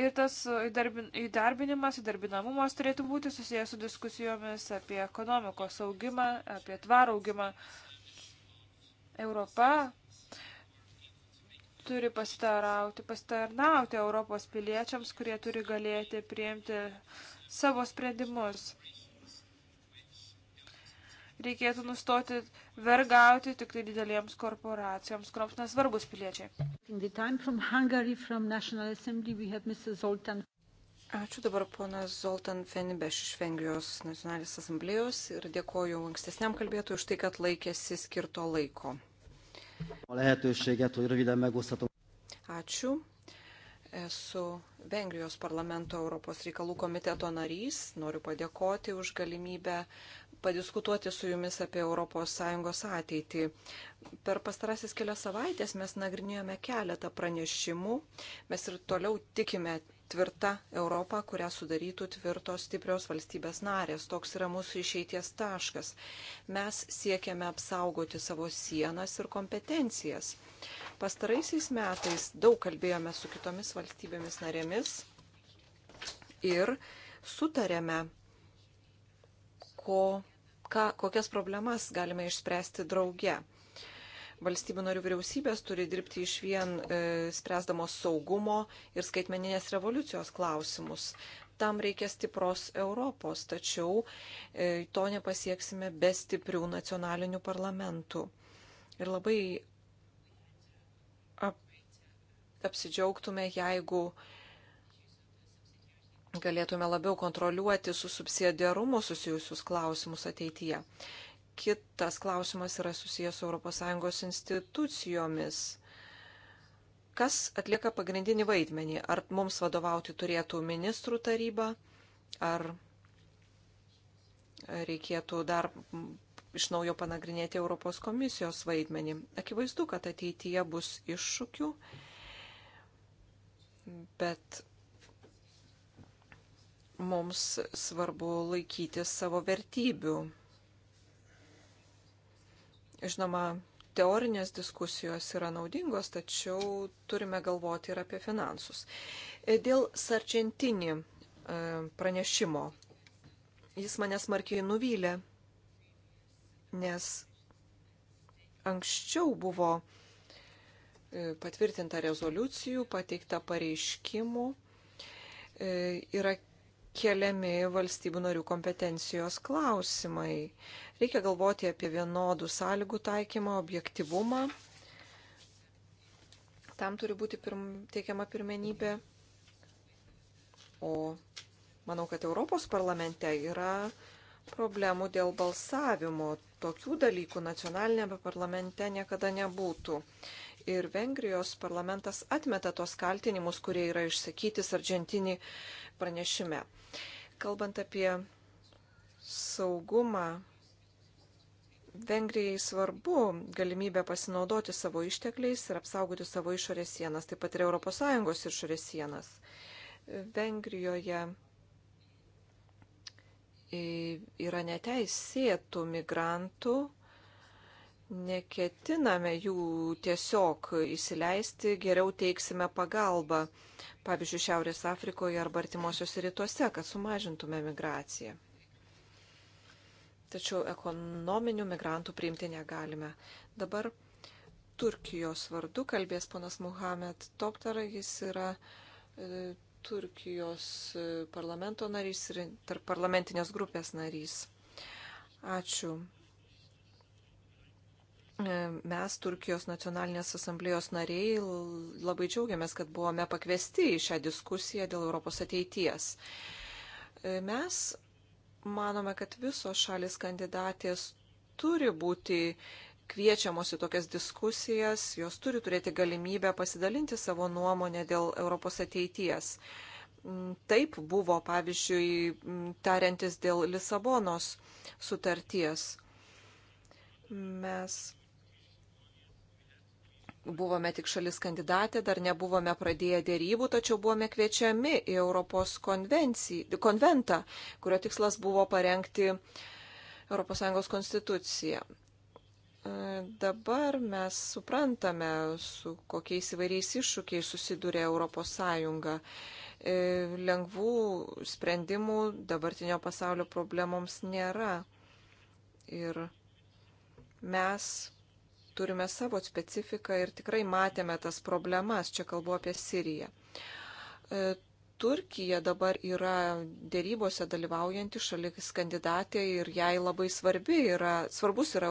Ir tas įdarbinimas, įdarbinamumas turėtų būti susijęs su diskusijomis apie ekonomikos augimą, apie tvarą augimą. Europa turi pastarauti, pastarnauti Europos piliečiams, kurie turi galėti priimti savo sprendimus reikėtų nustoti vergauti tik tai didelėms korporacijoms, kurioms nesvarbus piliečiai. Hungary, Assembly, Ačiū dabar ponas Zoltan Fenibeš iš Vengrijos nacionalinės asamblėjos ir dėkoju ankstesniam kalbėtojui už tai, kad laikėsi skirto laiko. Ačiū. Esu Vengrijos parlamento Europos reikalų komiteto narys. Noriu padėkoti už galimybę padiskutuoti su jumis apie ES ateitį. Per pastarasis kelias savaitės mes nagrinėjome keletą pranešimų. Mes ir toliau tikime tvirtą Europą, kurią sudarytų tvirtos stiprios valstybės narės. Toks yra mūsų išeities taškas. Mes siekiame apsaugoti savo sienas ir kompetencijas. Pastaraisiais metais daug kalbėjome su kitomis valstybėmis narėmis ir sutarėme, ko, ką, kokias problemas galime išspręsti drauge. Valstybių narių vyriausybės turi dirbti iš vien e, spręsdamos saugumo ir skaitmeninės revoliucijos klausimus. Tam reikia stipros Europos, tačiau e, to nepasieksime be stiprių nacionalinių parlamentų. Ir labai apsidžiaugtume, jeigu galėtume labiau kontroliuoti su subsidiarumu susijusius klausimus ateityje. Kitas klausimas yra susijęs su ES institucijomis. Kas atlieka pagrindinį vaidmenį? Ar mums vadovauti turėtų ministrų taryba, ar reikėtų dar iš naujo panagrinėti Europos komisijos vaidmenį? Akivaizdu, kad ateityje bus iššūkių bet mums svarbu laikyti savo vertybių. Žinoma, teorinės diskusijos yra naudingos, tačiau turime galvoti ir apie finansus. E, dėl Sarčentinį e, pranešimo. Jis mane smarkiai nuvylė, nes anksčiau buvo E, patvirtinta rezoliucijų, pateikta pareiškimų, e, yra keliami valstybių narių kompetencijos klausimai. Reikia galvoti apie vienodų sąlygų taikymą, objektivumą. Tam turi būti pirm, teikiama pirmenybė. O manau, kad Europos parlamente yra uh, problemų dėl balsavimo. Tokių dalykų nacionalinėme parlamente niekada nebūtų. Ir Vengrijos parlamentas atmeta tos kaltinimus, kurie yra išsakyti Sargentinį pranešime. Kalbant apie saugumą, Vengrijai svarbu galimybė pasinaudoti savo ištekliais ir apsaugoti savo išorės sienas, taip pat ir ES išorės sienas. Vengrijoje yra neteisėtų migrantų, neketiname jų tiesiog įsileisti, geriau teiksime pagalbą, pavyzdžiui, Šiaurės Afrikoje arba artimuosiuose rytuose, kad sumažintume migraciją. Tačiau ekonominių migrantų priimti negalime. Dabar Turkijos vardu kalbės ponas Muhamed Toptara, jis yra e, Turkijos e, parlamento narys ir tarp parlamentinės grupės narys. Ačiū. E, mes, Turkijos nacionalinės asamblėjos nariai, labai džiaugiamės, kad buvome pakviesti į šią diskusiją dėl Europos ateities. E, mes manome, kad visos šalis kandidatės turi būti kviečiamos į tokias diskusijas, jos turi turėti galimybę pasidalinti savo nuomonę dėl Europos ateities. Mm, taip buvo, pavyzdžiui, mm, tariantis dėl Lisabonos sutarties. Mes buvome tik šalis kandidatė, dar nebuvome pradėję dėrybų, tačiau buvome kviečiami į Europos konventą, kurio tikslas buvo parengti ES konstituciją. Dabar mes suprantame, su kokiais įvairiais iššūkiais susiduria ES. E, lengvų sprendimų dabartinio pasaulio problemoms nėra. Ir mes turime savo specifiką ir tikrai matėme tas problemas. Čia kalbu apie Siriją e, Turkija dabar yra dėrybose dalyvaujanti šalis kandidatė ir jai labai svarbi yra, svarbus yra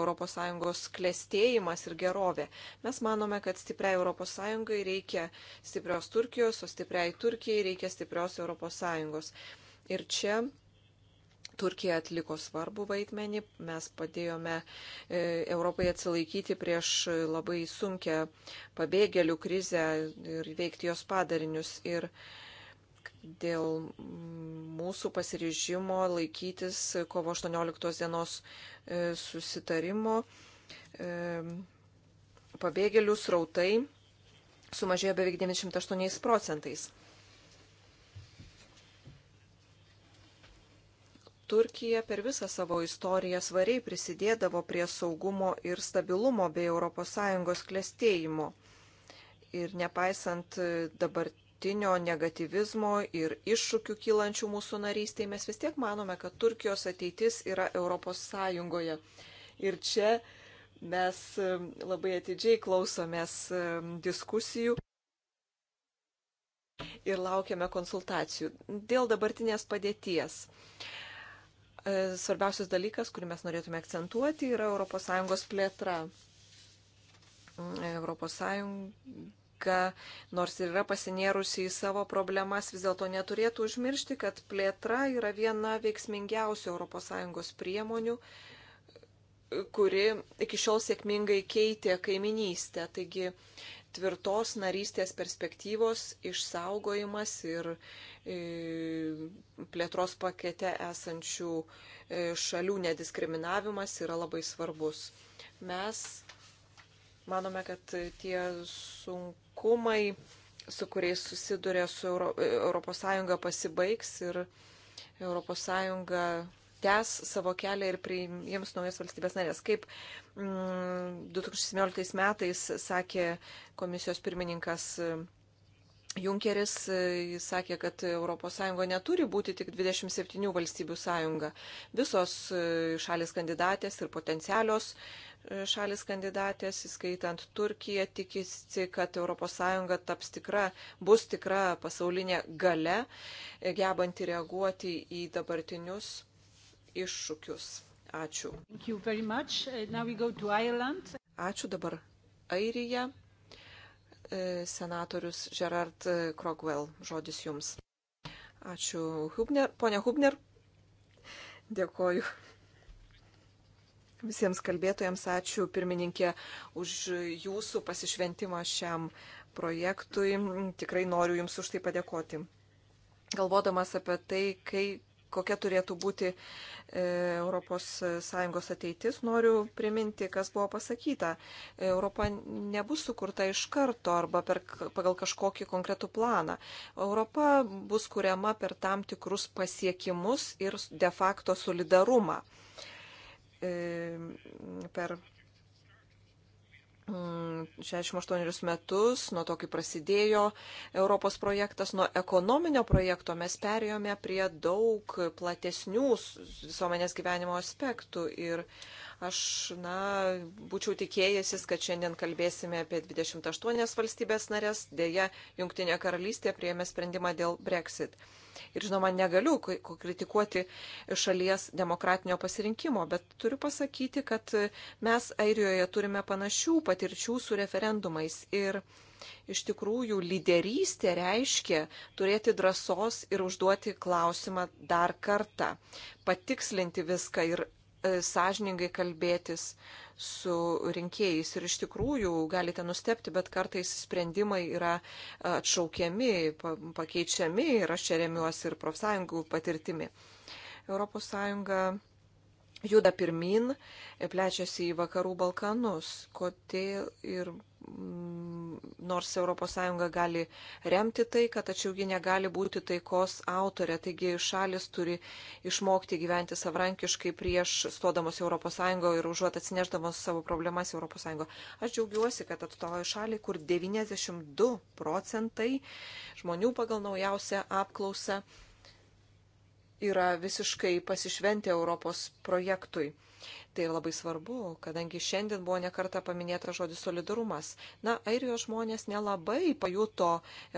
ES klėstėjimas ir gerovė. Mes manome, kad stipriai ES reikia stiprios Turkijos, o stipriai Turkijai reikia stiprios ES. Ir čia Turkija atliko svarbų vaidmenį, mes padėjome e, Europai atsilaikyti prieš labai sunkę pabėgėlių krizę ir veikti jos padarinius. Ir dėl mūsų pasirežimo laikytis kovo 18 dienos e, susitarimo. E, pabėgėlių srautai sumažėjo beveik 98 procentais. Turkija per visą savo istoriją svariai prisidėdavo prie saugumo ir stabilumo bei ES klėstėjimo. Ir nepaisant dabar nuolatinio negativizmo ir iššūkių kylančių mūsų narystėje, mes vis tiek manome, kad Turkijos ateitis yra Europos Sąjungoje. Ir čia mes um, labai atidžiai klausomės um, diskusijų ir laukiame konsultacijų dėl dabartinės padėties. E, svarbiausias dalykas, kurį mes norėtume akcentuoti, yra ES plėtra. Mm, ES politika, nors ir yra pasinėrusi į savo problemas, vis dėlto neturėtų užmiršti, kad plėtra yra viena veiksmingiausių ES priemonių, kuri iki šiol sėkmingai keitė kaiminystę. Taigi tvirtos narystės perspektyvos išsaugojimas ir e, plėtros pakete esančių e, šalių nediskriminavimas yra labai svarbus. Mes Manome, kad tie sunkumai, su kuriais susiduria su Euro, Europos Sąjunga, pasibaigs ir Europos Sąjunga tęs savo kelią ir priims naujas valstybės narės. Kaip mm, 2017 metais sakė komisijos pirmininkas Junkeris e, sakė, kad ES neturi būti tik 27 valstybių sąjunga. Visos e, šalis kandidatės ir potencialios e, šalis kandidatės, įskaitant Turkiją, tikisi, kad ES taps tikra, bus tikra pasaulinė gale, gebanti reaguoti į dabartinius iššūkius. Ačiū. Uh, Ačiū dabar Airija. E, senatorius Gerard Krogwell. E, Žodis jums. Ačiū, Hubner. Pone Hubner, dėkoju visiems kalbėtojams. Ačiū, pirmininkė, už jūsų pasišventimą šiam projektui. Tikrai noriu jums už tai padėkoti. Galvodamas apie tai, kaip kokia turėtų būti ES ateitis, noriu priminti, kas buvo pasakyta. Europa nebus sukurta iš karto arba per, pagal kažkokį konkretų planą. Europa bus kuriama per tam tikrus pasiekimus ir de facto solidarumą. E, per 68 mm, metus nuo to, kai prasidėjo Europos projektas, nuo ekonominio projekto mes perėjome prie daug platesnių visuomenės gyvenimo aspektų. Ir aš, na, būčiau tikėjęsis, kad šiandien kalbėsime apie 28 valstybės narės, dėja, Junktinė karalystė prieėmė sprendimą dėl Brexit. Ir žinoma, negaliu kritikuoti šalies demokratinio pasirinkimo, bet turiu pasakyti, kad mes Airijoje turime panašių patirčių su referendumais. Ir iš tikrųjų lyderystė reiškia turėti drąsos ir užduoti klausimą dar kartą, patikslinti viską ir E, sąžiningai kalbėtis su rinkėjais. Ir iš tikrųjų galite nustepti, bet kartais sprendimai yra atšaukiami, pakeičiami ir aš čia remiuosi ir profsąjungų patirtimi. ES juda pirmin, plečiasi į vakarų Balkanus. Kodėl ir mm, nors ES gali remti tai, kad tačiau ji negali būti taikos autorė. Taigi šalis turi išmokti gyventi savrankiškai prieš stodamos ES ir užuot atsineždamos savo problemas ES. Aš džiaugiuosi, kad atstovauju šaliai, kur 92 procentai žmonių pagal naujausią apklausą yra visiškai pasišventę Europos projektui. Tai labai svarbu, kadangi šiandien buvo nekarta paminėta žodis solidarumas. Na, airijos žmonės nelabai pajuto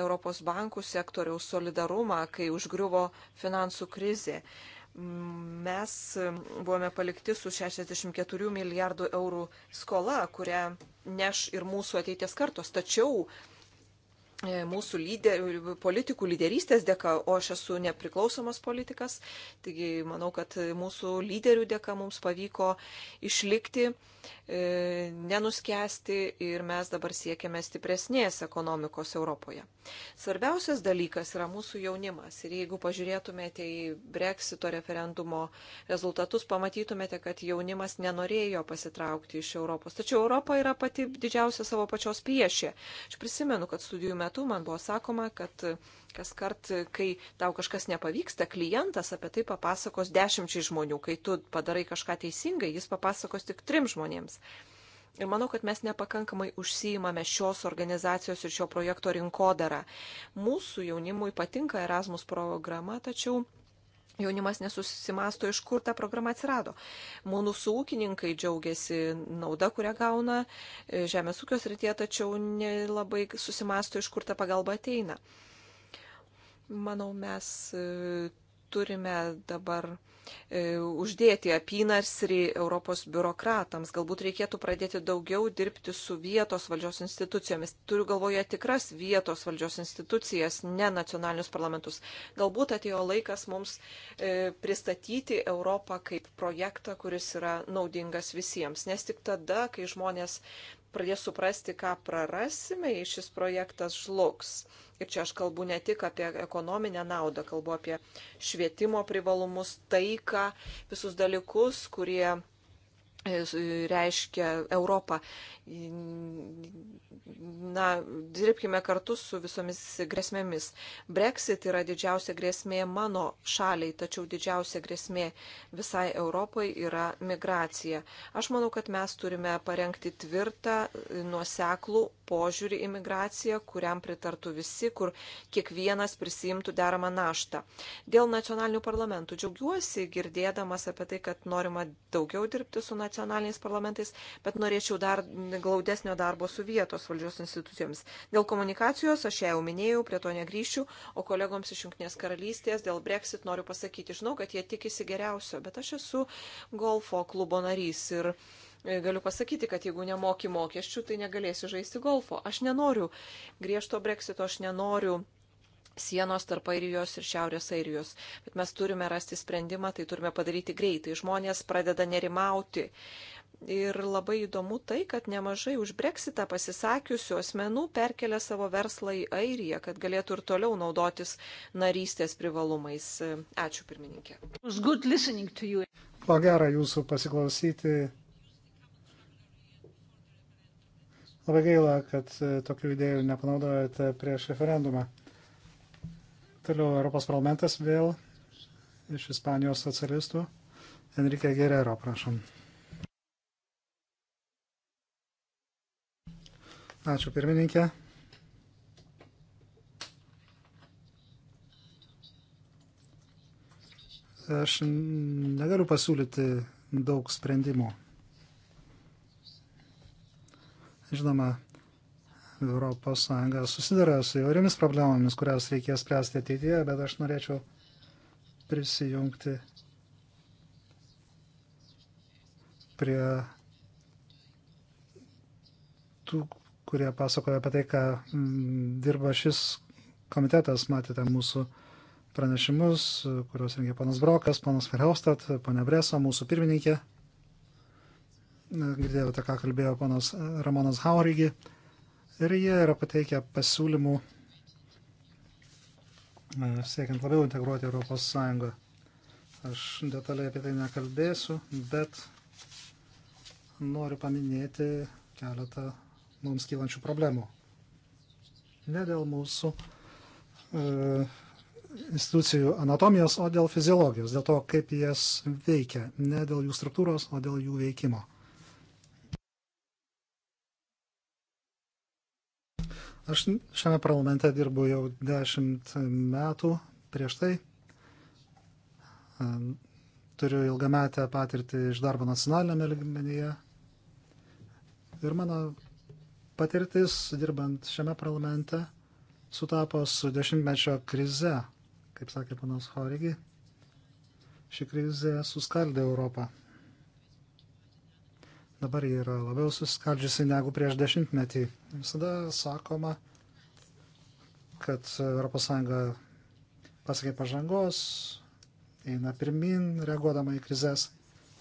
Europos bankų sektoriaus solidarumą, kai užgriuvo finansų krizė. Mes buvome palikti su 64 milijardų eurų skola, kurią neš ir mūsų ateities kartos. Tačiau E, mūsų lyder, politikų lyderystės dėka, o aš esu nepriklausomas politikas, taigi manau, kad mūsų lyderių dėka mums pavyko išlikti E, nenuskesti ir mes dabar siekiame stipresnės ekonomikos Europoje. Svarbiausias dalykas yra mūsų jaunimas ir jeigu pažiūrėtumėte į Brexito referendumo rezultatus, pamatytumėte, kad jaunimas nenorėjo pasitraukti iš Europos. Tačiau Europa yra pati didžiausia savo pačios priešė. Aš prisimenu, kad studijų metu man buvo sakoma, kad Kas kart, kai tau kažkas nepavyksta, klientas apie tai papasakos dešimčiai žmonių. Kai tu padarai kažką teisingai, jis papasakos tik trim žmonėms. Ir manau, kad mes nepakankamai užsijimame šios organizacijos ir šio projekto rinkodarą. Mūsų jaunimui patinka Erasmus programa, tačiau jaunimas nesusimasto, iš kur ta programa atsirado. Mūsų ūkininkai džiaugiasi nauda, kurią gauna e, žemės ūkio srityje, tačiau nelabai susimasto, iš kur ta pagalba ateina. Manau, mes e, turime dabar e, uždėti apynarsrį Europos biurokratams. Galbūt reikėtų pradėti daugiau dirbti su vietos valdžios institucijomis. Turiu galvoje tikras vietos valdžios institucijas, ne nacionalinius parlamentus. Galbūt atėjo laikas mums e, pristatyti Europą kaip projektą, kuris yra naudingas visiems. Nes tik tada, kai žmonės pradės suprasti, ką prarasime, jei šis projektas žlugs. Ir čia aš kalbu ne tik apie ekonominę naudą, kalbu apie švietimo privalumus, taiką, visus dalykus, kurie e, reiškia Europą. Na, dirbkime kartu su visomis grėsmėmis. Brexit yra didžiausia grėsmė mano šaliai, tačiau didžiausia grėsmė visai Europai yra migracija. Aš manau, kad mes turime parengti tvirtą, nuoseklų požiūrį į migraciją, kuriam pritartų visi, kur kiekvienas prisimtų deramą naštą. Dėl nacionalinių parlamentų džiaugiuosi girdėdamas apie tai, kad norima daugiau dirbti su nacionaliniais parlamentais, bet norėčiau dar glaudesnio darbo su vietos valdžios institucijomis. Dėl komunikacijos aš ją jau minėjau, prie to negryšiu, o kolegoms iš Junktinės karalystės dėl Brexit noriu pasakyti, žinau, kad jie tikisi geriausio, bet aš esu golfo klubo narys ir E, galiu pasakyti, kad jeigu nemoki mokesčių, tai negalėsi žaisti golfo. Aš nenoriu griežto breksito, aš nenoriu sienos tarp Airijos ir Šiaurės Airijos. Bet mes turime rasti sprendimą, tai turime padaryti greitai. Žmonės pradeda nerimauti. Ir labai įdomu tai, kad nemažai už breksitą pasisakiusių asmenų perkelia savo verslą į Airiją, kad galėtų ir toliau naudotis narystės privalumais. E, ačiū pirmininkė. Buvo gera jūsų pasiklausyti Labai gaila, kad e, tokių idėjų nepanaudojate prieš referendumą. Toliau Europos parlamentas vėl iš Ispanijos socialistų. Enrique Guerrero, prašom. Ačiū pirmininkė. Aš negaliu pasiūlyti daug sprendimų. Žinoma, ES susiduria su įvairiomis problemomis, kurias reikės spręsti ateityje, bet aš norėčiau prisijungti prie tų, kurie pasakoja apie tai, ką mm, dirba šis komitetas. Matėte mūsų pranešimus, kuriuos rengė panas Brokas, panas Verhofstadt, ponia Bresa, mūsų pirmininkė girdėjote, ką kalbėjo panas e, Ramonas Haurigi, ir jie yra pateikę pasiūlymų e, siekiant labiau integruoti Europos Sąjungą. Aš detaliai apie tai nekalbėsiu, bet noriu paminėti keletą mums kylančių problemų. Ne dėl mūsų e, institucijų anatomijos, o dėl fiziologijos, dėl to, kaip jas veikia. Ne dėl jų struktūros, o dėl jų veikimo. Aš šiame parlamente dirbu jau dešimt metų prieš tai. E, turiu ilgametę patirtį iš darbo nacionalinėme ligmenyje. Ir mano patirtis dirbant šiame parlamente sutapo su dešimtmečio krize, kaip sakė panas Horigi. Ši krizė suskaldė Europą dabar yra labiau suskaldžiusi negu prieš dešimtmetį. Visada sakoma, kad ES pasiekė pažangos, eina pirmin, reaguodama į krizės,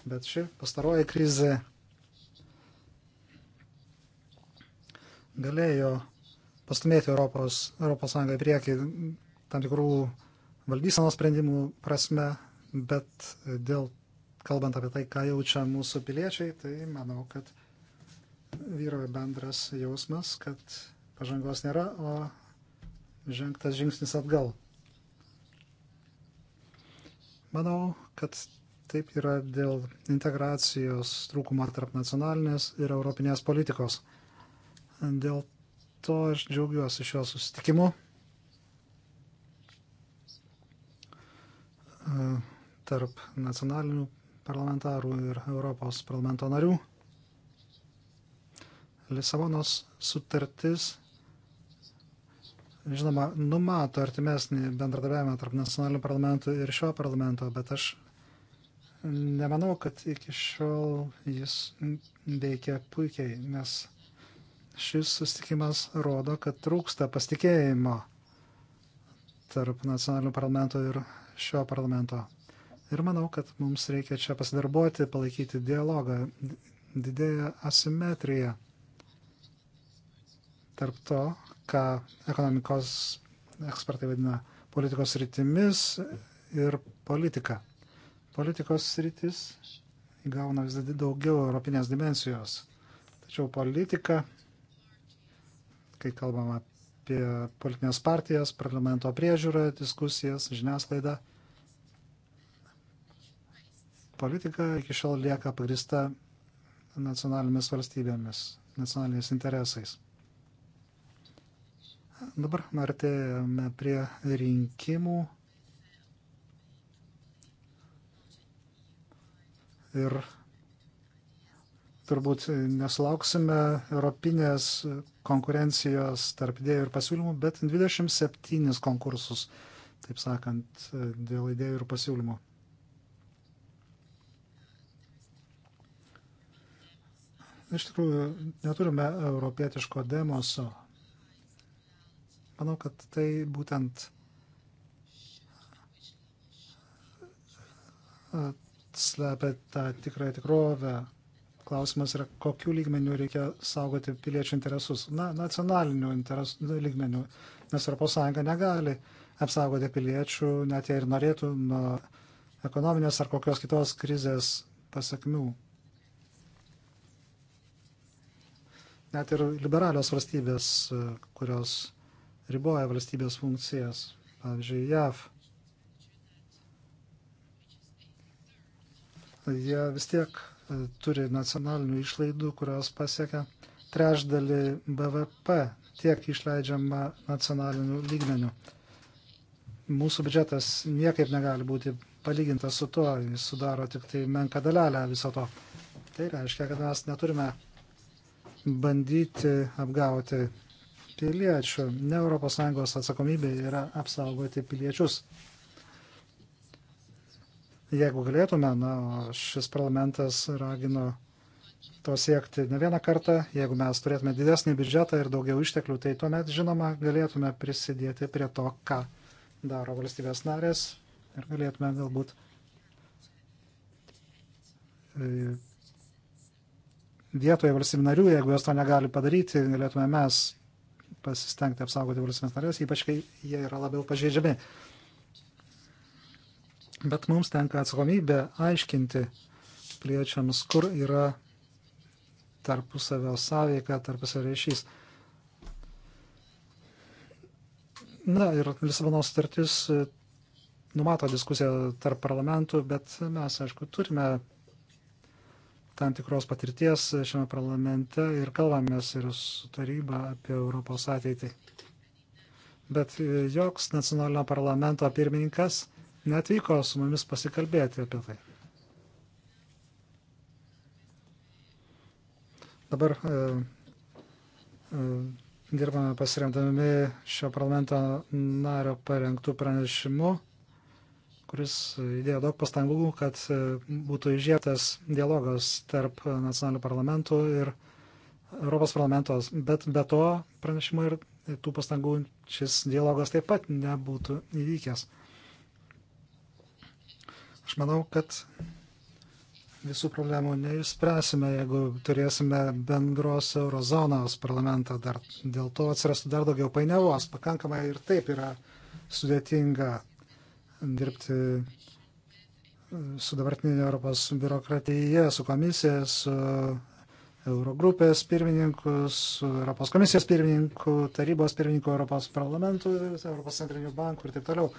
bet ši pastaroji krizė galėjo pastumėti Europos, Europos Sąjungą į priekį tam tikrų valdysenos sprendimų prasme, bet dėl kalbant apie tai, ką jaučia mūsų piliečiai, tai manau, kad vyroja bendras jausmas, kad pažangos nėra, o žengtas žingsnis atgal. Manau, kad taip yra dėl integracijos trūkumo tarp nacionalinės ir europinės politikos. Dėl to aš džiaugiuosi šiuo susitikimu. tarp nacionalinių parlamentarų ir Europos parlamento narių. Lisabonos sutartis, žinoma, numato artimesnį bendradarbiavimą tarp nacionalinių parlamentų ir šio parlamento, bet aš nemanau, kad iki šiol jis veikia puikiai, nes šis sustikimas rodo, kad trūksta pasitikėjimo tarp nacionalinių parlamentų ir šio parlamento. Ir manau, kad mums reikia čia pasidarbuoti, palaikyti dialogą. Didėja asimetrija tarp to, ką ekonomikos ekspertai vadina politikos rytimis ir politika. Politikos rytis įgauna vis daugiau europinės dimensijos. Tačiau politika, kai kalbam apie politinės partijas, parlamento priežiūrą, diskusijas, žiniasklaidą, politika iki šiol lieka pagrista nacionalinėmis valstybėmis, nacionaliniais interesais. Dabar artėjame prie rinkimų ir turbūt nesulauksime europinės konkurencijos tarp idėjų ir pasiūlymų, bet 27 konkursus, taip sakant, dėl idėjų ir pasiūlymų. Iš tikrųjų, neturime europietiško demoso. Manau, kad tai būtent e, slepia tą tikrąją tikrovę. Klausimas yra, kokiu lygmeniu reikia saugoti piliečių interesus. Na, nacionalinių interesų lygmenių, nes ES negali apsaugoti piliečių, net jei ir norėtų nuo ekonominės ar kokios kitos krizės pasakmių. net ir liberalios valstybės, e, kurios riboja valstybės funkcijas, pavyzdžiui, JAV. Jie vis tiek e, turi nacionalinių išlaidų, kurios pasiekia trešdalį BVP, tiek išleidžiama nacionalinių lygmenių. Mūsų biudžetas niekaip negali būti palygintas su tuo, jis sudaro tik tai menką dalelę viso to. Tai reiškia, kad mes neturime bandyti apgauti piliečių. Ne ES atsakomybė yra apsaugoti piliečius. Jeigu galėtume, na, šis parlamentas ragino to siekti ne vieną kartą, jeigu mes turėtume didesnį biudžetą ir daugiau išteklių, tai tuomet, žinoma, galėtume prisidėti prie to, ką daro valstybės narės ir galėtume galbūt e, vietoje valstybių narių, jeigu jos to negali padaryti, galėtume mes pasistengti apsaugoti valstybės narės, ypač kai jie yra labiau pažeidžiami. Bet mums tenka atsakomybė aiškinti piliečiams, kur yra tarpusavio sąveika, tarpusavio ryšys. Na ir Lisabonos sutartis numato diskusiją tarp parlamentų, bet mes, aišku, turime tam tikros patirties šiame parlamente ir kalbamės ir su taryba apie Europos ateitį. Bet e, joks nacionalinio parlamento pirmininkas netvyko su mumis pasikalbėti apie tai. Dabar e, e, dirbame pasiremdami šio parlamento nario parengtų pranešimų kuris įdėjo daug pastangų, kad e, būtų išėtas dialogas tarp nacionalinių parlamentų ir Europos parlamentos. Bet be to pranešimo ir tų pastangų šis dialogas taip pat nebūtų įvykęs. Aš manau, kad visų problemų neišspręsime, jeigu turėsime bendros eurozonos parlamentą. Dar, dėl to atsirastų dar daugiau painiavos. Pakankamai ir taip yra sudėtinga dirbti e, su dabartinė Europos biurokratija, su komisija, su Eurogrupės pirmininku, su Europos komisijos pirmininku, tarybos pirmininku, Europos parlamentu, Europos centriniu banku ir taip toliau.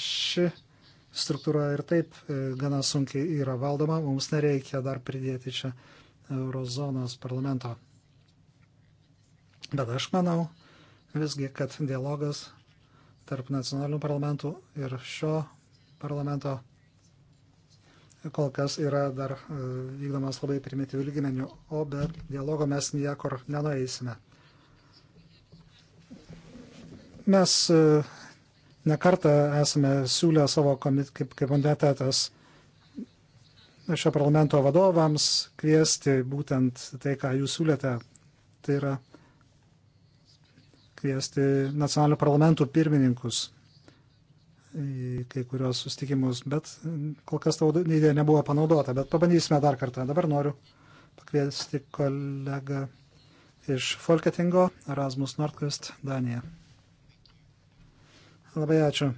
Ši struktūra ir taip e, gana sunkiai yra valdoma, mums nereikia dar pridėti čia Eurozonos parlamento. Bet aš manau visgi, kad dialogas tarp nacionalinių parlamentų ir šio parlamento kol kas yra dar e, vykdomas labai primityvių lygmenių, o be dialogo mes niekur nenueisime. Mes e, nekartą esame siūlę savo komit, kaip, kaip komitetas šio parlamento vadovams kviesti būtent tai, ką jūs siūlėte. Tai yra pakviesti nacionalinių parlamentų pirmininkus į kai kurios sustikimus, bet kol kas tavo idėja nebuvo panaudota, bet pabandysime dar kartą. Dabar noriu pakviesti kolegą iš Folketingo, Erasmus Nordkvist, Danija. Labai ačiū.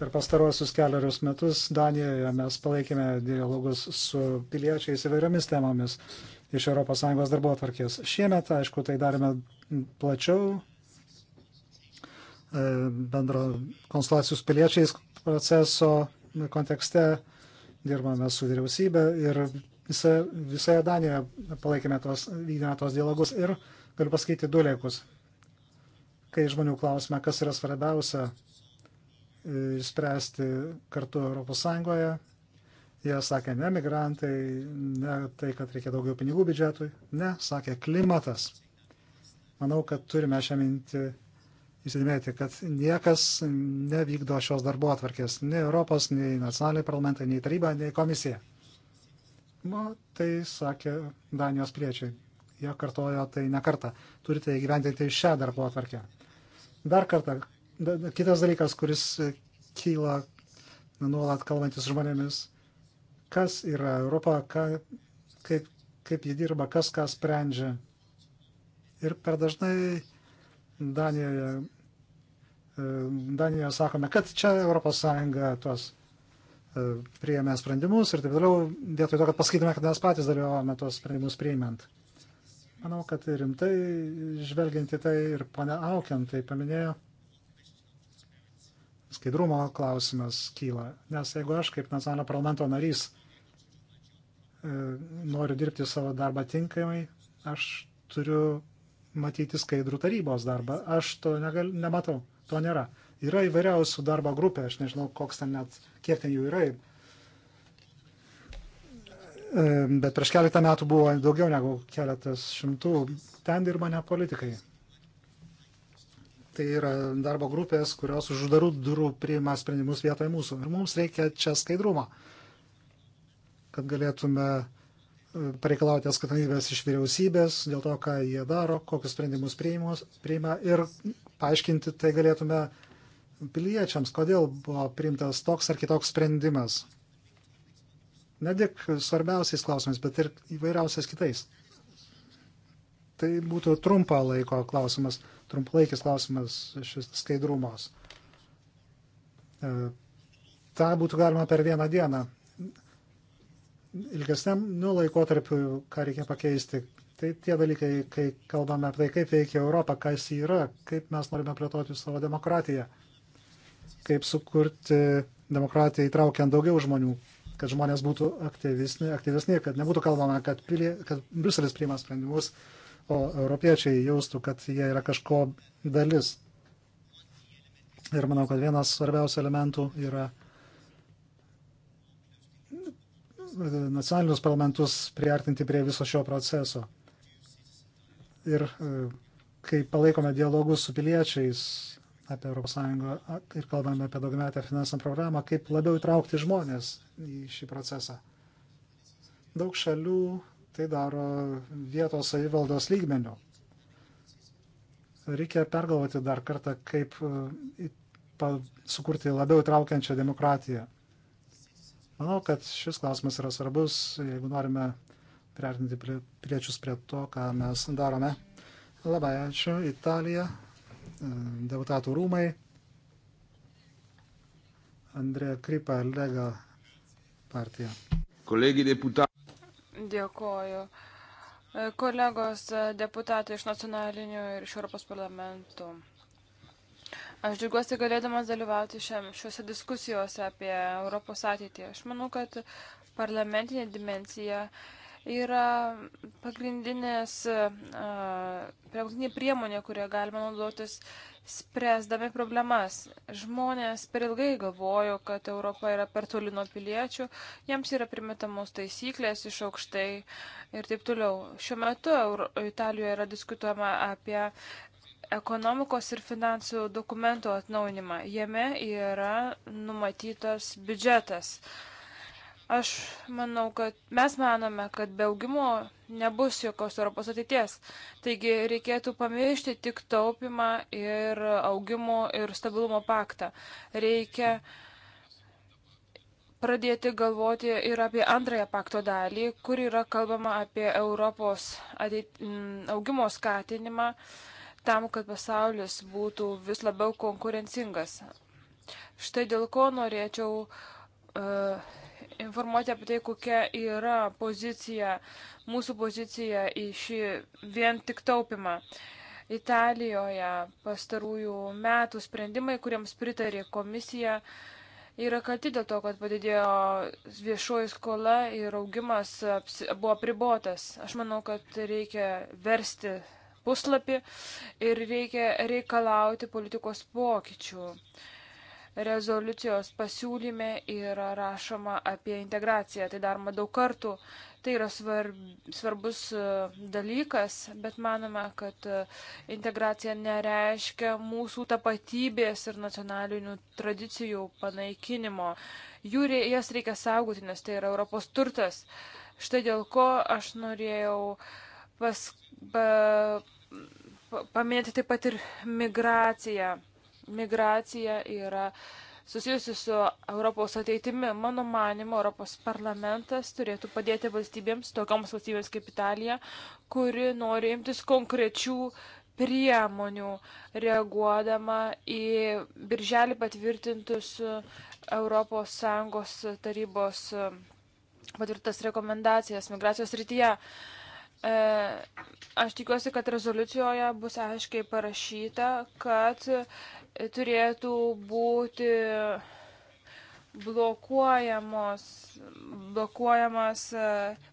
Per pastaruosius keliarius metus Danijoje mes palaikėme dialogus su piliečiais įvairiomis temomis iš ES darbo atvarkės. Šiemet, aišku, tai darėme plačiau e, bendro konstelacijų su piliečiais proceso kontekste, dirbame su vyriausybė ir visa, visoje Danijoje palaikėme tos, vykdėme tos dialogus ir galiu pasakyti du lėkus. Kai žmonių klausime, kas yra svarbiausia e, spręsti kartu ES, Jie sakė, ne migrantai, ne tai, kad reikia daugiau pinigų biudžetui, ne, sakė klimatas. Manau, kad turime šią mintį įsidėmėti, kad niekas nevykdo šios darbo atvarkės, nei Europos, nei nacionaliniai parlamentai, nei taryba, nei komisija. Nu, tai sakė Danijos priečiai. Jie kartojo tai ne kartą. Turite įgyventinti šią darbo atvarkę. Dar kartą, da, kitas dalykas, kuris kyla nuolat kalbantis žmonėmis kas yra Europa, ką, kaip, kaip ji dirba, kas ką sprendžia. Ir per dažnai Danijoje, e, Danijoje sakome, kad čia ES tuos e, priėmė sprendimus ir taip toliau, vietoj to, kad pasakytume, kad mes patys dalyvavome tuos sprendimus priimant. Manau, kad rimtai žvelgiant į tai ir ponia Aukiant tai paminėjo, skaidrumo klausimas kyla. Nes jeigu aš kaip nacionalinio parlamento narys E, noriu dirbti savo darbą tinkamai, aš turiu matyti skaidrų tarybos darbą. Aš to negal, nematau, to nėra. Yra įvairiausių darbo grupė, aš nežinau, koks ten net, kiek ten jų yra. E, bet prieš keletą metų buvo daugiau negu keletas šimtų. Ten dirba ne politikai. Tai yra darbo grupės, kurios už uždarų durų priima sprendimus vietoj mūsų. Ir mums reikia čia skaidrumo. Uh, kad galėtume e, pareikalauti atskaitomybės iš vyriausybės dėl to, ką jie daro, kokius sprendimus priima ir paaiškinti tai galėtume piliečiams, kodėl buvo priimtas toks ar kitoks sprendimas. Ne tik svarbiausiais klausimais, bet ir įvairiausiais kitais. Tai būtų trumpa laiko klausimas, trumpalaikis klausimas šis skaidrumos. E, Ta būtų galima per vieną dieną ilgesniam nu, laikotarpiu, ką reikia pakeisti. Tai tie dalykai, kai kalbame apie tai, kaip veikia Europa, kas jį yra, kaip mes norime plėtoti savo demokratiją, kaip sukurti demokratiją įtraukiant daugiau žmonių, kad žmonės būtų aktyvesni, aktyvesni kad nebūtų kalbama, kad, pilie, kad Bruselis priima sprendimus, o europiečiai jaustų, kad jie yra kažko dalis. Ir manau, kad vienas svarbiausių elementų yra nacionalinius parlamentus priartinti prie viso šio proceso. Ir e, kai palaikome dialogus su piliečiais apie ES ir kalbame apie daugiametę finansinę programą, kaip labiau įtraukti žmonės į šį procesą. Daug šalių tai daro vietos savivaldos lygmenių. Reikia pergalvoti dar kartą, kaip e, sukurti labiau įtraukiančią demokratiją. Manau, kad šis klausimas yra svarbus, jeigu norime priartinti piliečius prie to, ką mes darome. Labai ačiū, Italija, deputatų rūmai. Andrė Kripa, Lega partija. Kolegi deputatai. Dėkoju. Kolegos deputatai iš nacionalinių ir iš Europos parlamentų. Aš džiugiuosi galėdamas dalyvauti šiam, šiuose diskusijose apie Europos ateitį. Aš manau, kad parlamentinė dimencija yra pagrindinės, pagrindinė priemonė, kurią galima naudotis spręsdami problemas. Žmonės per ilgai galvojo, kad Europa yra per toli nuo piliečių, jiems yra primetamos taisyklės iš aukštai ir taip toliau. Šiuo metu Italijoje yra diskutuojama apie ekonomikos ir finansų dokumento atnaunimą. Jame yra numatytas biudžetas. Aš manau, kad mes manome, kad be augimo nebus jokios Europos ateities. Taigi reikėtų pamiršti tik taupimą ir augimo ir stabilumo paktą. Reikia pradėti galvoti ir apie antrąją pakto dalį, kur yra kalbama apie Europos ateit, augimo skatinimą, tam, kad pasaulis būtų vis labiau konkurencingas. Štai dėl ko norėčiau uh, informuoti apie tai, kokia yra pozicija, mūsų pozicija į šį vien tik taupimą. Italijoje pastarųjų metų sprendimai, kuriems pritarė komisija, yra kalti dėl to, kad padidėjo viešoji skola ir augimas buvo pribotas. Aš manau, kad reikia versti puslapį ir reikia reikalauti politikos pokyčių. Rezoliucijos pasiūlyme yra rašoma apie integraciją, tai daroma daug kartų. Tai yra svarb, svarbus e, dalykas, bet manome, kad e, integracija nereiškia mūsų tapatybės ir nacionalinių tradicijų panaikinimo. Jų, jas reikia saugoti, nes tai yra Europos turtas. Štai dėl ko aš norėjau uh, pas, pa, paminėti taip pat ir migraciją. Migracija yra susijusi su Europos ateitimi. Mano manimo, Europos parlamentas turėtų padėti valstybėms, tokioms valstybėms kaip Italija, kuri nori imtis konkrečių priemonių reaguodama į birželį patvirtintus ES tarybos patvirtas rekomendacijas migracijos rytyje. E, aš tikiuosi, kad rezoliucijoje bus aiškiai parašyta, kad turėtų būti blokuojamos, blokuojamas, e,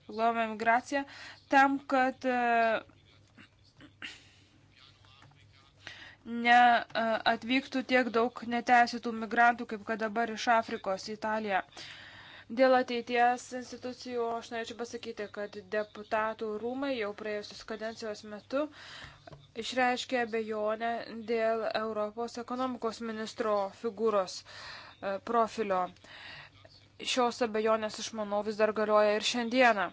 blokuojama migracija tam, kad e, neatvyktų tiek daug neteisėtų migrantų, kaip kad dabar iš Afrikos į Italiją. Uh, Dėl ateities institucijų aš norėčiau pasakyti, kad deputatų rūmai jau praėjusios kadencijos metu išreiškė abejonę dėl Europos ekonomikos ministro figūros e, profilio. Šios abejonės, aš manau, vis dar galioja ir šiandieną.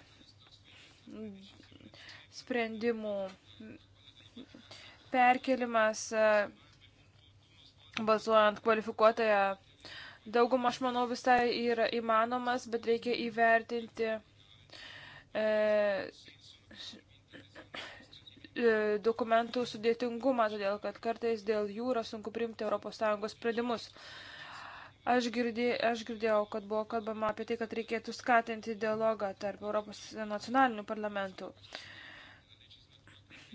Sprendimų perkelimas e, balsuojant kvalifikuotąją Daugumą, aš manau, visai yra įmanomas, bet reikia įvertinti e, e, dokumentų sudėtingumą, todėl kad kartais dėl jų yra sunku priimti ES sprendimus. Aš, girdė, aš girdėjau, kad buvo kalbama apie tai, kad reikėtų skatinti dialogą tarp Europos nacionalinių parlamentų.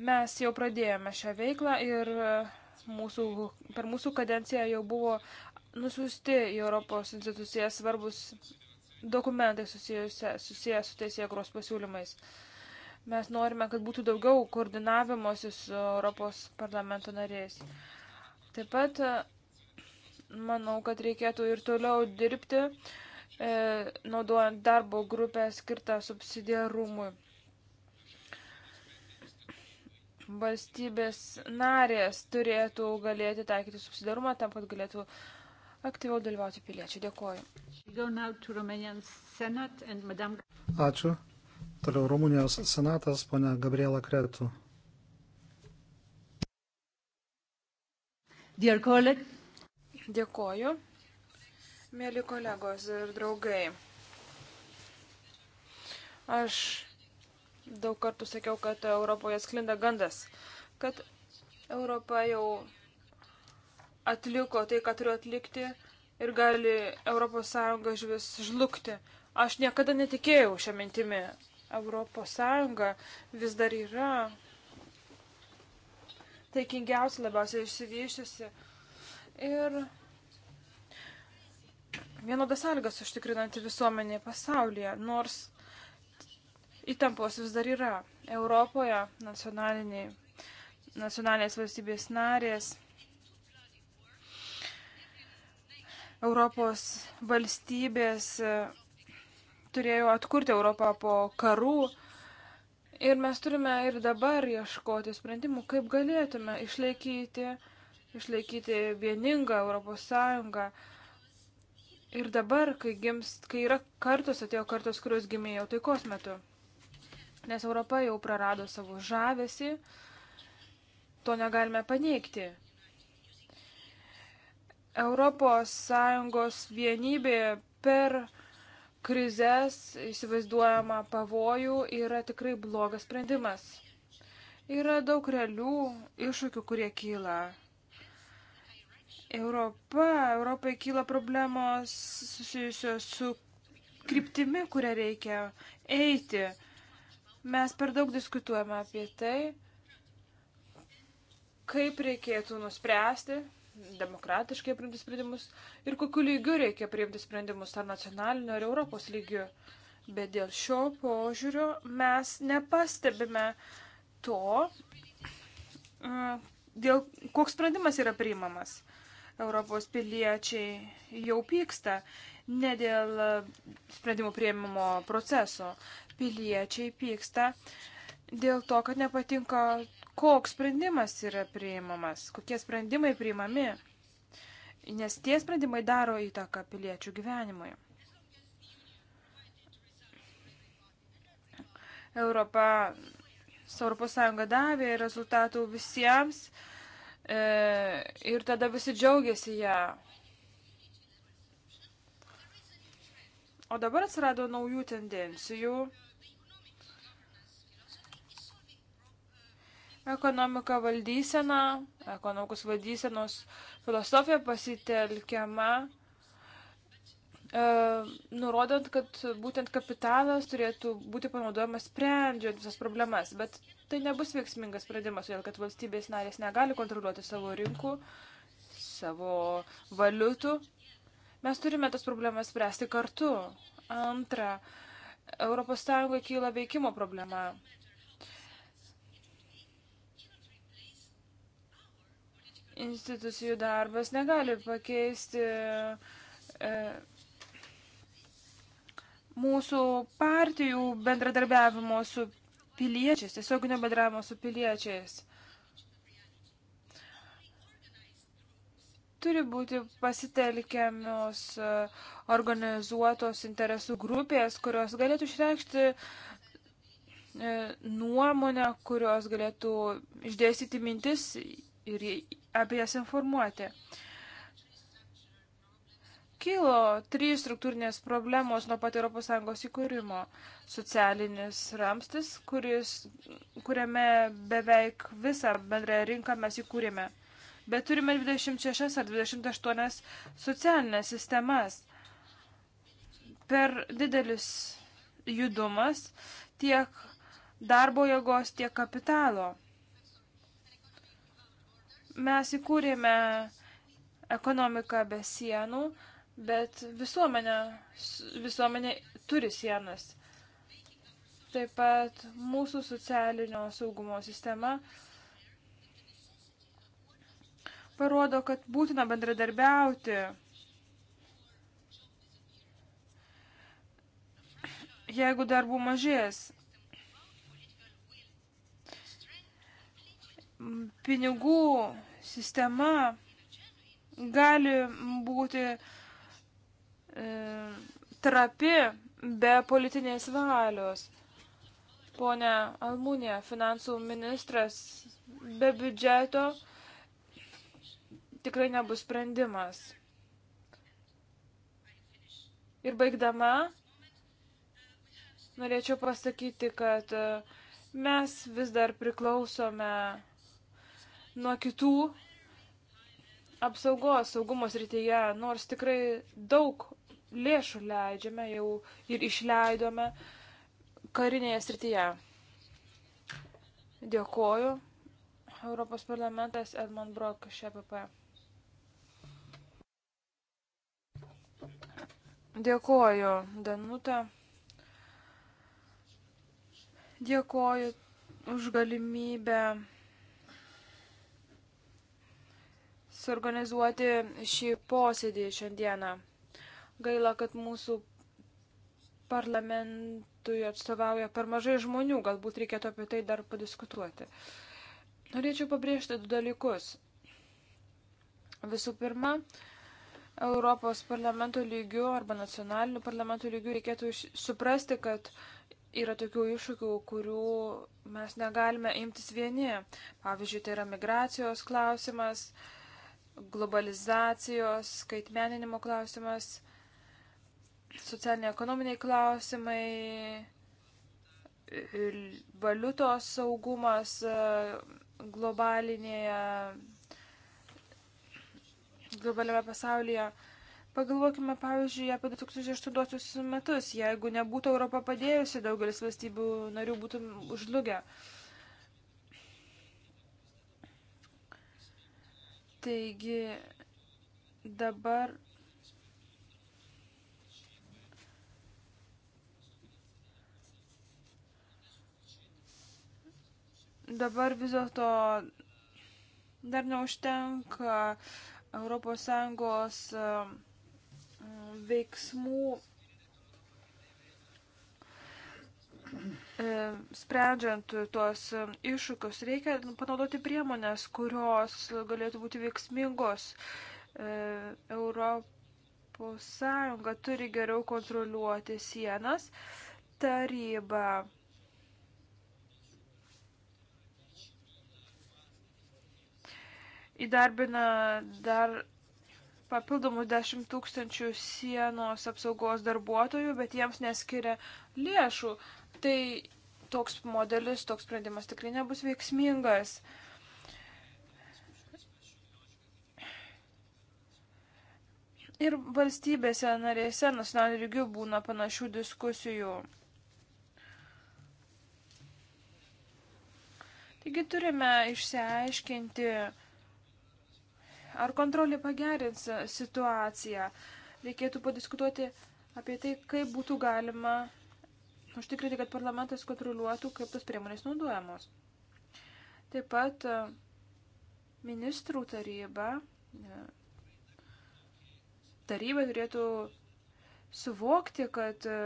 Mes jau pradėjome šią veiklą ir mūsų, per mūsų kadenciją jau buvo nusiųsti į Europos institucijas svarbus dokumentai susijęs su teisėkros pasiūlymais. Mes norime, kad būtų daugiau koordinavimosi su Europos parlamento nariais. Taip pat manau, kad reikėtų ir toliau dirbti, e, naudojant darbo grupę skirtą subsidiarumui. Valstybės narės turėtų galėti taikyti subsidarumą tam, kad galėtų uh, aktyviau dalyvauti piliečių. Dėkuoju. Ačiū. Toliau Rumunijos senatas, ponia Gabriela Kretų. Dėkuoju. Mėly kolegos ir draugai. Aš daug kartų sakiau, kad Europoje sklinda gandas, kad Europa jau atliko tai, ką turiu atlikti ir gali ES žvis žlugti. Aš niekada netikėjau šią mintimį. ES vis dar yra taikingiausia, labiausiai išsivyščiusi. Ir vienodas sąlygas užtikrinanti visuomenė pasaulyje, nors įtampos vis dar yra. Europoje nacionaliniai, nacionalinės valstybės narės Europos valstybės e, turėjo atkurti Europą po karų. Ir mes turime ir dabar ieškoti sprendimų, kaip galėtume išlaikyti, išlaikyti vieningą Europos Sąjungą. Ir dabar, kai, gims, kai yra kartos, atėjo kartos, kurios gimė jau taikos metu. Nes Europa jau prarado savo žavesį, to negalime paneigti. ES vienybė per krizės įsivaizduojama pavojų yra tikrai blogas sprendimas. Yra daug realių iššūkių, kurie kyla. Europa, Europai kyla problemos susijusios su kryptimi, kurią reikia eiti. Mes per daug diskutuojame apie tai, kaip reikėtų nuspręsti, demokratiškai priimti sprendimus ir kokiu lygiu reikia priimti sprendimus, ar nacionaliniu, ar Europos lygiu. Bet dėl šio požiūrio mes nepastebime to, mm, dėl koks sprendimas yra priimamas. Europos piliečiai jau pyksta ne dėl sprendimų prieimimo proceso. Piliečiai pyksta dėl to, kad nepatinka koks sprendimas yra priimamas, kokie sprendimai priimami, nes tie sprendimai daro įtaką piliečių gyvenimui. Europa, Europos Sąjunga davė rezultatų visiems e, ir tada visi džiaugiasi ją. O dabar atsirado naujų tendencijų. ekonomiką valdyseną, ekonomikos valdysenos filosofija pasitelkiama, e, nurodant, kad būtent kapitalas turėtų būti panaudojamas sprendžiant visas problemas, bet tai nebus veiksmingas sprendimas, todėl kad valstybės narės negali kontroliuoti savo rinkų, savo valiutų. Mes turime tas problemas spręsti kartu. Antra, ES kyla veikimo problema. institucijų darbas negali pakeisti e, mūsų partijų bendradarbiavimo su piliečiais, tiesioginio bendravimo su piliečiais. Turi būti pasitelkiamos e, organizuotos interesų grupės, kurios galėtų išreikšti e, nuomonę, kurios galėtų išdėstyti mintis ir apie jas informuoti. Kilo trys struktūrinės problemos nuo pat ES įkūrimo. Socialinis ramstis, kuris, kuriame beveik visą bendrąją rinką mes įkūrėme. Bet turime 26 ar 28 socialinės sistemas. Per didelis judumas tiek darbo jėgos, tiek kapitalo. Mes įkūrėme ekonomiką be sienų, bet visuomenė, visuomenė turi sienas. Taip pat mūsų socialinio saugumo sistema parodo, kad būtina bendradarbiauti. Jeigu darbų mažės, pinigų sistema gali būti e, trapi be politinės valios. Pone Almūnė, finansų ministras be biudžeto tikrai nebus sprendimas. Ir baigdama, norėčiau pasakyti, kad e, mes vis dar priklausome nuo kitų apsaugos saugumos rytyje, nors tikrai daug lėšų leidžiame jau ir išleidome karinėje srityje. Dėkoju. Europos parlamentas Edmund Brok, ŠPP. Dėkoju, Danuta. Dėkoju už galimybę suorganizuoti šį posėdį šiandieną. Gaila, kad mūsų parlamentui atstovauja per mažai žmonių, galbūt reikėtų apie tai dar padiskutuoti. Norėčiau pabrėžti du dalykus. Visų pirma, Europos parlamento lygių arba nacionalinių parlamentų lygių reikėtų suprasti, kad yra tokių iššūkių, kurių mes negalime imtis vieni. Pavyzdžiui, tai yra migracijos klausimas, uh, globalizacijos, skaitmeninimo klausimas, socialiniai ekonominiai klausimai, valiutos saugumas e, globalinėje, globaliame pasaulyje. Pagalvokime, pavyzdžiui, apie 2008 metus. Jeigu nebūtų Europą padėjusi, daugelis valstybių narių būtų užlugę. Uh, Taigi dabar dabar vis dėlto dar neužtenka ES um, veiksmų E, sprendžiant tuos iššūkius, reikia panaudoti priemonės, kurios galėtų būti veiksmingos. E, Europos Sąjunga turi geriau kontroliuoti sienas. Taryba įdarbina dar papildomus 10 tūkstančių sienos apsaugos darbuotojų, bet jiems neskiria lėšų tai toks modelis, toks sprendimas tikrai nebus veiksmingas. Ir valstybėse narėse nacionaliniu lygiu būna panašių diskusijų. Taigi turime išsiaiškinti, ar kontrolė pagerins situaciją. Reikėtų padiskutuoti apie tai, kaip būtų galima užtikrinti, kad parlamentas kontroliuotų, kaip tos priemonės naudojamos. Taip pat e, ministrų taryba, e, taryba turėtų suvokti, kad e,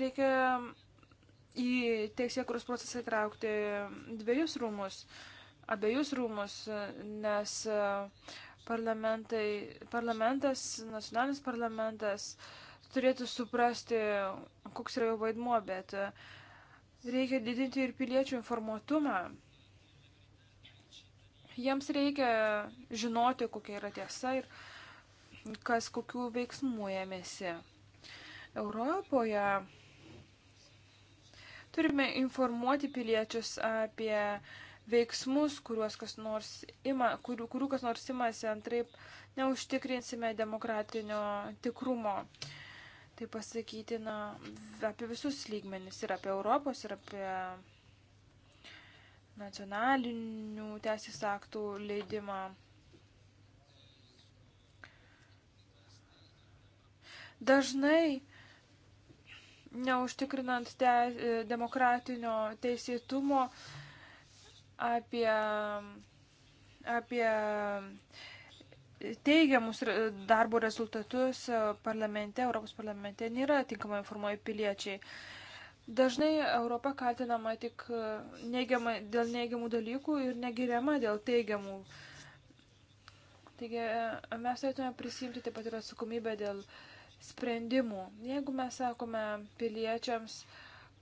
reikia į teisėkurus procesą įtraukti dviejus rūmus, abiejus rūmus, nes parlamentas, nacionalinis parlamentas turėtų suprasti, koks yra jo vaidmuo, bet e, reikia didinti ir piliečių informuotumą. Jiems reikia žinoti, kokia yra tiesa ir kas kokių veiksmų ėmėsi. Europoje turime informuoti piliečius apie veiksmus, kuriuos kas nors ima, kurių, kurių kas nors imasi, antraip neužtikrinsime demokratinio tikrumo. Uh, tai pasakyti na, apie visus lygmenis ir apie Europos, ir apie nacionalinių teisės aktų leidimą. Dažnai neužtikrinant te, demokratinio teisėtumo apie, apie teigiamus darbo rezultatus e, parlamente, Europos parlamente nėra tinkamai informuoja piliečiai. Dažnai Europa kaltinama tik e, neigiama, dėl neigiamų dalykų ir negiriama dėl teigiamų. Taigi e, mes turėtume prisimti taip pat ir atsakomybę dėl sprendimų. Jeigu mes sakome piliečiams,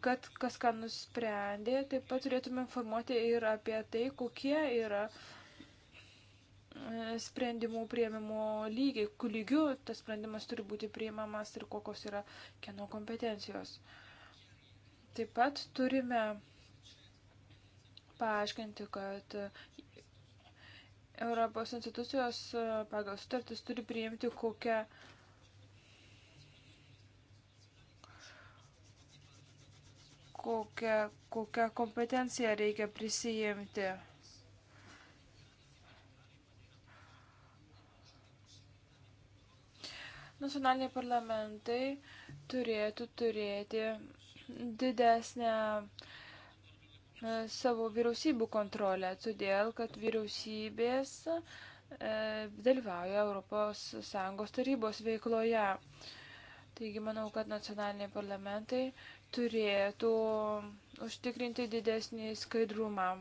kad kas ką nusprendė, taip pat turėtume informuoti ir apie tai, kokie yra uh, E, sprendimų prieimimo lygiai, kur lygiu tas sprendimas turi būti priimamas ir kokios yra kieno kompetencijos. Taip pat turime paaiškinti, kad Europos institucijos e, pagal sutartis turi priimti kokią kokią, kokią kompetenciją reikia prisijimti. nacionaliniai parlamentai turėtų turėti didesnę e, savo vyriausybių kontrolę, todėl kad vyriausybės e, dalyvauja ES tarybos veikloje. Taigi manau, kad nacionaliniai parlamentai turėtų užtikrinti didesnį skaidrumą.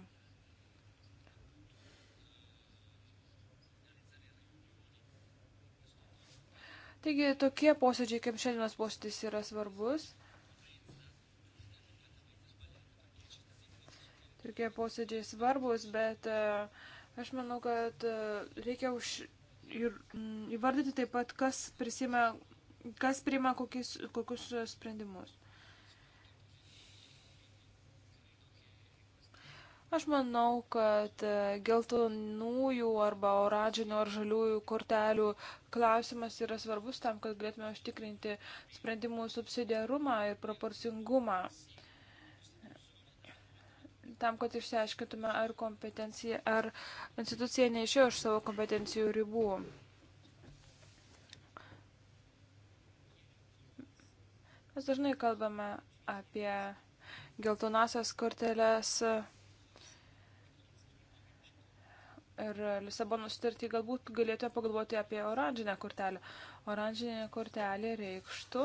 Taigi tokie posėdžiai, kaip šiandienos posėdis, yra svarbus. Tokie posėdžiai svarbus, bet e, aš manau, kad e, reikia už, ir, mm, įvardyti taip pat, kas prisima, kas priima kokius, kokius sprendimus. Aš manau, kad e, geltonųjų arba oranžinių ar žaliųjų kortelių klausimas yra svarbus tam, kad galėtume užtikrinti sprendimų subsidiarumą ir proporcingumą. Tam, kad išsiaiškintume, ar kompetencija, ar institucija neišėjo iš savo kompetencijų ribų. Mes dažnai kalbame apie geltonasias korteles ir Lisabono sutartį galbūt galėtume pagalvoti apie oranžinę kortelę. Oranžinė kortelė reikštų,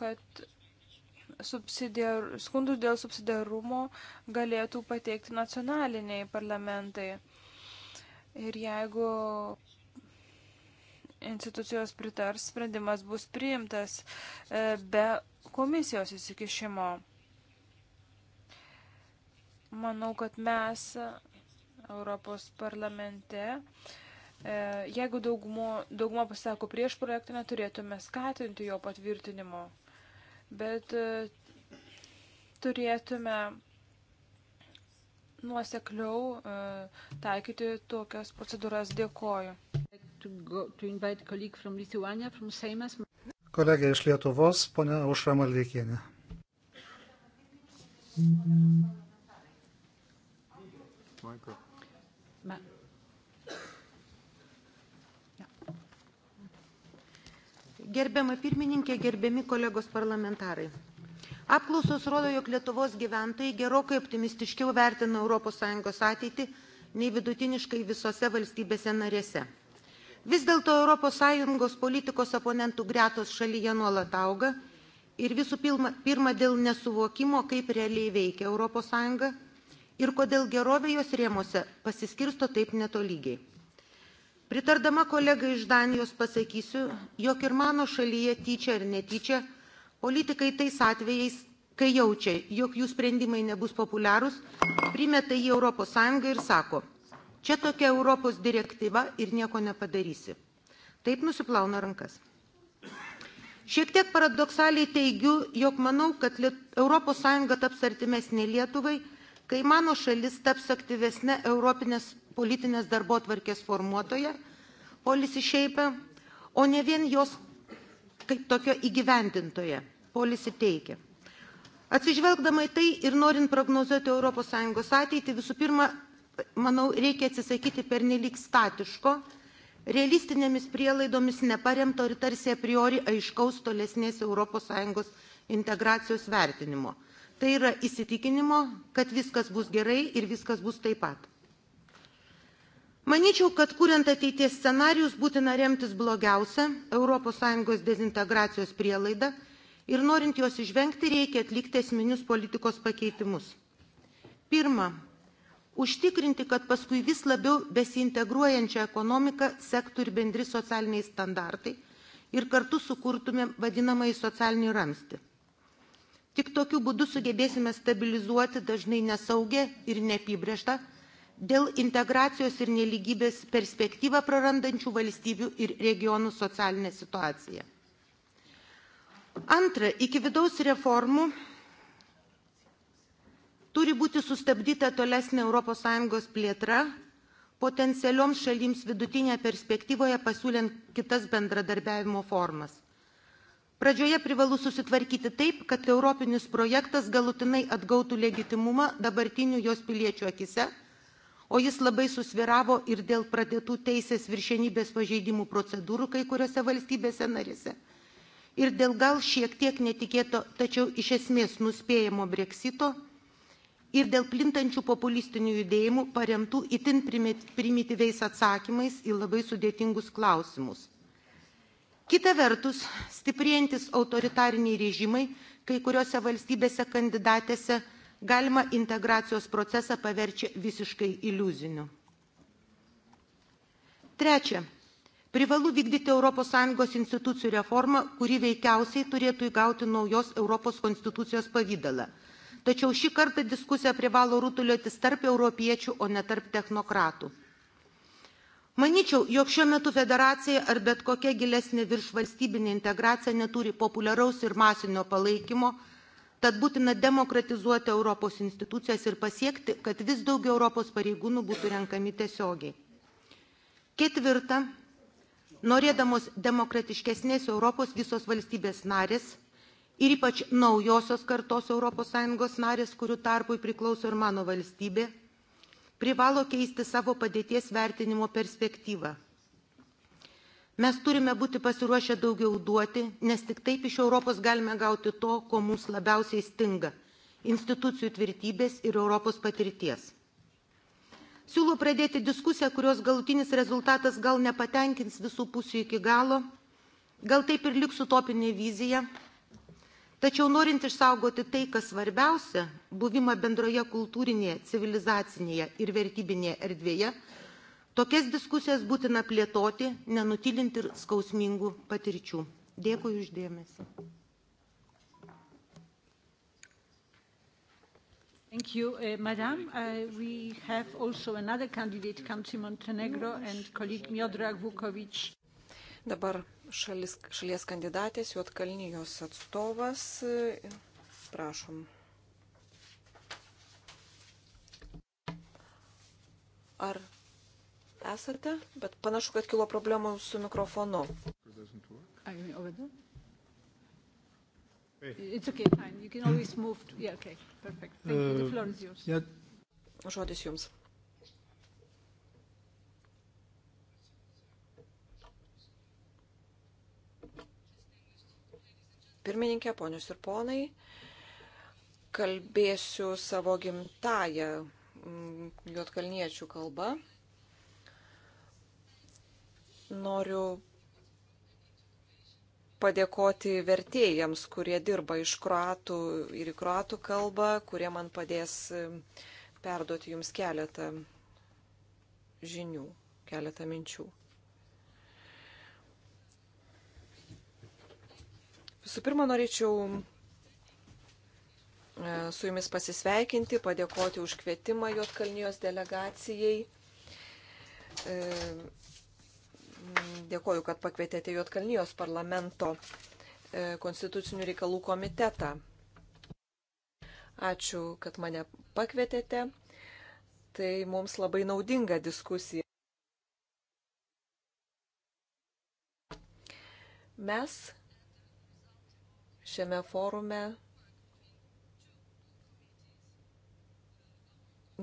kad subsidiar, skundų dėl subsidiarumo galėtų pateikti nacionaliniai parlamentai. Ir jeigu institucijos pritars, sprendimas bus priimtas e, be komisijos įsikišimo. Manau, kad mes e, Europos parlamente, e, jeigu daugumo, daugumo pasako prieš projektą, neturėtume skatinti jo patvirtinimo, bet e, turėtume nuosekliau taikyti tokias procedūras. Dėkoju. Kolegė iš Lietuvos, ponia Aušra Maldeikienė. Mm -hmm point que. Ma... Gerbiama pirmininkė, gerbiami kolegos parlamentarai. Apklausos rodo, jog Lietuvos gyventojai gerokai optimistiškiau vertina ES ateitį nei vidutiniškai visose valstybėse narėse. Vis dėlto ES politikos oponentų gretos šalyje nuolat auga ir visų pirma, pirma dėl nesuvokimo, kaip realiai veikia ES ir kodėl gerovė jos rėmose pasiskirsto taip netolygiai. Pritardama kolegai iš Danijos pasakysiu, jog ir mano šalyje tyčia ar netyčia politikai tais atvejais, kai jaučia, jog jų sprendimai nebus populiarūs, primeta į ES ir sako, čia tokia Europos direktyva ir nieko nepadarysi. Taip nusiplauna rankas. Šiek tiek paradoksaliai teigiu, jog manau, kad ES taps artimesnė Lietuvai kai mano šalis taps aktyvesnė Europinės politinės darbotvarkės formuotoje, policy shape, o ne vien jos kaip tokio įgyvendintoje, policy teikia. Atsižvelgdama į tai ir norint prognozuoti ES ateitį, visų pirma, manau, reikia atsisakyti pernelyg statiško, realistinėmis prielaidomis neparemto ir tarsi a priori aiškaus tolesnės ES integracijos vertinimo – tai yra įsitikinimo, kad viskas bus gerai ir viskas bus taip pat. Maničiau, kad kuriant ateities scenarius būtina remtis blogiausią ES dezintegracijos prielaidą ir norint jos išvengti reikia atlikti esminius politikos pakeitimus. Pirma, užtikrinti, kad paskui vis labiau besiintegruojančią ekonomiką sektų ir bendri socialiniai standartai ir kartu sukurtumėm vadinamąjį socialinį ramstį. Tik tokiu būdu sugebėsime stabilizuoti dažnai nesaugę ir neapibrėžtą dėl integracijos ir neligybės perspektyvą prarandančių valstybių ir regionų socialinę situaciją. Antra, iki vidaus reformų turi būti sustabdyta tolesnė ES plėtra, potencialioms šalims vidutinėje perspektyvoje pasiūlint kitas bendradarbiavimo formas – pradžioje privalu susitvarkyti taip kad europinis projektas galutinai atgautų legitimumą dabartinių jos piliečių akise o jis labai susvyravo ir dėl pradėtų teisės viršenybės pažeidimų procedūrų kai kuriose valstybėse narėse ir dėl gal šiek tiek netikėto tačiau iš esmės nuspėjamo breksito ir dėl plintančių populistinių judėjimų paremtų itin primityviais atsakymais į labai sudėtingus klausimus Kita vertus, stiprėjantis autoritariniai režimai kai kuriuose valstybėse kandidatėse galima integracijos procesą paverčia visiškai iliuziniu. Trečia, privalu vykdyti ES institucijų reformą, kuri veikiausiai turėtų įgauti naujos Europos konstitucijos pavydalą. Tačiau šį kartą diskusija privalo rutuliotis tarp europiečių, o ne tarp technokratų manyčiau jog šiuo metu federacija ar bet kokia gilesnė viršvalstybinė integracija neturi populiaraus ir masinio palaikymo tad būtina demokratizuoti europos institucijas ir pasiekti kad vis daugiau europos pareigūnų būtų renkami tiesiogiai. ketvirta norėdamos demokratiškesnės europos visos valstybės narės ir ypač naujosios kartos europos sąjungos narės kurių tarpui priklauso ir mano valstybė privalo keisti savo padėties vertinimo perspektyvą. Mes turime būti pasiruošę daugiau duoti, nes tik taip iš Europos galime gauti to, ko mums labiausiai stinga - institucijų tvirtybės ir Europos patirties. Siūlau pradėti diskusiją, kurios galutinis rezultatas gal nepatenkins visų pusių iki galo, gal taip ir liks utopinė vizija, Tačiau norint išsaugoti tai, kas svarbiausia - buvimą bendroje kultūrinėje, civilizacinėje ir vertybinėje erdvėje, tokias diskusijas būtina plėtoti, nenutilinti ir skausmingų patirčių. Dėkui uždėmesi. Thank you, uh, Madam. Uh, we have also another candidate, Country Montenegro and colleague Miodrag Vukovic. Dabar šalis, šalies kandidatės Juotkalnyjos atstovas. Prašom. Ar esate? Bet panašu, kad kilo problemų su mikrofonu. Uh, Žodis jums. pirmininkė, ponius ir ponai. Kalbėsiu savo gimtają mm, juotkalniečių kalbą. Noriu padėkoti vertėjams, kurie dirba iš kruatų ir į kruatų kalbą, kurie man padės mm, perduoti jums keletą žinių, keletą minčių. Visų pirma, norėčiau e, su jumis pasisveikinti, padėkoti už kvietimą Jotkalnijos delegacijai. E, dėkoju, kad pakvietėte Jotkalnijos parlamento e, konstitucinių reikalų komitetą. Ačiū, kad mane pakvietėte. Tai mums labai naudinga diskusija. Mes šiame forume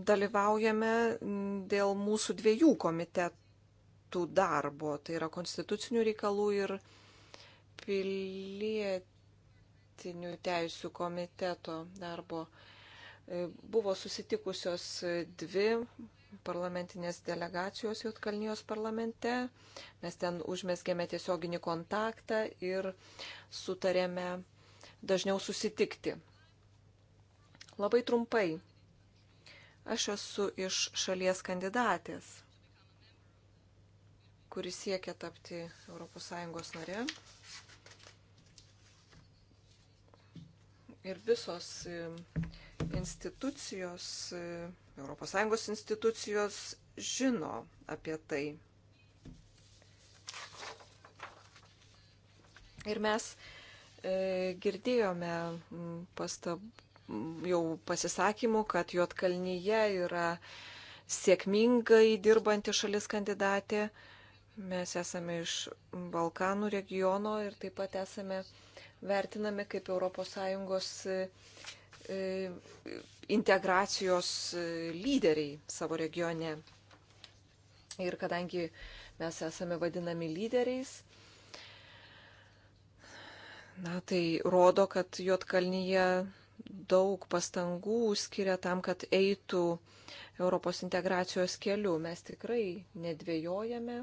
dalyvaujame dėl mūsų dviejų komitetų darbo, tai yra konstitucinių reikalų ir pilietinių teisų komiteto darbo. Buvo susitikusios dvi parlamentinės delegacijos Jotkalnijos parlamente. Mes ten užmesgėme tiesioginį kontaktą ir sutarėme dažniau susitikti. Labai trumpai. Aš esu iš šalies kandidatės, kuris siekia tapti ES nare. Ir visos e, institucijos, ES institucijos žino apie tai. Ir mes E, girdėjome pastab, jau pasisakymų, kad Juotkalnyje yra sėkmingai dirbanti šalis kandidatė. Mes esame iš Balkanų regiono ir taip pat esame vertinami kaip ES e, integracijos e, lyderiai savo regione. Ir kadangi mes esame vadinami lyderiais, Na, tai rodo, kad Juotkalnyje daug pastangų skiria tam, kad eitų Europos integracijos keliu. Mes tikrai nedvėjojame,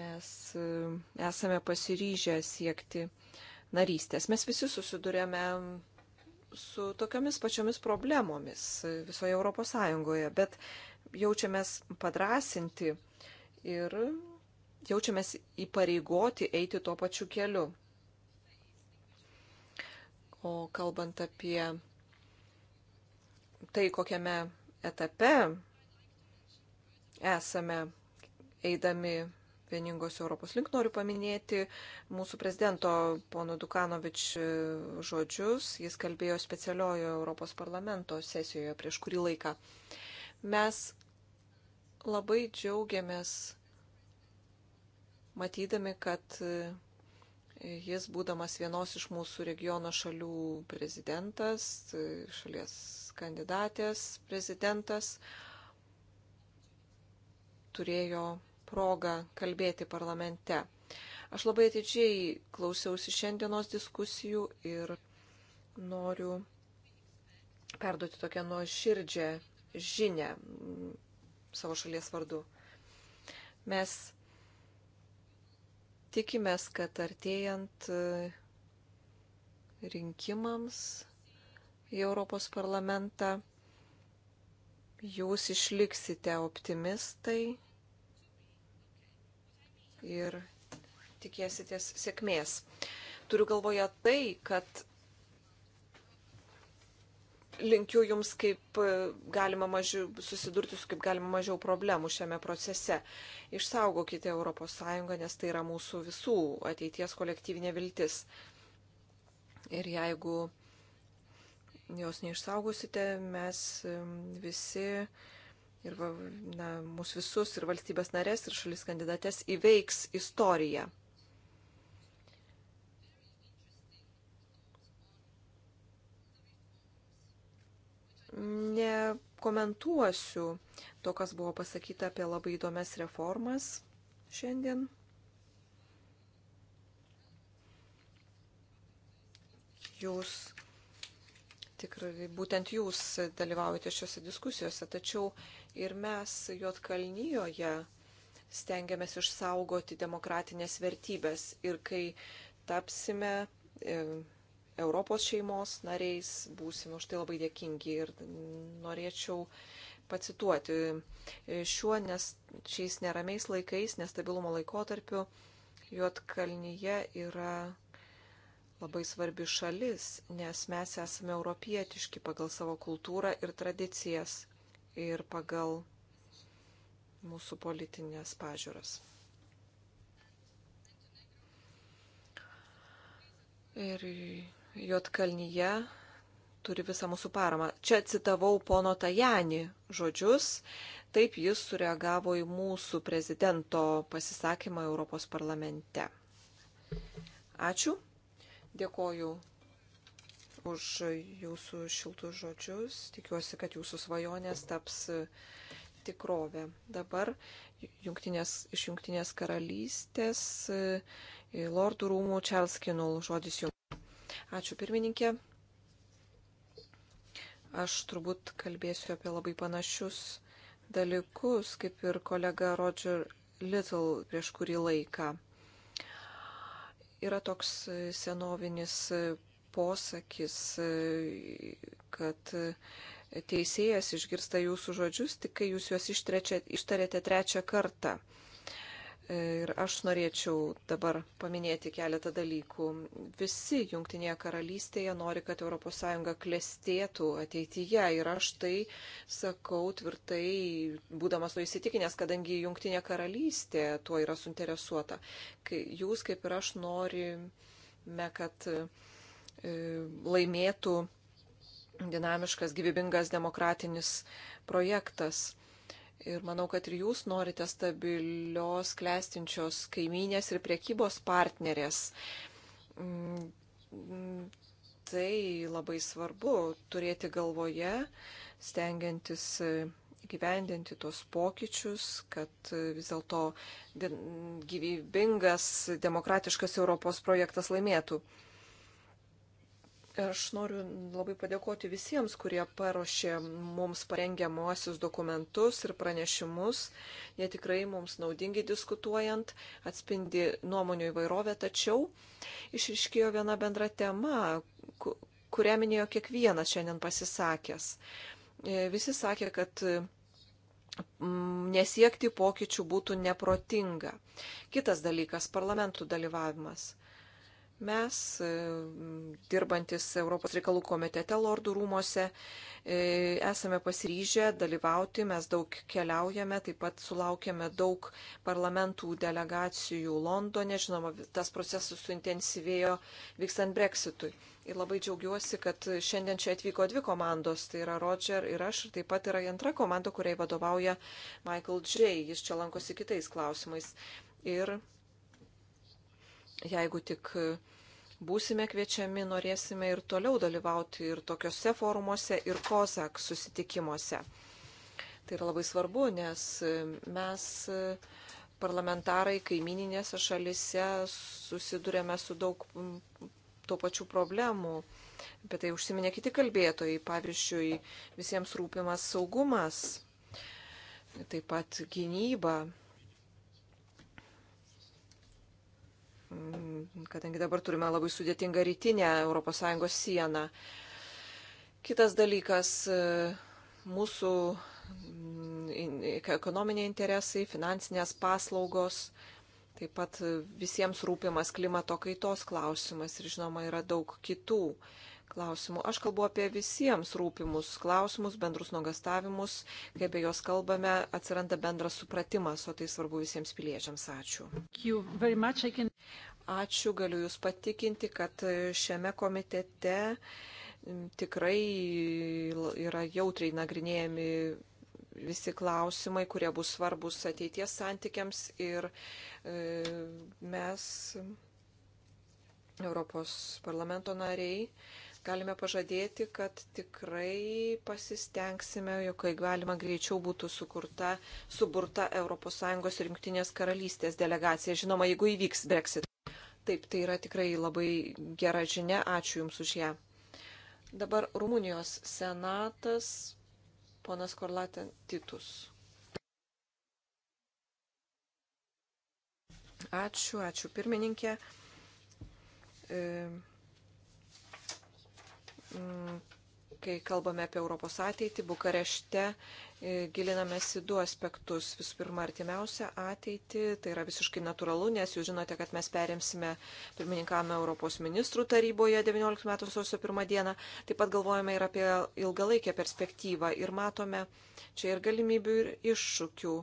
mes e, esame pasiryžę siekti narystės. Mes visi susidurėme su tokiamis pačiomis problemomis visoje Europos Sąjungoje, bet jaučiamės padrasinti ir jaučiamės įpareigoti eiti tuo pačiu keliu. O kalbant apie tai, kokiame etape esame eidami vieningos Europos link, noriu paminėti mūsų prezidento pono Dukanovič e, žodžius. Jis kalbėjo specialiojo Europos parlamento sesijoje prieš kurį laiką. Mes labai džiaugiamės matydami, kad Jis, būdamas vienos iš mūsų regiono šalių prezidentas, šalies kandidatės prezidentas, turėjo progą kalbėti parlamente. Aš labai atidžiai klausiausi šiandienos diskusijų ir noriu perduoti tokią nuoširdžią žinę savo šalies vardu. Mes Tikimės, kad artėjant e, rinkimams į Europos parlamentą jūs išliksite optimistai ir tikėsitės sėkmės. Turiu galvoje tai, kad linkiu Jums, kaip e, galima mažiau susidurti su kaip galima mažiau problemų šiame procese. Išsaugokite ES, nes tai yra mūsų visų ateities kolektyvinė viltis. Ir jeigu jos neišsaugosite, mes e, visi ir na, mūsų visus ir valstybės narės ir šalis kandidates įveiks istorija. nekomentuosiu to, kas buvo pasakyta apie labai įdomias reformas šiandien. Jūs tikrai būtent jūs dalyvaujate šiuose diskusijose, tačiau ir mes Jotkalnyjoje stengiamės išsaugoti demokratinės vertybės ir kai tapsime Europos šeimos nariais, būsime už tai labai dėkingi ir norėčiau pacituoti. Šiuo nes, šiais neramiais laikais, nestabilumo laikotarpiu, Juotkalnyje yra labai svarbi šalis, nes mes esame europietiški pagal savo kultūrą ir tradicijas ir pagal mūsų politinės pažiūras. Ir Jotkalnyje turi visą mūsų paramą. Čia citavau pono Tajani žodžius, taip jis sureagavo į mūsų prezidento pasisakymą Europos parlamente. Ačiū, dėkoju už jūsų šiltus žodžius, tikiuosi, kad jūsų svajonės taps tikrovė. Dabar jungtinės, iš Junktinės karalystės Lordų rūmų Čelskinul žodis jums. Ačiū pirmininkė. Aš turbūt kalbėsiu apie labai panašius dalykus, kaip ir kolega Roger Little prieš kurį laiką. Yra toks senovinis posakis, kad teisėjas išgirsta jūsų žodžius tik kai jūs juos ištariate trečią kartą. Ir aš norėčiau dabar paminėti keletą dalykų. Visi Junktinėje karalystėje nori, kad ES klestėtų ateityje. Ir aš tai sakau tvirtai, būdamas to įsitikinęs, kadangi Junktinė karalystė tuo yra suinteresuota. Kai jūs, kaip ir aš, norime, kad e, laimėtų dinamiškas, gyvybingas demokratinis projektas. Ir manau, kad ir jūs norite stabilios, klestinčios kaiminės ir priekybos partnerės. Mm, tai labai svarbu turėti galvoje, stengiantis gyvendinti tuos pokyčius, kad vis dėlto gyvybingas demokratiškas Europos projektas laimėtų. Aš noriu labai padėkoti visiems, kurie paruošė mums parengiamuosius dokumentus ir pranešimus. Jie tikrai mums naudingi diskutuojant, atspindi nuomonių įvairovę, tačiau išriškėjo viena bendra tema, kurią minėjo kiekvienas šiandien pasisakęs. E, visi sakė, kad nesiekti pokyčių būtų neprotinga. Kitas dalykas - parlamentų dalyvavimas. Mes, e, dirbantis Europos reikalų komitete Lordų rūmose, e, esame pasiryžę dalyvauti, mes daug keliaujame, taip pat sulaukėme daug parlamentų delegacijų Londone, žinoma, tas procesas suintensyvėjo vykstant breksitui. Ir labai džiaugiuosi, kad šiandien čia atvyko dvi komandos, tai yra Roger ir aš, ir taip pat yra antra komanda, kuriai vadovauja Michael J. Jis čia lankosi kitais klausimais. Ir jeigu tik e, būsime kviečiami, norėsime ir toliau dalyvauti ir tokiuose forumuose, ir COSAC susitikimuose. Tai yra labai svarbu, nes e, mes e, parlamentarai kaimininėse šalise susidurėme su daug to pačių problemų. Apie tai užsiminė kiti kalbėtojai, pavyzdžiui, visiems rūpimas saugumas, taip pat gynyba. Mm, kadangi dabar turime labai sudėtingą rytinę ES sieną. Kitas dalykas e, - mūsų mm, ekonominiai interesai, finansinės paslaugos, taip pat e, visiems rūpimas klimato kaitos klausimas ir žinoma yra daug kitų. Uh, klausimų. Aš kalbu apie visiems rūpimus klausimus, bendrus nuogastavimus, kai apie juos kalbame, atsiranda bendras supratimas, o tai svarbu visiems piliečiams. Ačiū. Ačiū, galiu Jūs patikinti, kad šiame komitete tikrai yra jautriai nagrinėjami visi klausimai, kurie bus svarbus ateities santykiams ir e, mes, Europos parlamento nariai, galime pažadėti, kad tikrai pasistengsime, jog kai galima greičiau būtų sukurta, suburta ES ir Junktinės karalystės delegacija, žinoma, jeigu įvyks Brexit. Taip, tai yra tikrai labai gera žinia, ačiū Jums už ją. Dabar Rumunijos senatas, ponas Korlatin Titus. Ačiū, ačiū pirmininkė. E Mm, kai kalbame apie Europos ateitį, Bukarešte e, gilinamės į du aspektus. Visų pirma, artimiausią ateitį, tai yra visiškai natūralu, nes jūs žinote, kad mes perimsime pirmininkavimą Europos ministrų taryboje 19 metų sausio 1 dieną. Taip pat galvojame ir apie ilgalaikę perspektyvą ir matome čia ir galimybių, ir iššūkių.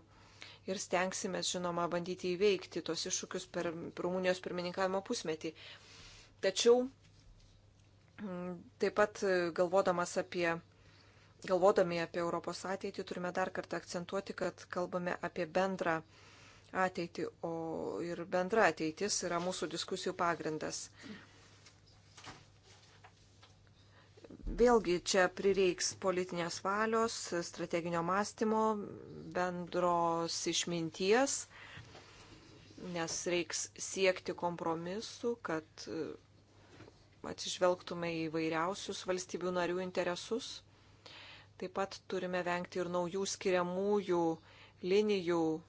Ir stengsime, žinoma, bandyti įveikti tos iššūkius per Rumunijos pirmininkavimo pusmetį. Tačiau Taip pat e, galvodamas apie, galvodami apie Europos ateitį, turime dar kartą akcentuoti, kad kalbame apie bendrą ateitį, o ir bendra ateitis yra mūsų diskusijų pagrindas. Vėlgi čia prireiks politinės valios, strateginio mąstymo, bendros išminties, nes reiks siekti kompromisu, kad atsižvelgtume į vairiausius valstybių narių interesus. Taip pat turime vengti ir naujų skiriamųjų linijų e,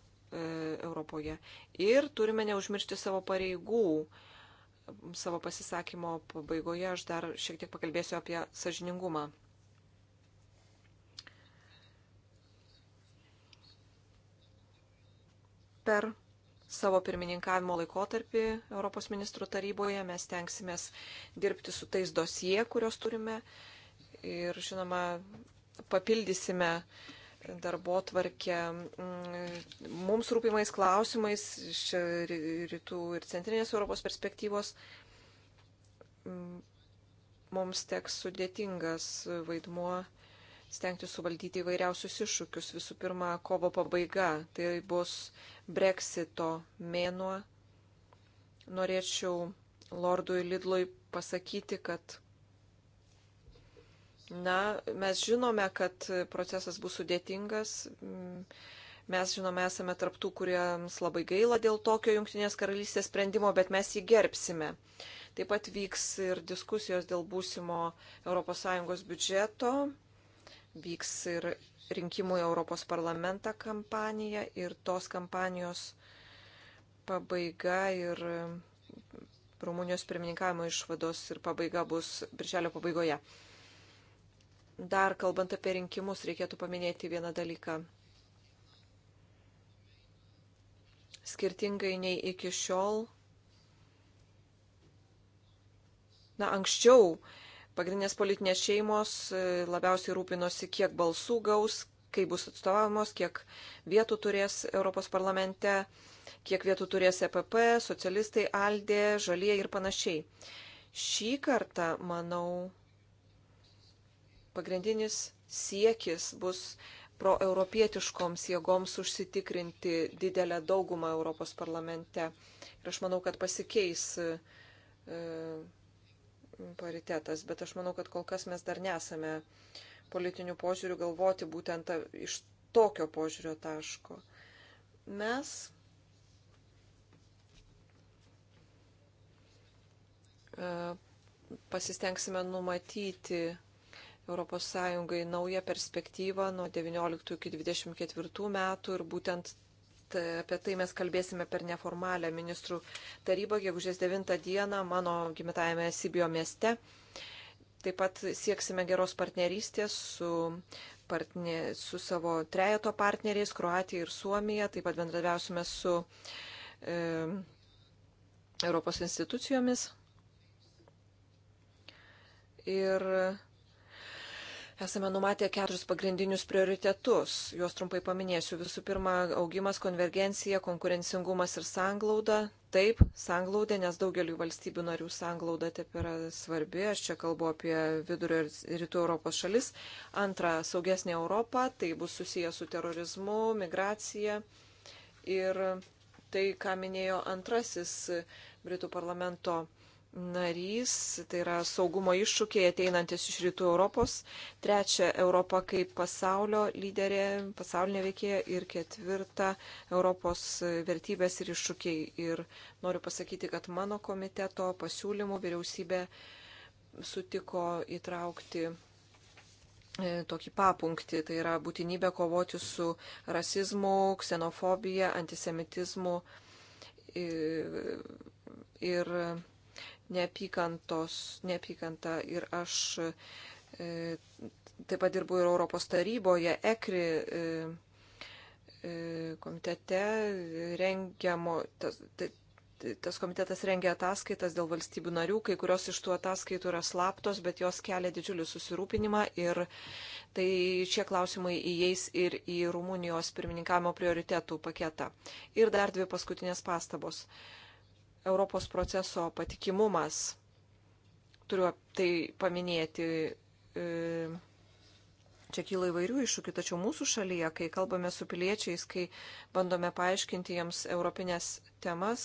Europoje. Ir turime neužmiršti savo pareigų. Savo pasisakymo pabaigoje aš dar šiek tiek pakalbėsiu apie sažiningumą. Per savo pirmininkavimo laikotarpį Europos ministrų taryboje. Mes tenksimės dirbti su tais dosie, kuriuos turime. Ir, žinoma, papildysime darbo tvarkę mm, mums rūpimais klausimais iš rytų ir centrinės Europos perspektyvos. Mm, mums teks sudėtingas vaidmuo stengti suvaldyti įvairiausius iššūkius. Visų pirma, kovo pabaiga, tai bus breksito mėnuo. Norėčiau Lordui Lidlui pasakyti, kad Na, mes žinome, kad procesas bus sudėtingas. Mes žinome, esame tarptų, kuriems labai gaila dėl tokio Junktinės karalystės sprendimo, bet mes jį gerbsime. Taip pat vyks ir diskusijos dėl būsimo ES biudžeto vyks ir rinkimų į Europos parlamentą kampanija ir tos kampanijos pabaiga ir Rumunijos pirmininkavimo išvados ir pabaiga bus birželio pabaigoje. Dar kalbant apie rinkimus, reikėtų paminėti vieną dalyką. Skirtingai nei iki šiol, na, anksčiau Pagrindinės politinės šeimos e, labiausiai rūpinosi, kiek balsų gaus, kaip bus atstovamos, kiek vietų turės Europos parlamente, kiek vietų turės EPP, socialistai, Aldė, Žalie ir panašiai. Šį kartą, manau, pagrindinis siekis bus proeuropietiškoms jėgoms užsitikrinti didelę daugumą Europos parlamente. Ir aš manau, kad pasikeis e, paritetas, bet aš manau, kad kol kas mes dar nesame politinių požiūrių galvoti būtent ta, iš tokio požiūrio taško. Mes e, pasistengsime numatyti ES naują perspektyvą nuo 19 iki 24 metų ir būtent E, apie tai mes kalbėsime per neformalią ministrų tarybą, gegužės 9 dieną mano gimtajame Sibijo mieste. Taip pat sieksime geros partnerystės su, partne, su savo trejato partneriais, Kroatija ir Suomija. Taip pat bendradaviausime su e, Europos institucijomis. Ir Esame numatę keturis pagrindinius prioritetus. Juos trumpai paminėsiu. Visų pirma, augimas, konvergencija, konkurencingumas ir sanglauda. Taip, sanglaudė, nes daugeliu valstybių narių sanglauda taip yra svarbi. Aš čia kalbu apie vidurio ir rytų Europos šalis. Antra, saugesnė Europa. Tai bus susijęs su terorizmu, migracija. Ir tai, ką minėjo antrasis Britų parlamento narys, tai yra saugumo iššūkiai ateinantis iš rytų Europos, trečia Europa kaip pasaulio lyderė, pasaulinė veikėja ir ketvirta Europos vertybės ir iššūkiai. Ir noriu pasakyti, kad mano komiteto pasiūlymų vyriausybė sutiko įtraukti e, tokį papunkti, tai yra būtinybė kovoti su rasizmu, ksenofobija, antisemitizmu ir, ir neapykanta ir aš e, taip pat dirbu ir Europos taryboje, ECRI e, e, komitete rengiamo, tas, tai, tai, tas komitetas rengia ataskaitas dėl valstybių narių, kai kurios iš tų ataskaitų yra slaptos, bet jos kelia didžiulį susirūpinimą ir tai šie klausimai įeis ir į Rumunijos pirmininkavimo prioritetų paketą. Ir dar dvi paskutinės pastabos. Uh, Europos proceso patikimumas, turiu tai paminėti, e, čia kyla įvairių iššūkių, tačiau mūsų šalyje, kai kalbame su piliečiais, kai bandome paaiškinti jiems europinės temas,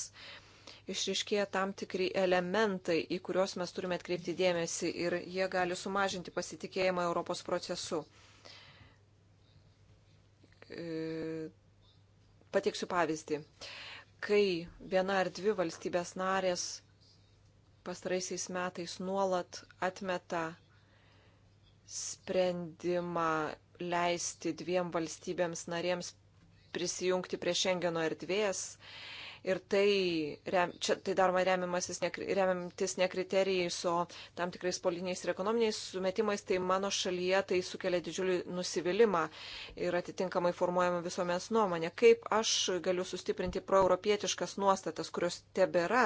išriškėja tam tikri elementai, į kuriuos mes turime atkreipti dėmesį ir jie gali sumažinti pasitikėjimą Europos procesu. E, pateiksiu pavyzdį kai viena ar dvi valstybės narės pastaraisiais metais nuolat atmeta sprendimą leisti dviem valstybėms narėms prisijungti prie Šengeno erdvės, ir tai, rem, čia, tai daroma remiamasis, ne, remiantis ne kriterijais, o tam tikrais politiniais ir ekonominiais sumetimais, tai mano šalyje tai sukelia didžiulį nusivylimą ir atitinkamai formuojama visuomenės nuomonė. Kaip aš galiu sustiprinti proeuropietiškas nuostatas, kurios tebėra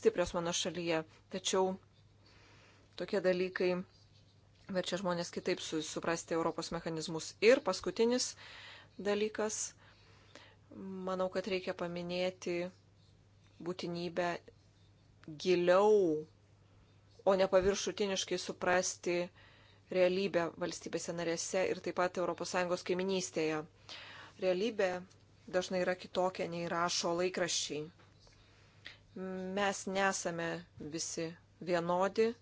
stiprios mano šalyje, tačiau tokie dalykai verčia žmonės kitaip suprasti Europos mechanizmus. Ir paskutinis dalykas manau, kad reikia paminėti būtinybę giliau, o ne paviršutiniškai suprasti realybę valstybėse narėse ir taip pat ES kaiminystėje. Realybė dažnai yra kitokia nei rašo laikraščiai. Mes nesame visi vienodi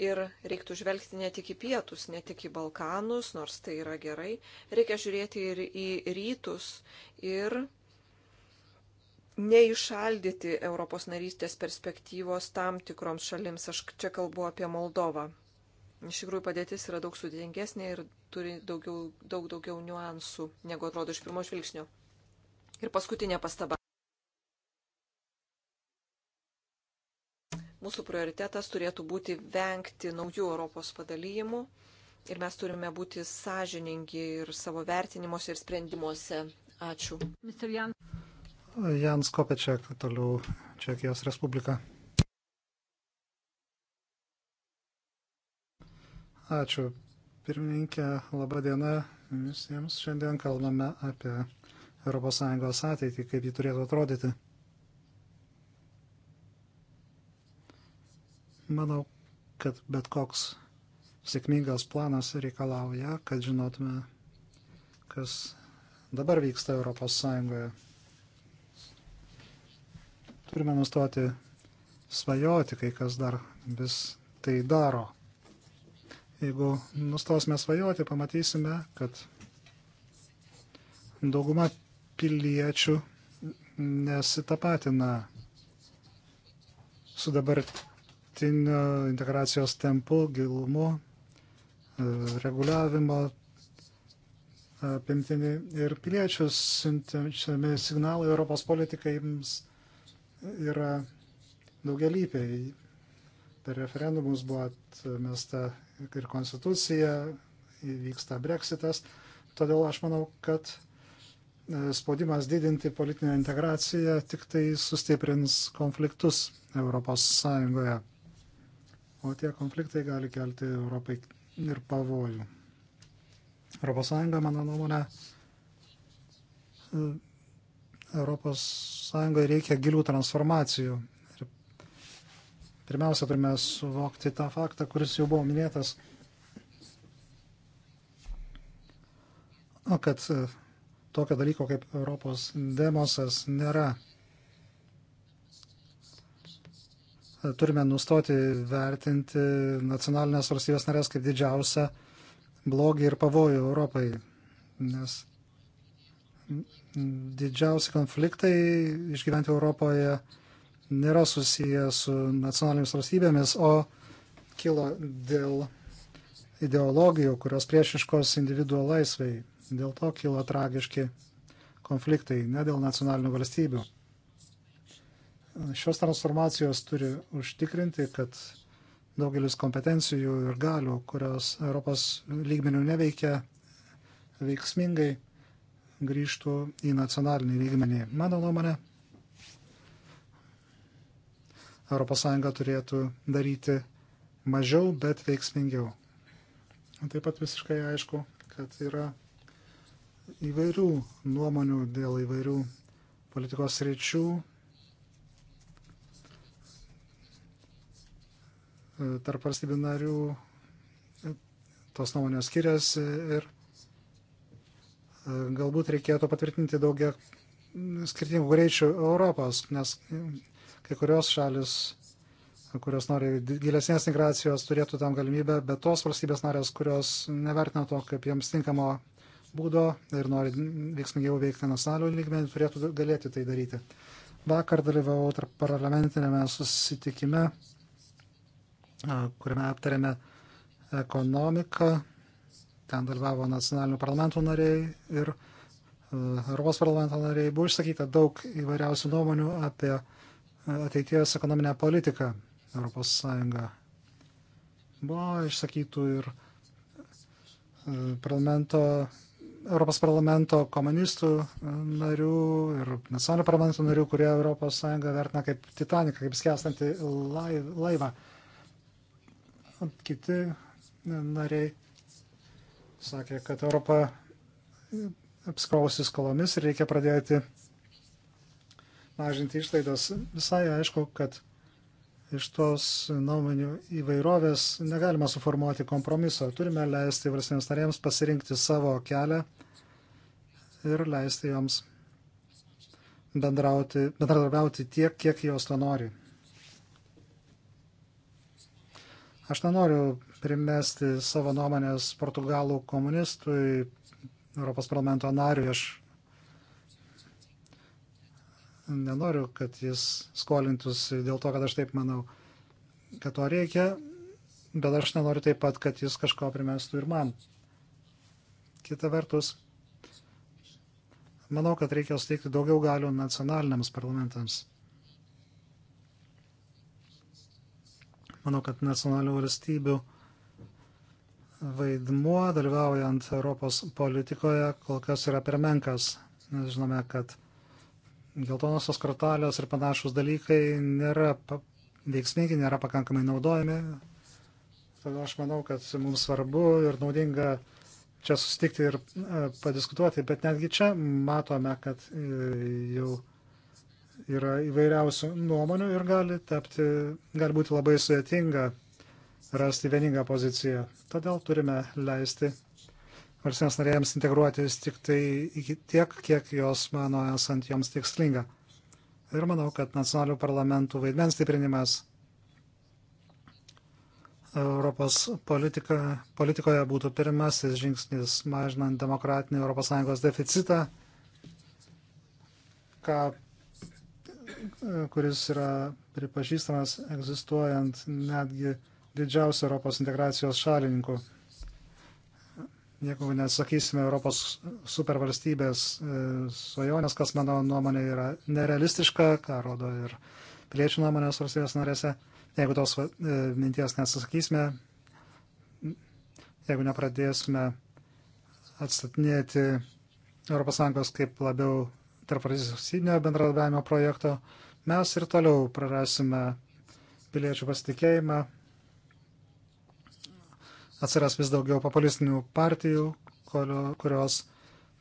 Ir reiktų žvelgti ne tik į pietus, ne tik į Balkanus, nors tai yra gerai. Reikia žiūrėti ir į rytus ir neišaldyti Europos narystės perspektyvos tam tikroms šalims. Aš čia kalbu apie Moldovą. Iš tikrųjų padėtis yra daug sudėtingesnė ir turi daugiau, daug daugiau niuansų, negu atrodo iš pirmo žvilgsnio. Ir paskutinė pastaba. Mūsų prioritetas turėtų būti vengti naujų Europos padalyjimų ir mes turime būti sąžiningi ir savo vertinimuose ir sprendimuose. Ačiū. Jan. Jans Kopečiak, toliau Čekijos Respublika. Ačiū. Pirmininkė, laba diena visiems. Šiandien kalbame apie ES ateitį, kaip ji turėtų atrodyti. Manau, kad bet koks sėkmingas planas reikalauja, kad žinotume, kas dabar vyksta Europos Sąjungoje. Turime nustoti svajoti, kai kas dar vis tai daro. Jeigu nustosime svajoti, pamatysime, kad dauguma piliečių nesitapatina su dabar nuolatiniu integracijos tempu, gilumu, e, reguliavimo apimtimi ir piliečius siunčiami signalai Europos politikai jums yra daugelypiai. Per referendumus buvo atmesta ir konstitucija, įvyksta breksitas. Todėl aš manau, kad e, spaudimas didinti politinę integraciją tik tai sustiprins konfliktus Europos Sąjungoje o tie konfliktai gali kelti Europai ir pavojų. Europos Sąjunga, mano nuomonė, Europos Sąjungoje reikia gilių transformacijų. Ir pirmiausia, turime suvokti tą faktą, kuris jau buvo minėtas, o kad tokio dalyko kaip Europos demosas nėra turime nustoti vertinti nacionalinės valstybės narės kaip didžiausią blogį ir pavojų Europai, nes didžiausi konfliktai išgyventi Europoje nėra susiję su nacionalinėmis valstybėmis, o kilo dėl ideologijų, kurios priešiškos individuo laisvai. Dėl to kilo tragiški konfliktai, ne dėl nacionalinių valstybių. Šios transformacijos turi užtikrinti, kad daugelis kompetencijų ir galių, kurios Europos lygmenių neveikia veiksmingai, grįžtų į nacionalinį lygmenį. Mano nuomonė, ES turėtų daryti mažiau, bet veiksmingiau. Taip pat visiškai aišku, kad yra įvairių nuomonių dėl įvairių politikos ryčių, tarp valstybių narių tos nuomonės skiriasi ir e, galbūt reikėtų patvirtinti daugia skirtingų greičių Europos, nes kai kurios šalis, kurios nori gilesnės migracijos, turėtų tam galimybę, bet tos valstybės narės, kurios nevertina to kaip jiems tinkamo būdo ir nori veiksmingiau veikti nacionalių lygmenį, turėtų galėti tai daryti. Vakar dalyvavau tarp parlamentinėme susitikime kuriame aptarėme ekonomiką. Ten dalyvavo nacionalinių parlamentų nariai ir Europos parlamento nariai. Buvo išsakyta daug įvairiausių nuomonių apie ateities ekonominę politiką Europos Sąjungą. Buvo išsakytų ir parlamento, Europos parlamento komunistų narių ir nacionalinio parlamento narių, kurie Europos Sąjungą vertina kaip Titaniką, kaip skęstantį laivą. Kiti nariai sakė, kad Europa apskrovusi skolomis ir reikia pradėti mažinti išlaidas. Visai aišku, kad iš tos nuomonių įvairovės negalima suformuoti kompromiso. Turime leisti valstybėms narėms pasirinkti savo kelią ir leisti joms bendrauti, bendradarbiauti tiek, kiek jos to nori. Aš nenoriu primesti savo nuomonės portugalų komunistui, Europos parlamento nariui. Aš nenoriu, kad jis skolintųsi dėl to, kad aš taip manau, kad to reikia, bet aš nenoriu taip pat, kad jis kažko primestų ir man. Kita vertus, manau, kad reikia suteikti daugiau galių nacionaliniams parlamentams. Manau, kad nacionalinių valstybių vaidmuo dalyvaujant Europos politikoje kol kas yra per menkas. Nes žinome, kad geltonosios kortelės ir panašus dalykai nėra veiksmingi, nėra pakankamai naudojami. Todėl aš manau, kad mums svarbu ir naudinga čia susitikti ir e, padiskutuoti, bet netgi čia matome, kad e, jau yra įvairiausių nuomonių ir gali, tapti, gali būti labai sudėtinga rasti vieningą poziciją. Todėl turime leisti valstybės narėjams integruotis tik tai iki tiek, kiek jos mano esant joms tikslinga. Ir manau, kad nacionalių parlamentų vaidmens stiprinimas Europos politika, politikoje būtų pirmasis žingsnis mažinant demokratinį ES deficitą, ką kuris yra pripažįstamas egzistuojant netgi didžiausių Europos integracijos šalininkų. Jeigu nesakysime Europos supervalstybės e, svajonės, kas mano nuomonė yra nerealistiška, ką rodo ir piliečių nuomonės valstybės narėse, jeigu tos e, minties nesakysime, jeigu nepradėsime atstatinėti ES kaip labiau tarp valstybinio bendradarbiavimo projekto, mes ir toliau prarasime piliečių pasitikėjimą, atsiras vis daugiau populistinių partijų, kurios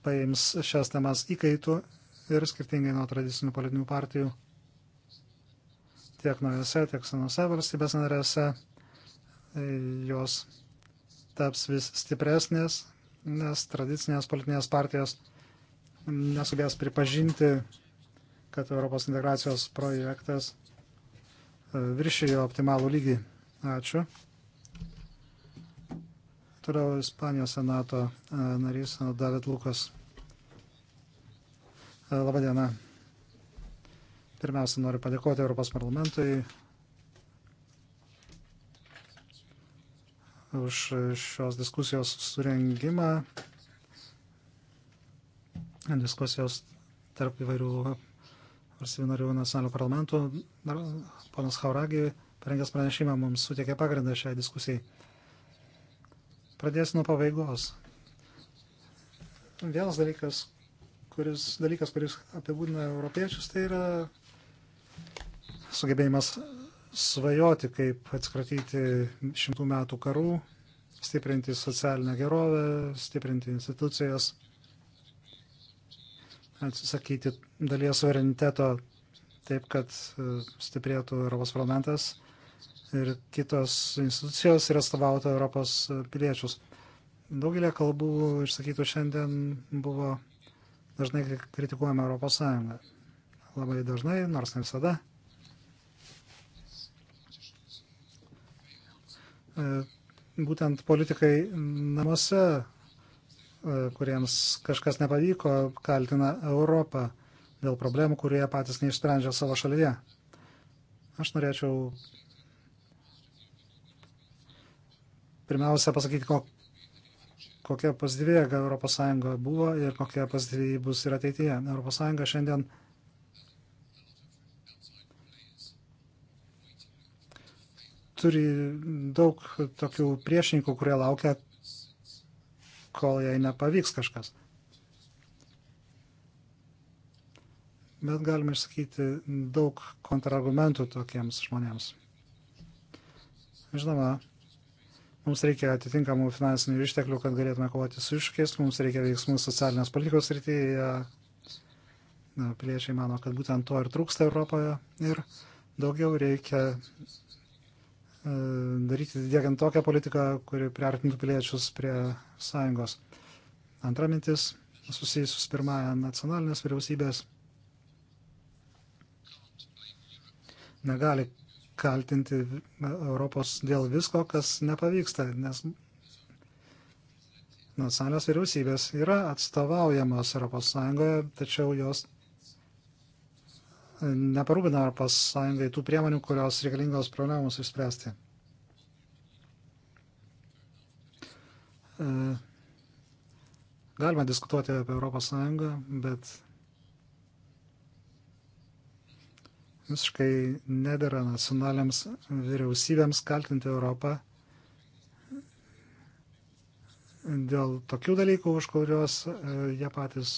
paims šias temas įkaitų ir skirtingai nuo tradicinių politinių partijų tiek naujose, tiek senose valstybės narėse e, jos taps vis stipresnės, nes tradicinės politinės partijos nesugebės pripažinti, kad Europos integracijos projektas e, viršijo optimalų lygį. Ačiū. Toliau Ispanijos senato e, narys David Lukas. E, labadiena. Pirmiausia, noriu padėkoti Europos parlamentui už šios diskusijos surengimą diskusijos tarp įvairių valstybių narių nacionalinių parlamentų. Ponas Hauragi parengęs pranešimą mums suteikė pagrindą šiai diskusijai. Pradėsiu nuo pabaigos. Vienas dalykas, kuris, dalykas, kuris apibūdina europiečius, tai yra sugebėjimas svajoti, kaip atskratyti šimtų metų karų, stiprinti socialinę gerovę, stiprinti institucijas atsisakyti dalies suvereniteto taip, kad e, stiprėtų Europos parlamentas ir kitos institucijos ir atstovautų Europos piliečius. Daugelė kalbų išsakytų šiandien buvo dažnai kritikuojama Europos Sąjunga. Labai dažnai, nors ne visada. E, būtent politikai namuose E, kuriems kažkas nepavyko, kaltina Europą dėl problemų, kurie patys neišsprendžia savo šalyje. Aš norėčiau pirmiausia pasakyti, kokia pozityvi jėga ES buvo ir kokia pozityvi bus ir ateityje. ES šiandien turi daug tokių priešininkų, kurie laukia, kol jai nepavyks kažkas. Bet galime išsakyti daug kontrargumentų tokiems žmonėms. Žinoma, mums reikia atitinkamų finansinių išteklių, kad galėtume kovoti su iššūkiais, mums reikia veiksmų socialinės politikos rytyje. Piliečiai mano, kad būtent to ir trūksta Europoje ir daugiau reikia E, daryti, dėkiant tokią politiką, kuri priartintų piliečius prie sąjungos. Antra mintis susijusius pirmąją nacionalinės vyriausybės negali kaltinti Europos dėl visko, kas nepavyksta, nes nacionalinės vyriausybės yra atstovaujamos ES, tačiau jos neparūpina Europos Sąjungai tų priemonių, kurios reikalingos problemams išspręsti. E, galima diskutuoti apie Europos Sąjungą, bet visiškai nedėra nacionaliams vyriausybėms kaltinti Europą dėl tokių dalykų, už kuriuos e, jie patys,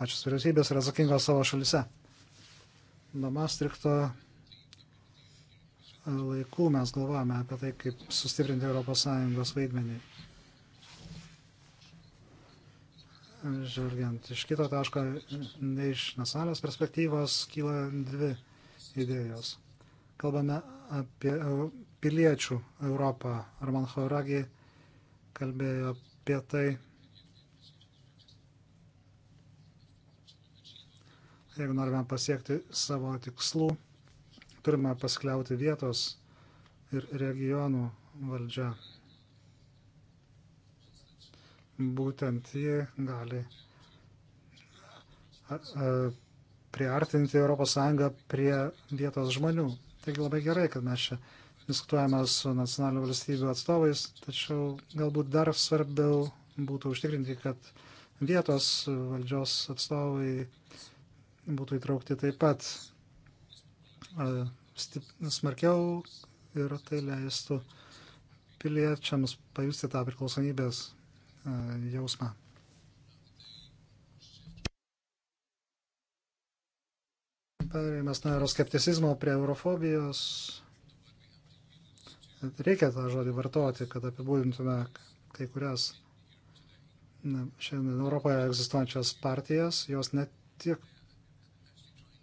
pačios vyriausybės, yra atsakingos savo šalise nuo Maastrichto e, laikų mes galvojame apie tai, kaip sustiprinti ES vaidmenį. Žvelgiant iš kito taško, ne iš nacionalinės perspektyvos, kyla dvi idėjos. Kalbame apie piliečių Europą. Arman Hauragi kalbėjo apie tai Jeigu norime pasiekti savo tikslų, turime paskliauti vietos ir regionų valdžia. Būtent jie gali priartinti ES prie vietos žmonių. Taigi labai gerai, kad mes čia diskutuojame su nacionalinių valstybių atstovais, tačiau galbūt dar svarbiau būtų užtikrinti, kad vietos valdžios atstovai būtų įtraukti taip pat e, smarkiau ir tai leistų piliečiams pajusti tą priklausomybės e, jausmą. Perėjimas nuo euroskepticizmo prie eurofobijos. Reikia tą žodį vartoti, kad apibūdintume kai kurias šiandien Europoje egzistuojančias partijas. Jos net tiek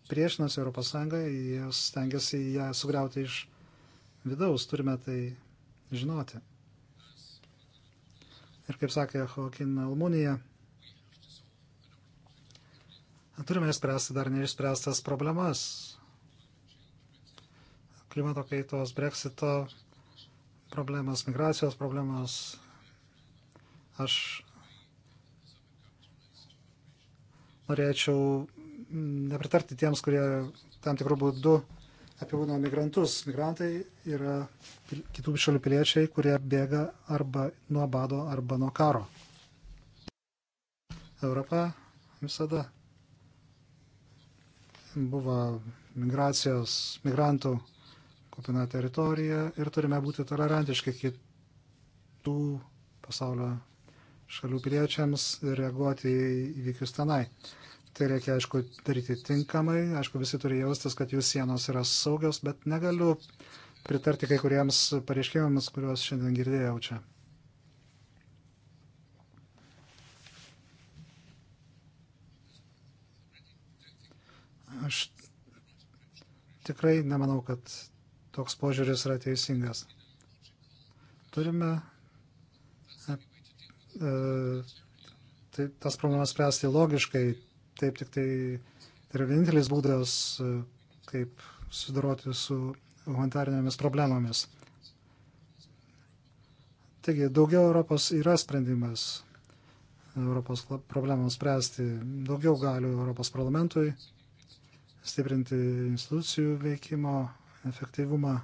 priešinasi Europos Sąjungai, jie stengiasi ją sugriauti iš vidaus, turime tai žinoti. Ir kaip sakė Hokin Almunija, turime išspręsti dar neišspręstas problemas. Klimato kaitos, breksito problemas, migracijos problemas. Aš norėčiau nepritarti tiems, kurie tam tikrų būdų apibūdino migrantus. Migrantai yra kitų šalių piliečiai, kurie bėga arba nuo bado, arba nuo karo. Europa visada buvo migracijos, migrantų kupina teritorija ir turime būti tolerantiški kitų pasaulio šalių piliečiams ir reaguoti į įvykius tenai. Tai reikia, aišku, daryti tinkamai. Aišku, visi turi jaustis, kad jų sienos yra saugios, bet negaliu pritarti kai kuriems pareiškimams, kuriuos šiandien girdėjau čia. Aš tikrai nemanau, kad toks požiūris yra teisingas. Turime e, e tai tas problemas spręsti logiškai, taip tik tai, tai yra vienintelis būdas, e, kaip sudaroti su humanitarinėmis problemomis. Taigi, daugiau Europos yra sprendimas Europos problemams spręsti, daugiau galių Europos parlamentui, stiprinti institucijų veikimo efektyvumą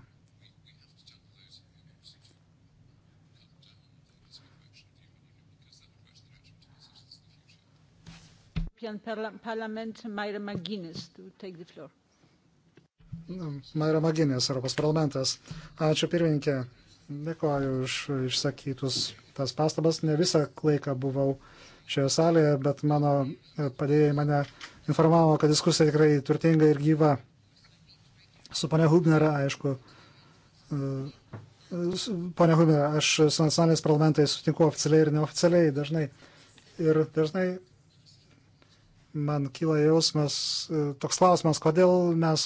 European Parliament, Mayra McGuinness, to take the floor. Mayra Maginės, Europos parlamentas. Ačiū pirmininkė. Dėkuoju už išsakytus tas pastabas. Ne visą laiką buvau šioje salėje, bet mano padėjai mane informavo, kad diskusija tikrai turtinga ir gyva. Su ponia Hubner, aišku. E, Pone Hubner, aš su nacionaliniais parlamentais sutinku oficialiai ir neoficialiai dažnai. Ir dažnai man kyla jausmas, e, toks klausimas, kodėl mes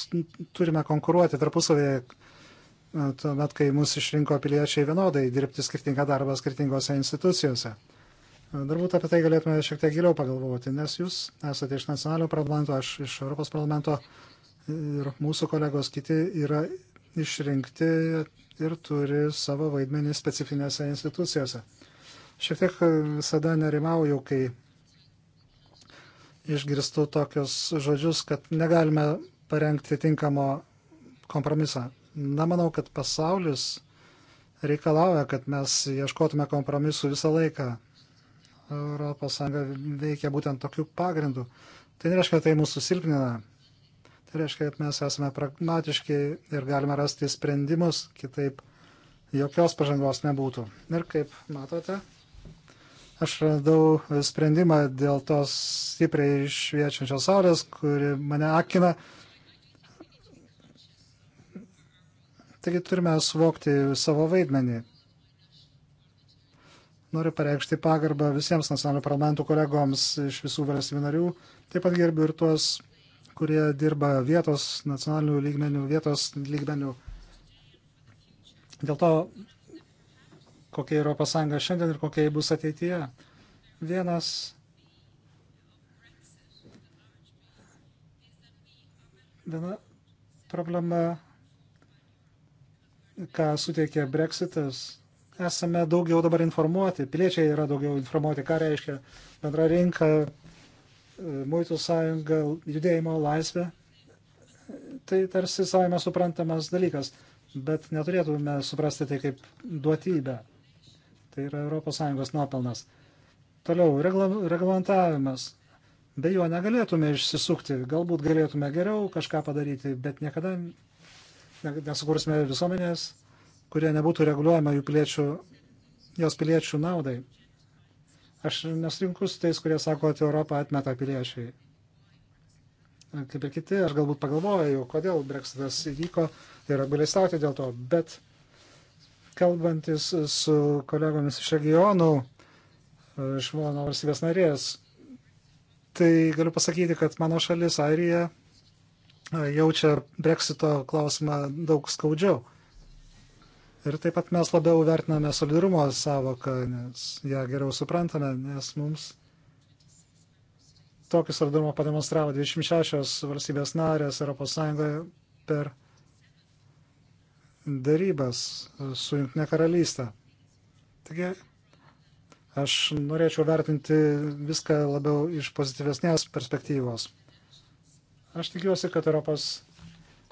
turime konkuruoti tarpusavėje, e, tuomet, kai mus išrinko piliečiai vienodai dirbti skirtingą darbą skirtingose institucijose. E, Turbūt apie tai galėtume šiek tiek giliau pagalvoti, nes jūs esate iš nacionalinio parlamento, aš iš Europos parlamento ir mūsų kolegos kiti yra išrinkti ir turi savo vaidmenį specifinėse institucijose. Šiek tiek visada nerimauju, kai išgirstu tokius žodžius, kad negalime parengti tinkamo kompromisą. Na, manau, kad pasaulis reikalauja, kad mes ieškotume kompromisų visą laiką. ES veikia būtent tokiu pagrindu. Tai nereiškia, tai mūsų silpnina. Tai reiškia, kad mes esame pragmatiški ir galime rasti sprendimus, kitaip jokios pažangos nebūtų. Ir kaip matote, Aš radau sprendimą dėl tos stipriai šviečiančios saulės, kuri mane akina. Taigi turime suvokti savo vaidmenį. Noriu pareikšti pagarbą visiems nacionalinių parlamentų kolegoms iš visų valstybių narių. Taip pat gerbiu ir tuos, kurie dirba vietos, nacionalinių lygmenių, vietos lygmenių. Dėl to kokia Europos Sąjunga šiandien ir kokia ji bus ateityje. Vienas viena problema, ką suteikė Brexitas. Esame daugiau dabar informuoti, piliečiai yra daugiau informuoti, ką reiškia bendra rinka, muitų sąjunga, judėjimo laisvė. Tai tarsi savame suprantamas dalykas, bet neturėtume suprasti tai kaip duotybę. Tai yra ES nuopelnas. Toliau, regla, reglamentavimas. Be jo negalėtume išsisukti, galbūt galėtume geriau kažką padaryti, bet niekada nesukursime visuomenės, kurie nebūtų reguliuojama jų piliečių, jos piliečių naudai. Aš nesutinku su tais, kurie sako, kad Europą atmeta piliečiai. Kaip ir kiti, aš galbūt pagalvoju, kodėl Brexitas įvyko ir apgailestauti dėl to, bet Kalbantis su kolegomis iš regionų, iš mano valstybės narės, tai galiu pasakyti, kad mano šalis, Airija, jaučia breksito klausimą daug skaudžiau. Ir taip pat mes labiau vertiname solidarumo savoką, nes ją geriau suprantame, nes mums tokį solidarumą pademonstravo 26 valstybės narės ES per darybas e, su Junktinė karalystė. Taigi aš norėčiau vertinti viską labiau iš pozityvesnės perspektyvos. Aš tikiuosi, kad Europos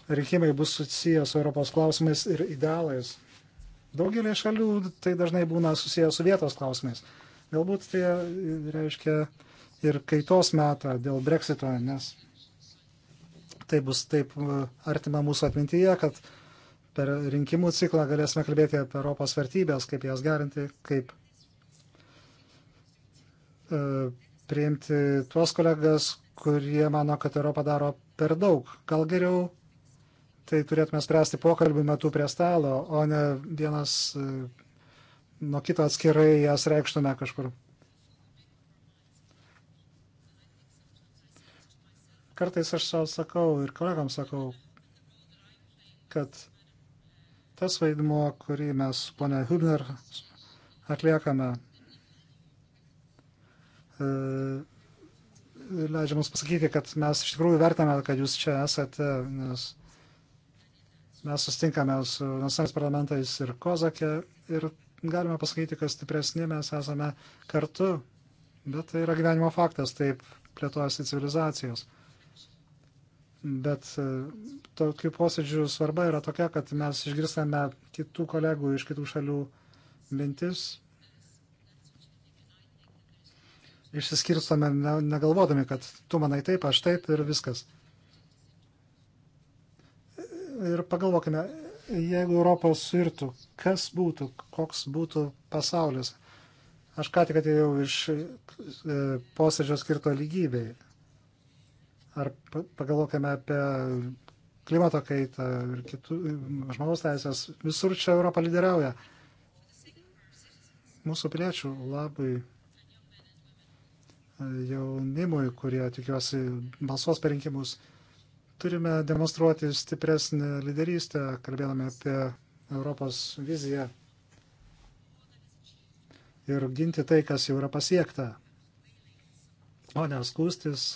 rinkimai bus susijęs su Europos klausimais ir idealais. Daugelį šalių tai dažnai būna susijęs su vietos klausimais. Galbūt tai reiškia ir kaitos metą dėl breksito, nes tai bus taip e, artima mūsų atmintyje, kad per rinkimų ciklą galėsime kalbėti apie Europos vertybės, kaip jas gerinti, kaip e, priimti tuos kolegas, kurie mano, kad Europą daro per daug. Gal geriau tai turėtume spręsti pokalbių metu prie stalo, o ne vienas e, nuo kito atskirai jas reikštume kažkur. Kartais aš savo sakau ir kolegams sakau, kad Tas vaidmuo, kurį mes su ponia Hübner atliekame, e, leidžia mums pasakyti, kad mes iš tikrųjų vertame, kad jūs čia esate, nes mes sustinkame su nacionaliniais parlamentais ir Kozakė ir galime pasakyti, kad stipresni mes esame kartu, bet tai yra gyvenimo faktas, taip plėtojasi civilizacijos. Bet e, tokių posėdžių svarba yra tokia, kad mes išgirstame kitų kolegų iš kitų šalių mintis. Išsiskirstame negalvodami, kad tu manai taip, aš taip ir viskas. Ir pagalvokime, jeigu Europos suirtų, kas būtų, koks būtų pasaulis. Aš ką tik atėjau iš e, posėdžio skirto lygybei Ar pagalvokime apie klimato kaitą ir kitų žmogaus teisės. Visur čia Europa lyderiauja. Mūsų piliečių labai e, jaunimui, kurie tikiuosi balsuos per rinkimus, turime demonstruoti stipresnį lyderystę, kalbėdami apie Europos viziją ir ginti tai, kas jau yra pasiekta, o ne skūstis,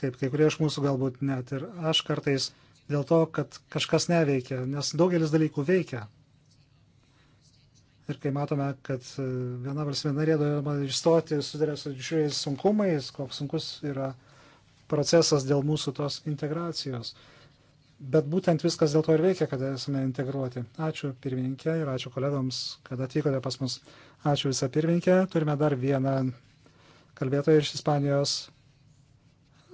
kaip kai kurie iš mūsų galbūt net ir aš kartais, dėl to, kad kažkas neveikia, nes daugelis dalykų veikia. Ir kai matome, kad e, viena valstybė narė norėdama išstoti, sudarė su didžiuliais sunkumais, koks sunkus yra procesas dėl mūsų tos integracijos. Bet būtent viskas dėl to ir veikia, kad esame integruoti. Ačiū pirmininkė ir ačiū kolegoms, kad atvykote pas mus. Ačiū visą pirmininkė. Turime dar vieną kalbėtoją iš Ispanijos,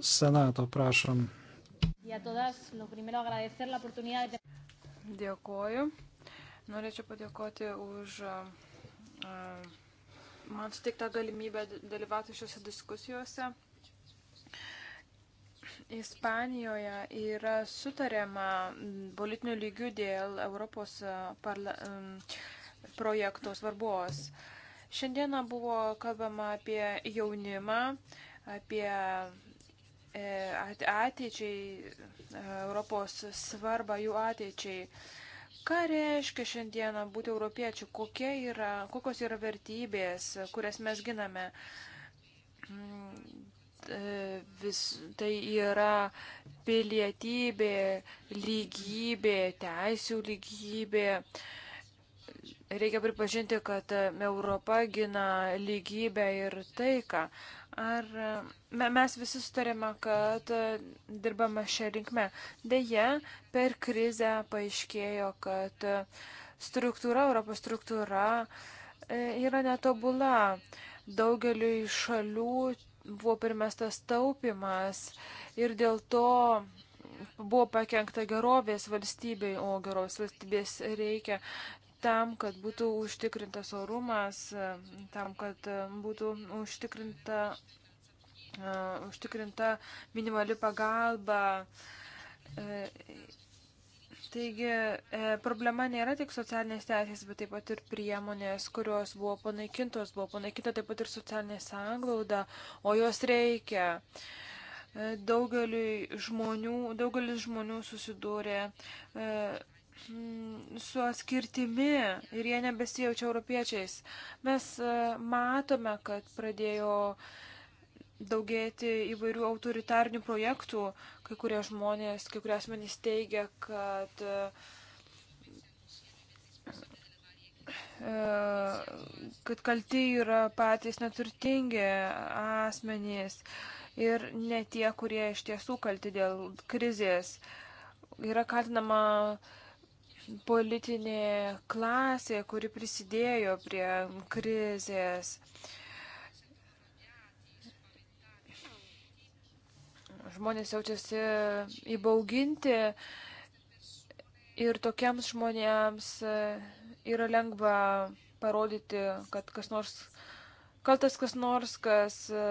Senato, prašom. Dėkoju. Norėčiau padėkoti už man suteiktą galimybę dalyvauti šiuose diskusijuose. Ispanijoje yra sutariama politinių lygių dėl Europos parla, projekto svarbos. Šiandieną buvo kalbama apie jaunimą, apie E, ateičiai, e, Europos svarbą jų ateičiai. Ką reiškia šiandieną būti europiečiu? Kokie yra, kokios yra vertybės, kurias mes giname? Mm, e, vis, tai yra pilietybė, lygybė, teisių lygybė. Reikia pripažinti, kad Europa gina lygybę ir taiką. Ar mes visi sutarėme, kad e, dirbame šią linkmę? Deja, per krizę paaiškėjo, kad e, struktūra, Europos struktūra e, yra netobula. Daugeliu šalių buvo primestas taupimas ir dėl to buvo pakengta gerovės valstybei, o gerovės valstybės reikia tam, kad būtų užtikrintas orumas, e, tam, kad e, būtų užtikrinta, uh, užtikrinta minimali pagalba. Uh, taigi uh, problema nėra tik socialinės teisės, bet taip pat ir priemonės, kurios buvo panaikintos, buvo panaikinta taip pat ir socialinė sanglauda, o jos reikia. Daugeliu žmonių, daugelis žmonių susidūrė Mm, su atskirtimi ir jie nebesijaučia europiečiais. Mes e, matome, kad pradėjo daugėti įvairių autoritarnių projektų. Kai kurie žmonės, kai kurie asmenys teigia, kad e, kad kalti yra patys neturtingi asmenys ir ne tie, kurie iš tiesų kalti dėl krizės. Yra kaltinama uh, politinė klasė, kuri prisidėjo prie krizės. Žmonės jaučiasi įbauginti ir tokiems žmonėms e, yra lengva parodyti, kad kas nors, kaltas kas nors, kas e,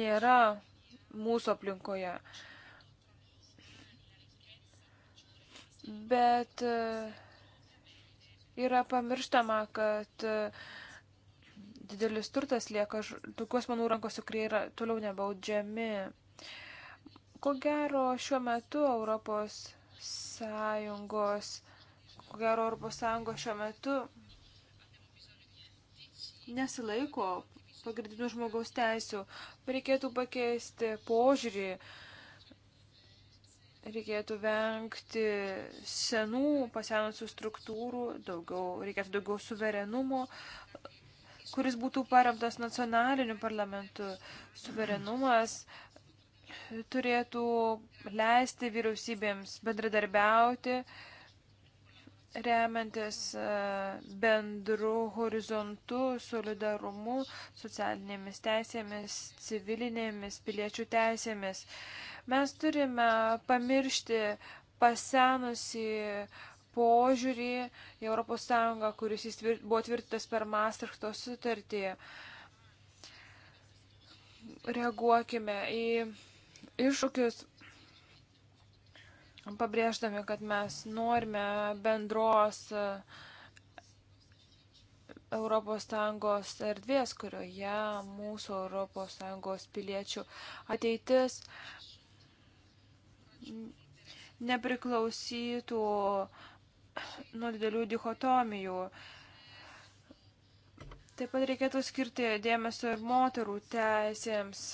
nėra mūsų aplinkoje. Uh, bet e, yra pamirštama, kad e, didelis turtas lieka tokių asmenų rankose, kurie yra toliau nebaudžiami. Ko gero šiuo metu Europos Sąjungos, ko gero Europos Sąjungos šiuo metu nesilaiko pagrindinių žmogaus teisių. Reikėtų pakeisti požiūrį, uh, reikėtų vengti senų, pasenusių struktūrų, daugiau, reikėtų daugiau suverenumo, kuris būtų paremtas nacionaliniu parlamentu. Suverenumas turėtų leisti vyriausybėms bendradarbiauti, remiantis e, bendru horizontu, solidarumu, socialinėmis teisėmis, civilinėmis, piliečių teisėmis. Uh, Mes turime pamiršti pasenusi požiūrį į ES, kuris tvirt, buvo tvirtintas per Maastrichto sutartį. Reaguokime į iššūkius, pabrėždami, kad mes norime bendros ES erdvės, kurioje mūsų ES piliečių ateitis nepriklausytų nuo didelių dichotomijų. Taip pat reikėtų skirti dėmesio ir moterų teisėms.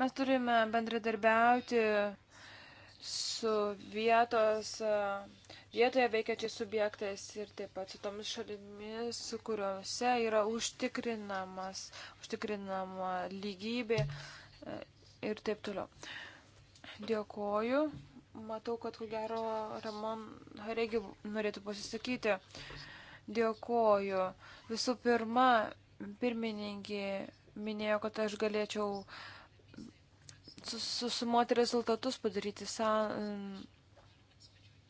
Mes turime bendradarbiauti su vietos, vietoje veikiačiais subjektais ir taip pat su tomis šalimis, kuriuose yra užtikrinamas, užtikrinama lygybė e, ir taip toliau. Dėkoju. Matau, kad ko gero Ramon Haregi norėtų pasisakyti. Dėkoju. Visų pirma, pirmininkė minėjo, kad aš galėčiau susumuoti rezultatus, padaryti san,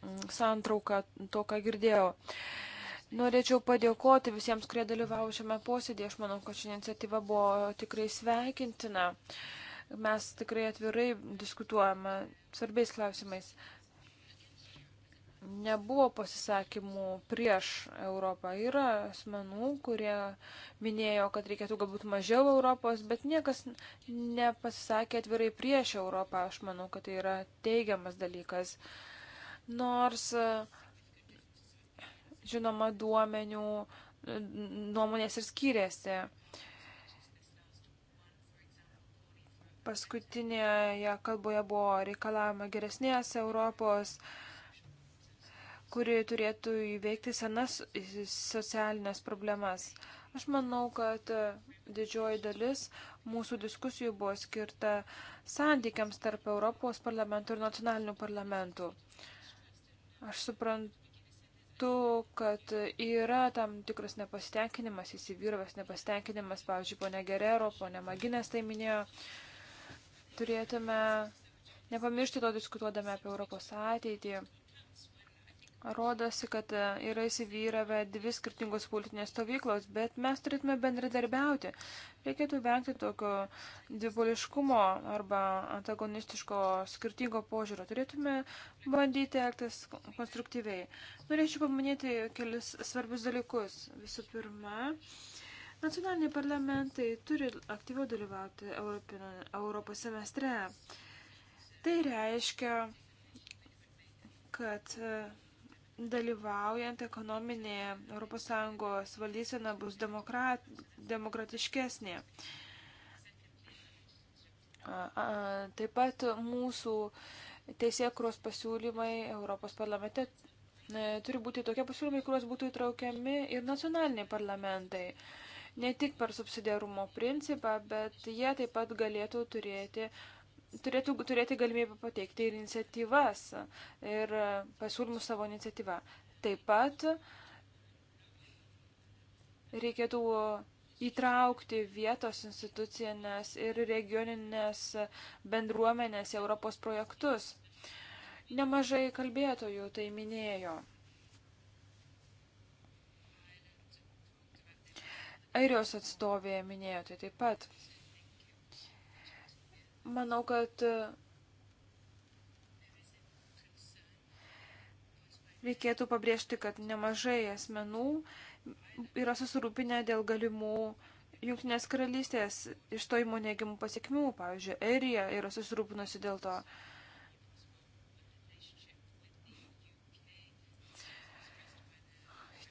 mm, santrauką to, ką girdėjau. Norėčiau padėkoti visiems, kurie dalyvavo šiame posėdėje. Aš manau, kad ši iniciatyva buvo tikrai sveikintina. Uh, Mes tikrai atvirai diskutuojame svarbiais klausimais. Nebuvo pasisakymų prieš Europą. Yra asmenų, kurie minėjo, kad reikėtų galbūt mažiau Europos, bet niekas nepasisakė atvirai prieš Europą. Aš manau, kad tai yra teigiamas dalykas. Nors, žinoma, duomenių nuomonės ir skiriasi. Paskutinėje kalboje buvo reikalavima geresnės Europos, kuri turėtų įveikti senas socialinės problemas. Aš manau, kad didžioji dalis mūsų diskusijų buvo skirta santykiams tarp Europos parlamentų ir nacionalinių parlamentų. Aš suprantu, kad yra tam tikras nepasitenkinimas, įsivyravęs nepasitenkinimas, pavyzdžiui, ponė Gerero, ponė Maginės tai minėjo. Uh, turėtume nepamiršti to diskutuodami apie Europos ateitį. Rodosi, kad e, yra įsivyravę dvi skirtingos politinės stovyklos, bet mes turėtume bendradarbiauti. Reikėtų vengti tokio dvipoliškumo arba antagonistiško skirtingo požiūrio. Turėtume bandyti elgtis konstruktyviai. Norėčiau paminėti kelis svarbius dalykus. Visų pirma, uh, Nacionaliniai parlamentai turi aktyviau dalyvauti Europino, Europos semestre. Tai reiškia, kad e, dalyvaujant ekonominėje ES valdysena bus demokrat, demokratiškesnė. Taip pat mūsų teisėkros pasiūlymai Europos parlamente e, turi būti tokie pasiūlymai, kuriuos būtų įtraukiami ir nacionaliniai parlamentai ne tik per subsidiarumo principą, bet jie taip pat galėtų turėti, turėtų turėti galimybę pateikti ir iniciatyvas ir pasiūlymus savo iniciatyvą. Taip pat reikėtų įtraukti vietos institucinės ir regioninės bendruomenės Europos projektus. Nemažai kalbėtojų tai minėjo. Airijos atstovė minėjo tai taip pat. Manau, kad e, reikėtų pabrėžti, kad nemažai asmenų yra susirūpinę dėl galimų Junktinės karalystės išstojimo neigiamų pasiekmių. Pavyzdžiui, Airija yra susirūpinusi dėl to. Uh,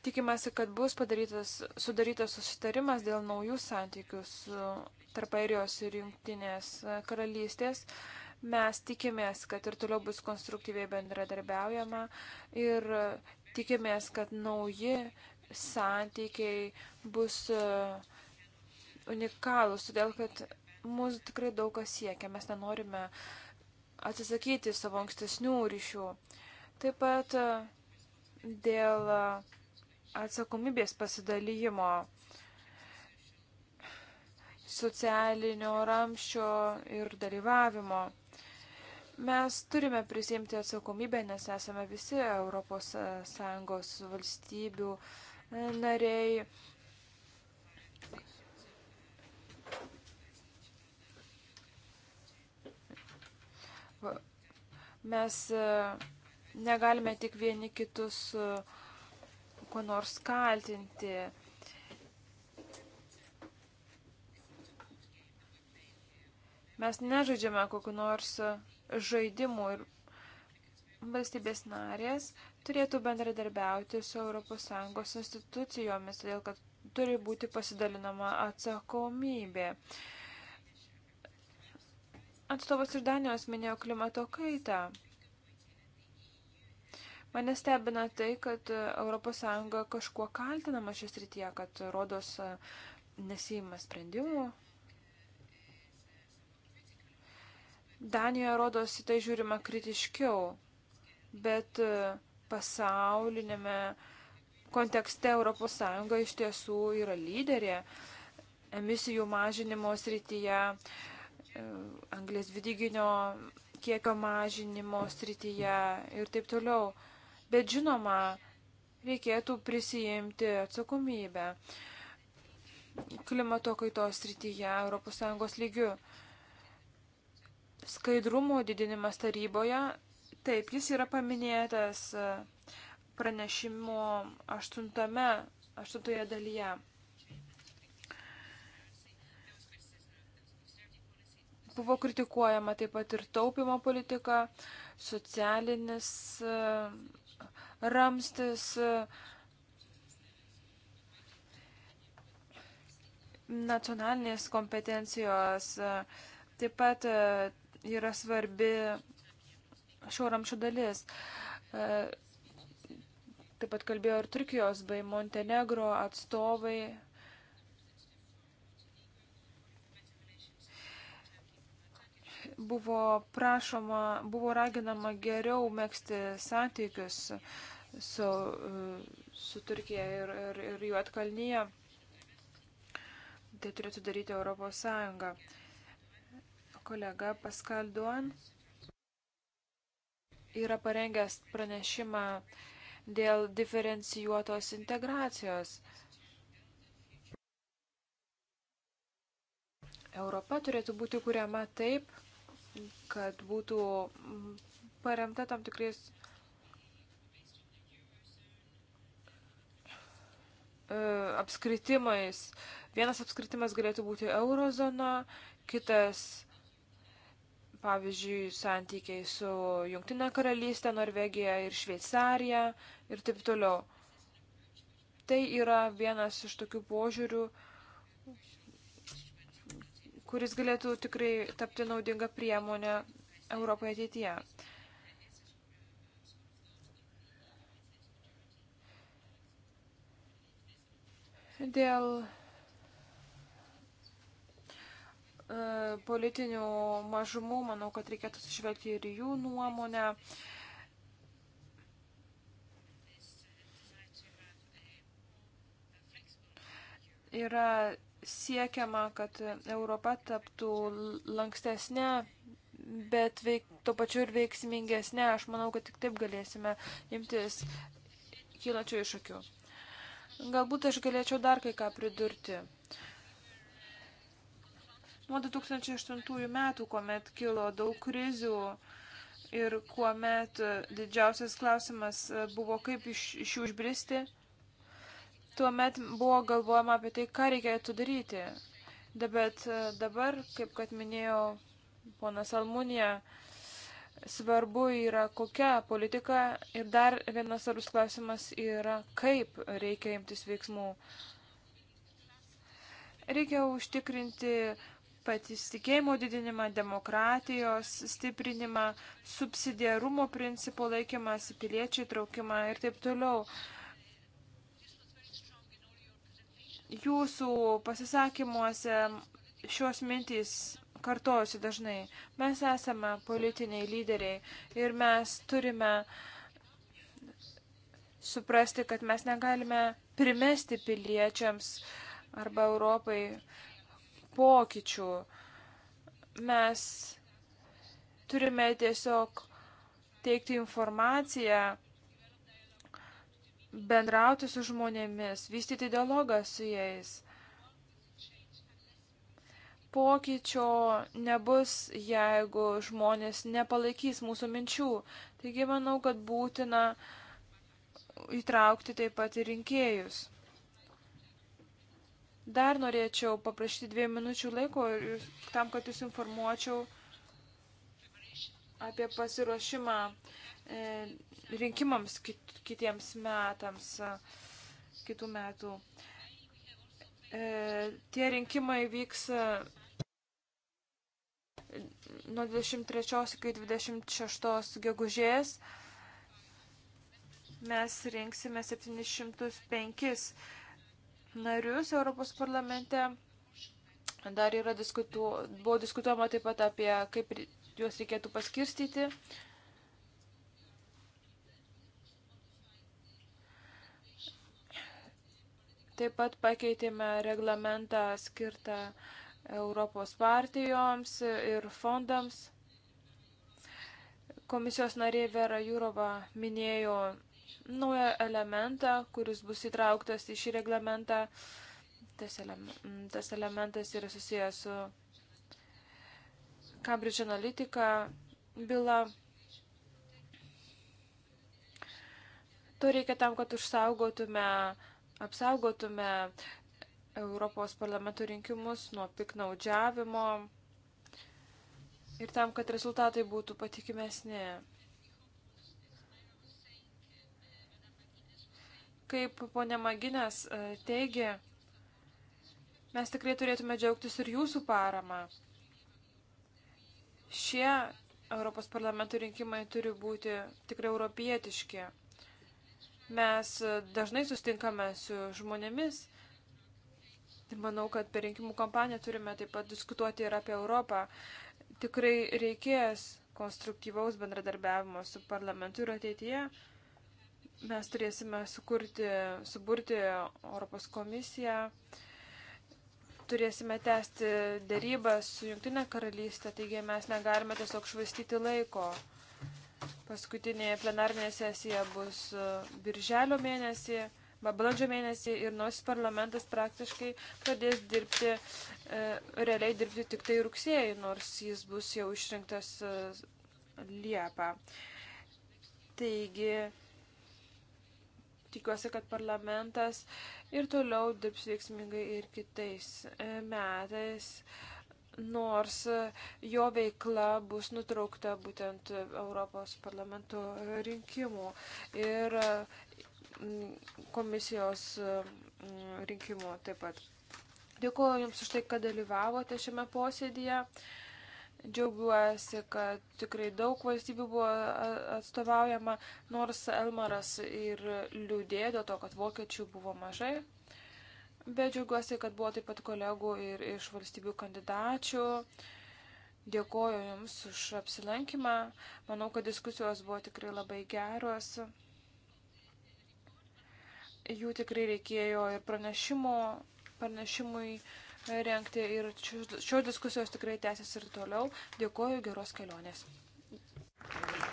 Tikimasi, kad bus padarytas, sudarytas susitarimas dėl naujų santykių tarp Airijos ir Junktinės e, karalystės. Mes tikimės, kad ir toliau bus konstruktyviai bendradarbiaujama ir e, tikimės, kad nauji santykiai bus e, unikalūs, todėl kad mūsų tikrai daug kas siekia. Mes nenorime atsisakyti savo ankstesnių ryšių. Taip pat dėl atsakomybės pasidalymo socialinio ramščio ir dalyvavimo. Mes turime prisimti atsakomybę, nes esame visi ES e, valstybių e, nariai. Mes e, negalime tik vieni kitus uh, kuo nors kaltinti. Mes nežaidžiame kokiu nors žaidimu ir valstybės narės turėtų bendradarbiauti su ES institucijomis, todėl kad turi būti pasidalinama atsakomybė. Atstovas iš Danijos minėjo klimato kaitą. Mane stebina tai, kad ES kažkuo kaltinama šis rytyje, kad rodos e, nesijima sprendimų. Danijoje rodos į tai žiūrima kritiškiau, bet e, pasaulinėme kontekste ES iš tiesų yra lyderė emisijų mažinimo srityje, e, anglės dvideginio kiekio mažinimo srityje ir taip toliau bet žinoma, reikėtų prisijimti atsakomybę klimato kaitos srityje ES lygių. Skaidrumo didinimas taryboje, taip, jis yra paminėtas e, pranešimo aštuntame, aštuntoje dalyje. Buvo kritikuojama taip pat ir taupimo politika, socialinis e, ramstis. Nacionalinės kompetencijos taip pat e, yra svarbi šio ramščio dalis. E, taip pat kalbėjo ir Turkijos bei Montenegro atstovai buvo prašoma, buvo raginama geriau mėgsti santykius su, su Turkija ir, ir, ir jų atkalnyje. Tai turėtų daryti Europos Sąjunga. Kolega Pascal Duan yra parengęs pranešimą dėl diferencijuotos integracijos. Europa turėtų būti kuriama taip, kad būtų mm, paremta tam tikrais e, apskritimais. Vienas apskritimas galėtų būti eurozona, kitas, pavyzdžiui, santykiai su Junktinė karalystė, Norvegija ir Šveicarija ir taip toliau. Tai yra vienas iš tokių požiūrių, kuris galėtų tikrai tapti naudinga priemonė Europoje ateityje. Dėl e, politinių mažumų, manau, kad reikėtų sužvelgti ir jų nuomonę. Yra siekiama, kad Europa taptų lankstesnė, bet veik, to pačiu ir veiksmingesnė. Aš manau, kad tik taip galėsime imtis kylančių iššūkių. Galbūt aš galėčiau dar kai ką pridurti. Nuo 2008 metų, kuomet kilo daug krizių, ir kuomet didžiausias klausimas buvo, kaip iš, iš jų išbristi, Tuomet buvo galvojama apie tai, ką reikėtų daryti. Da, bet e, dabar, kaip kad minėjo ponas Almunija, svarbu yra kokia politika ir dar vienas svarbus klausimas yra, kaip reikia imtis veiksmų. Reikia užtikrinti patistikėjimo didinimą, demokratijos stiprinimą, subsidiarumo principų laikymą, piliečių įtraukimą ir taip toliau. jūsų pasisakymuose šios mintys kartojasi dažnai. Mes esame politiniai lyderiai ir mes turime suprasti, kad mes negalime primesti piliečiams arba Europai pokyčių. Mes turime tiesiog teikti informaciją bendrauti su žmonėmis, vystyti dialogą su jais. Pokyčio nebus, jeigu žmonės nepalaikys mūsų minčių. Taigi manau, kad būtina įtraukti taip pat ir rinkėjus. Dar norėčiau paprašyti dviejų minučių laiko tam, kad jūs informuočiau apie pasiruošimą e, rinkimams kit, kitiems metams, kitų metų. E, tie rinkimai vyks e, nuo 23 iki 26 gegužės. Mes rinksime 705 narius Europos parlamente. Dar yra diskutu, buvo diskutuojama taip pat apie kaip juos reikėtų paskirstyti. E, Taip pat pakeitėme reglamentą skirtą Europos partijoms ir fondams. Komisijos narė Vera Jurova minėjo naują elementą, kuris bus įtrauktas į šį reglamentą. Tas, ele tas elementas yra susijęs su Cambridge Analytica byla. To reikia tam, kad užsaugotume uh, apsaugotume Europos parlamento rinkimus nuo piknaudžiavimo ir tam, kad rezultatai būtų patikimesni. Kaip ponė Maginės e, teigia, mes tikrai turėtume džiaugtis ir jūsų parama. Šie Europos parlamento rinkimai turi būti tikrai europietiški. Mes e, dažnai sustinkame su žmonėmis ir manau, kad per rinkimų kampaniją turime taip pat diskutuoti ir apie Europą. Tikrai reikės konstruktyvaus bendradarbiavimo su parlamentu ir ateityje mes turėsime sukurti, suburti Europos komisiją, turėsime tęsti dėrybą su Junktinė karalystė, taigi mes negalime tiesiog švaistyti laiko. Paskutinė plenarinė sesija bus e, birželio mėnesį, balandžio mėnesį ir nors parlamentas praktiškai pradės dirbti, e, realiai dirbti tik tai rugsėjai, nors jis bus jau išrinktas e, Liepą. Taigi, tikiuosi, kad parlamentas ir toliau dirbs veiksmingai ir kitais e, metais. E, nors e, jo veikla bus nutraukta būtent Europos parlamento rinkimų ir e, komisijos e, rinkimų taip pat. Dėkuoju Jums už tai, kad dalyvavote šiame posėdėje. Džiaugiuosi, kad tikrai daug valstybių buvo atstovaujama, nors Elmaras ir liūdėjo dėl to, kad vokiečių buvo mažai. Bet džiaugiuosi, kad buvo taip pat kolegų ir iš valstybių kandidačių. Dėkoju Jums už apsilankymą. Manau, kad diskusijos buvo tikrai labai geros. Jų tikrai reikėjo ir pranešimo, pranešimui rengti. Ir šios diskusijos tikrai tęsis ir toliau. Dėkoju, geros kelionės. Thank you.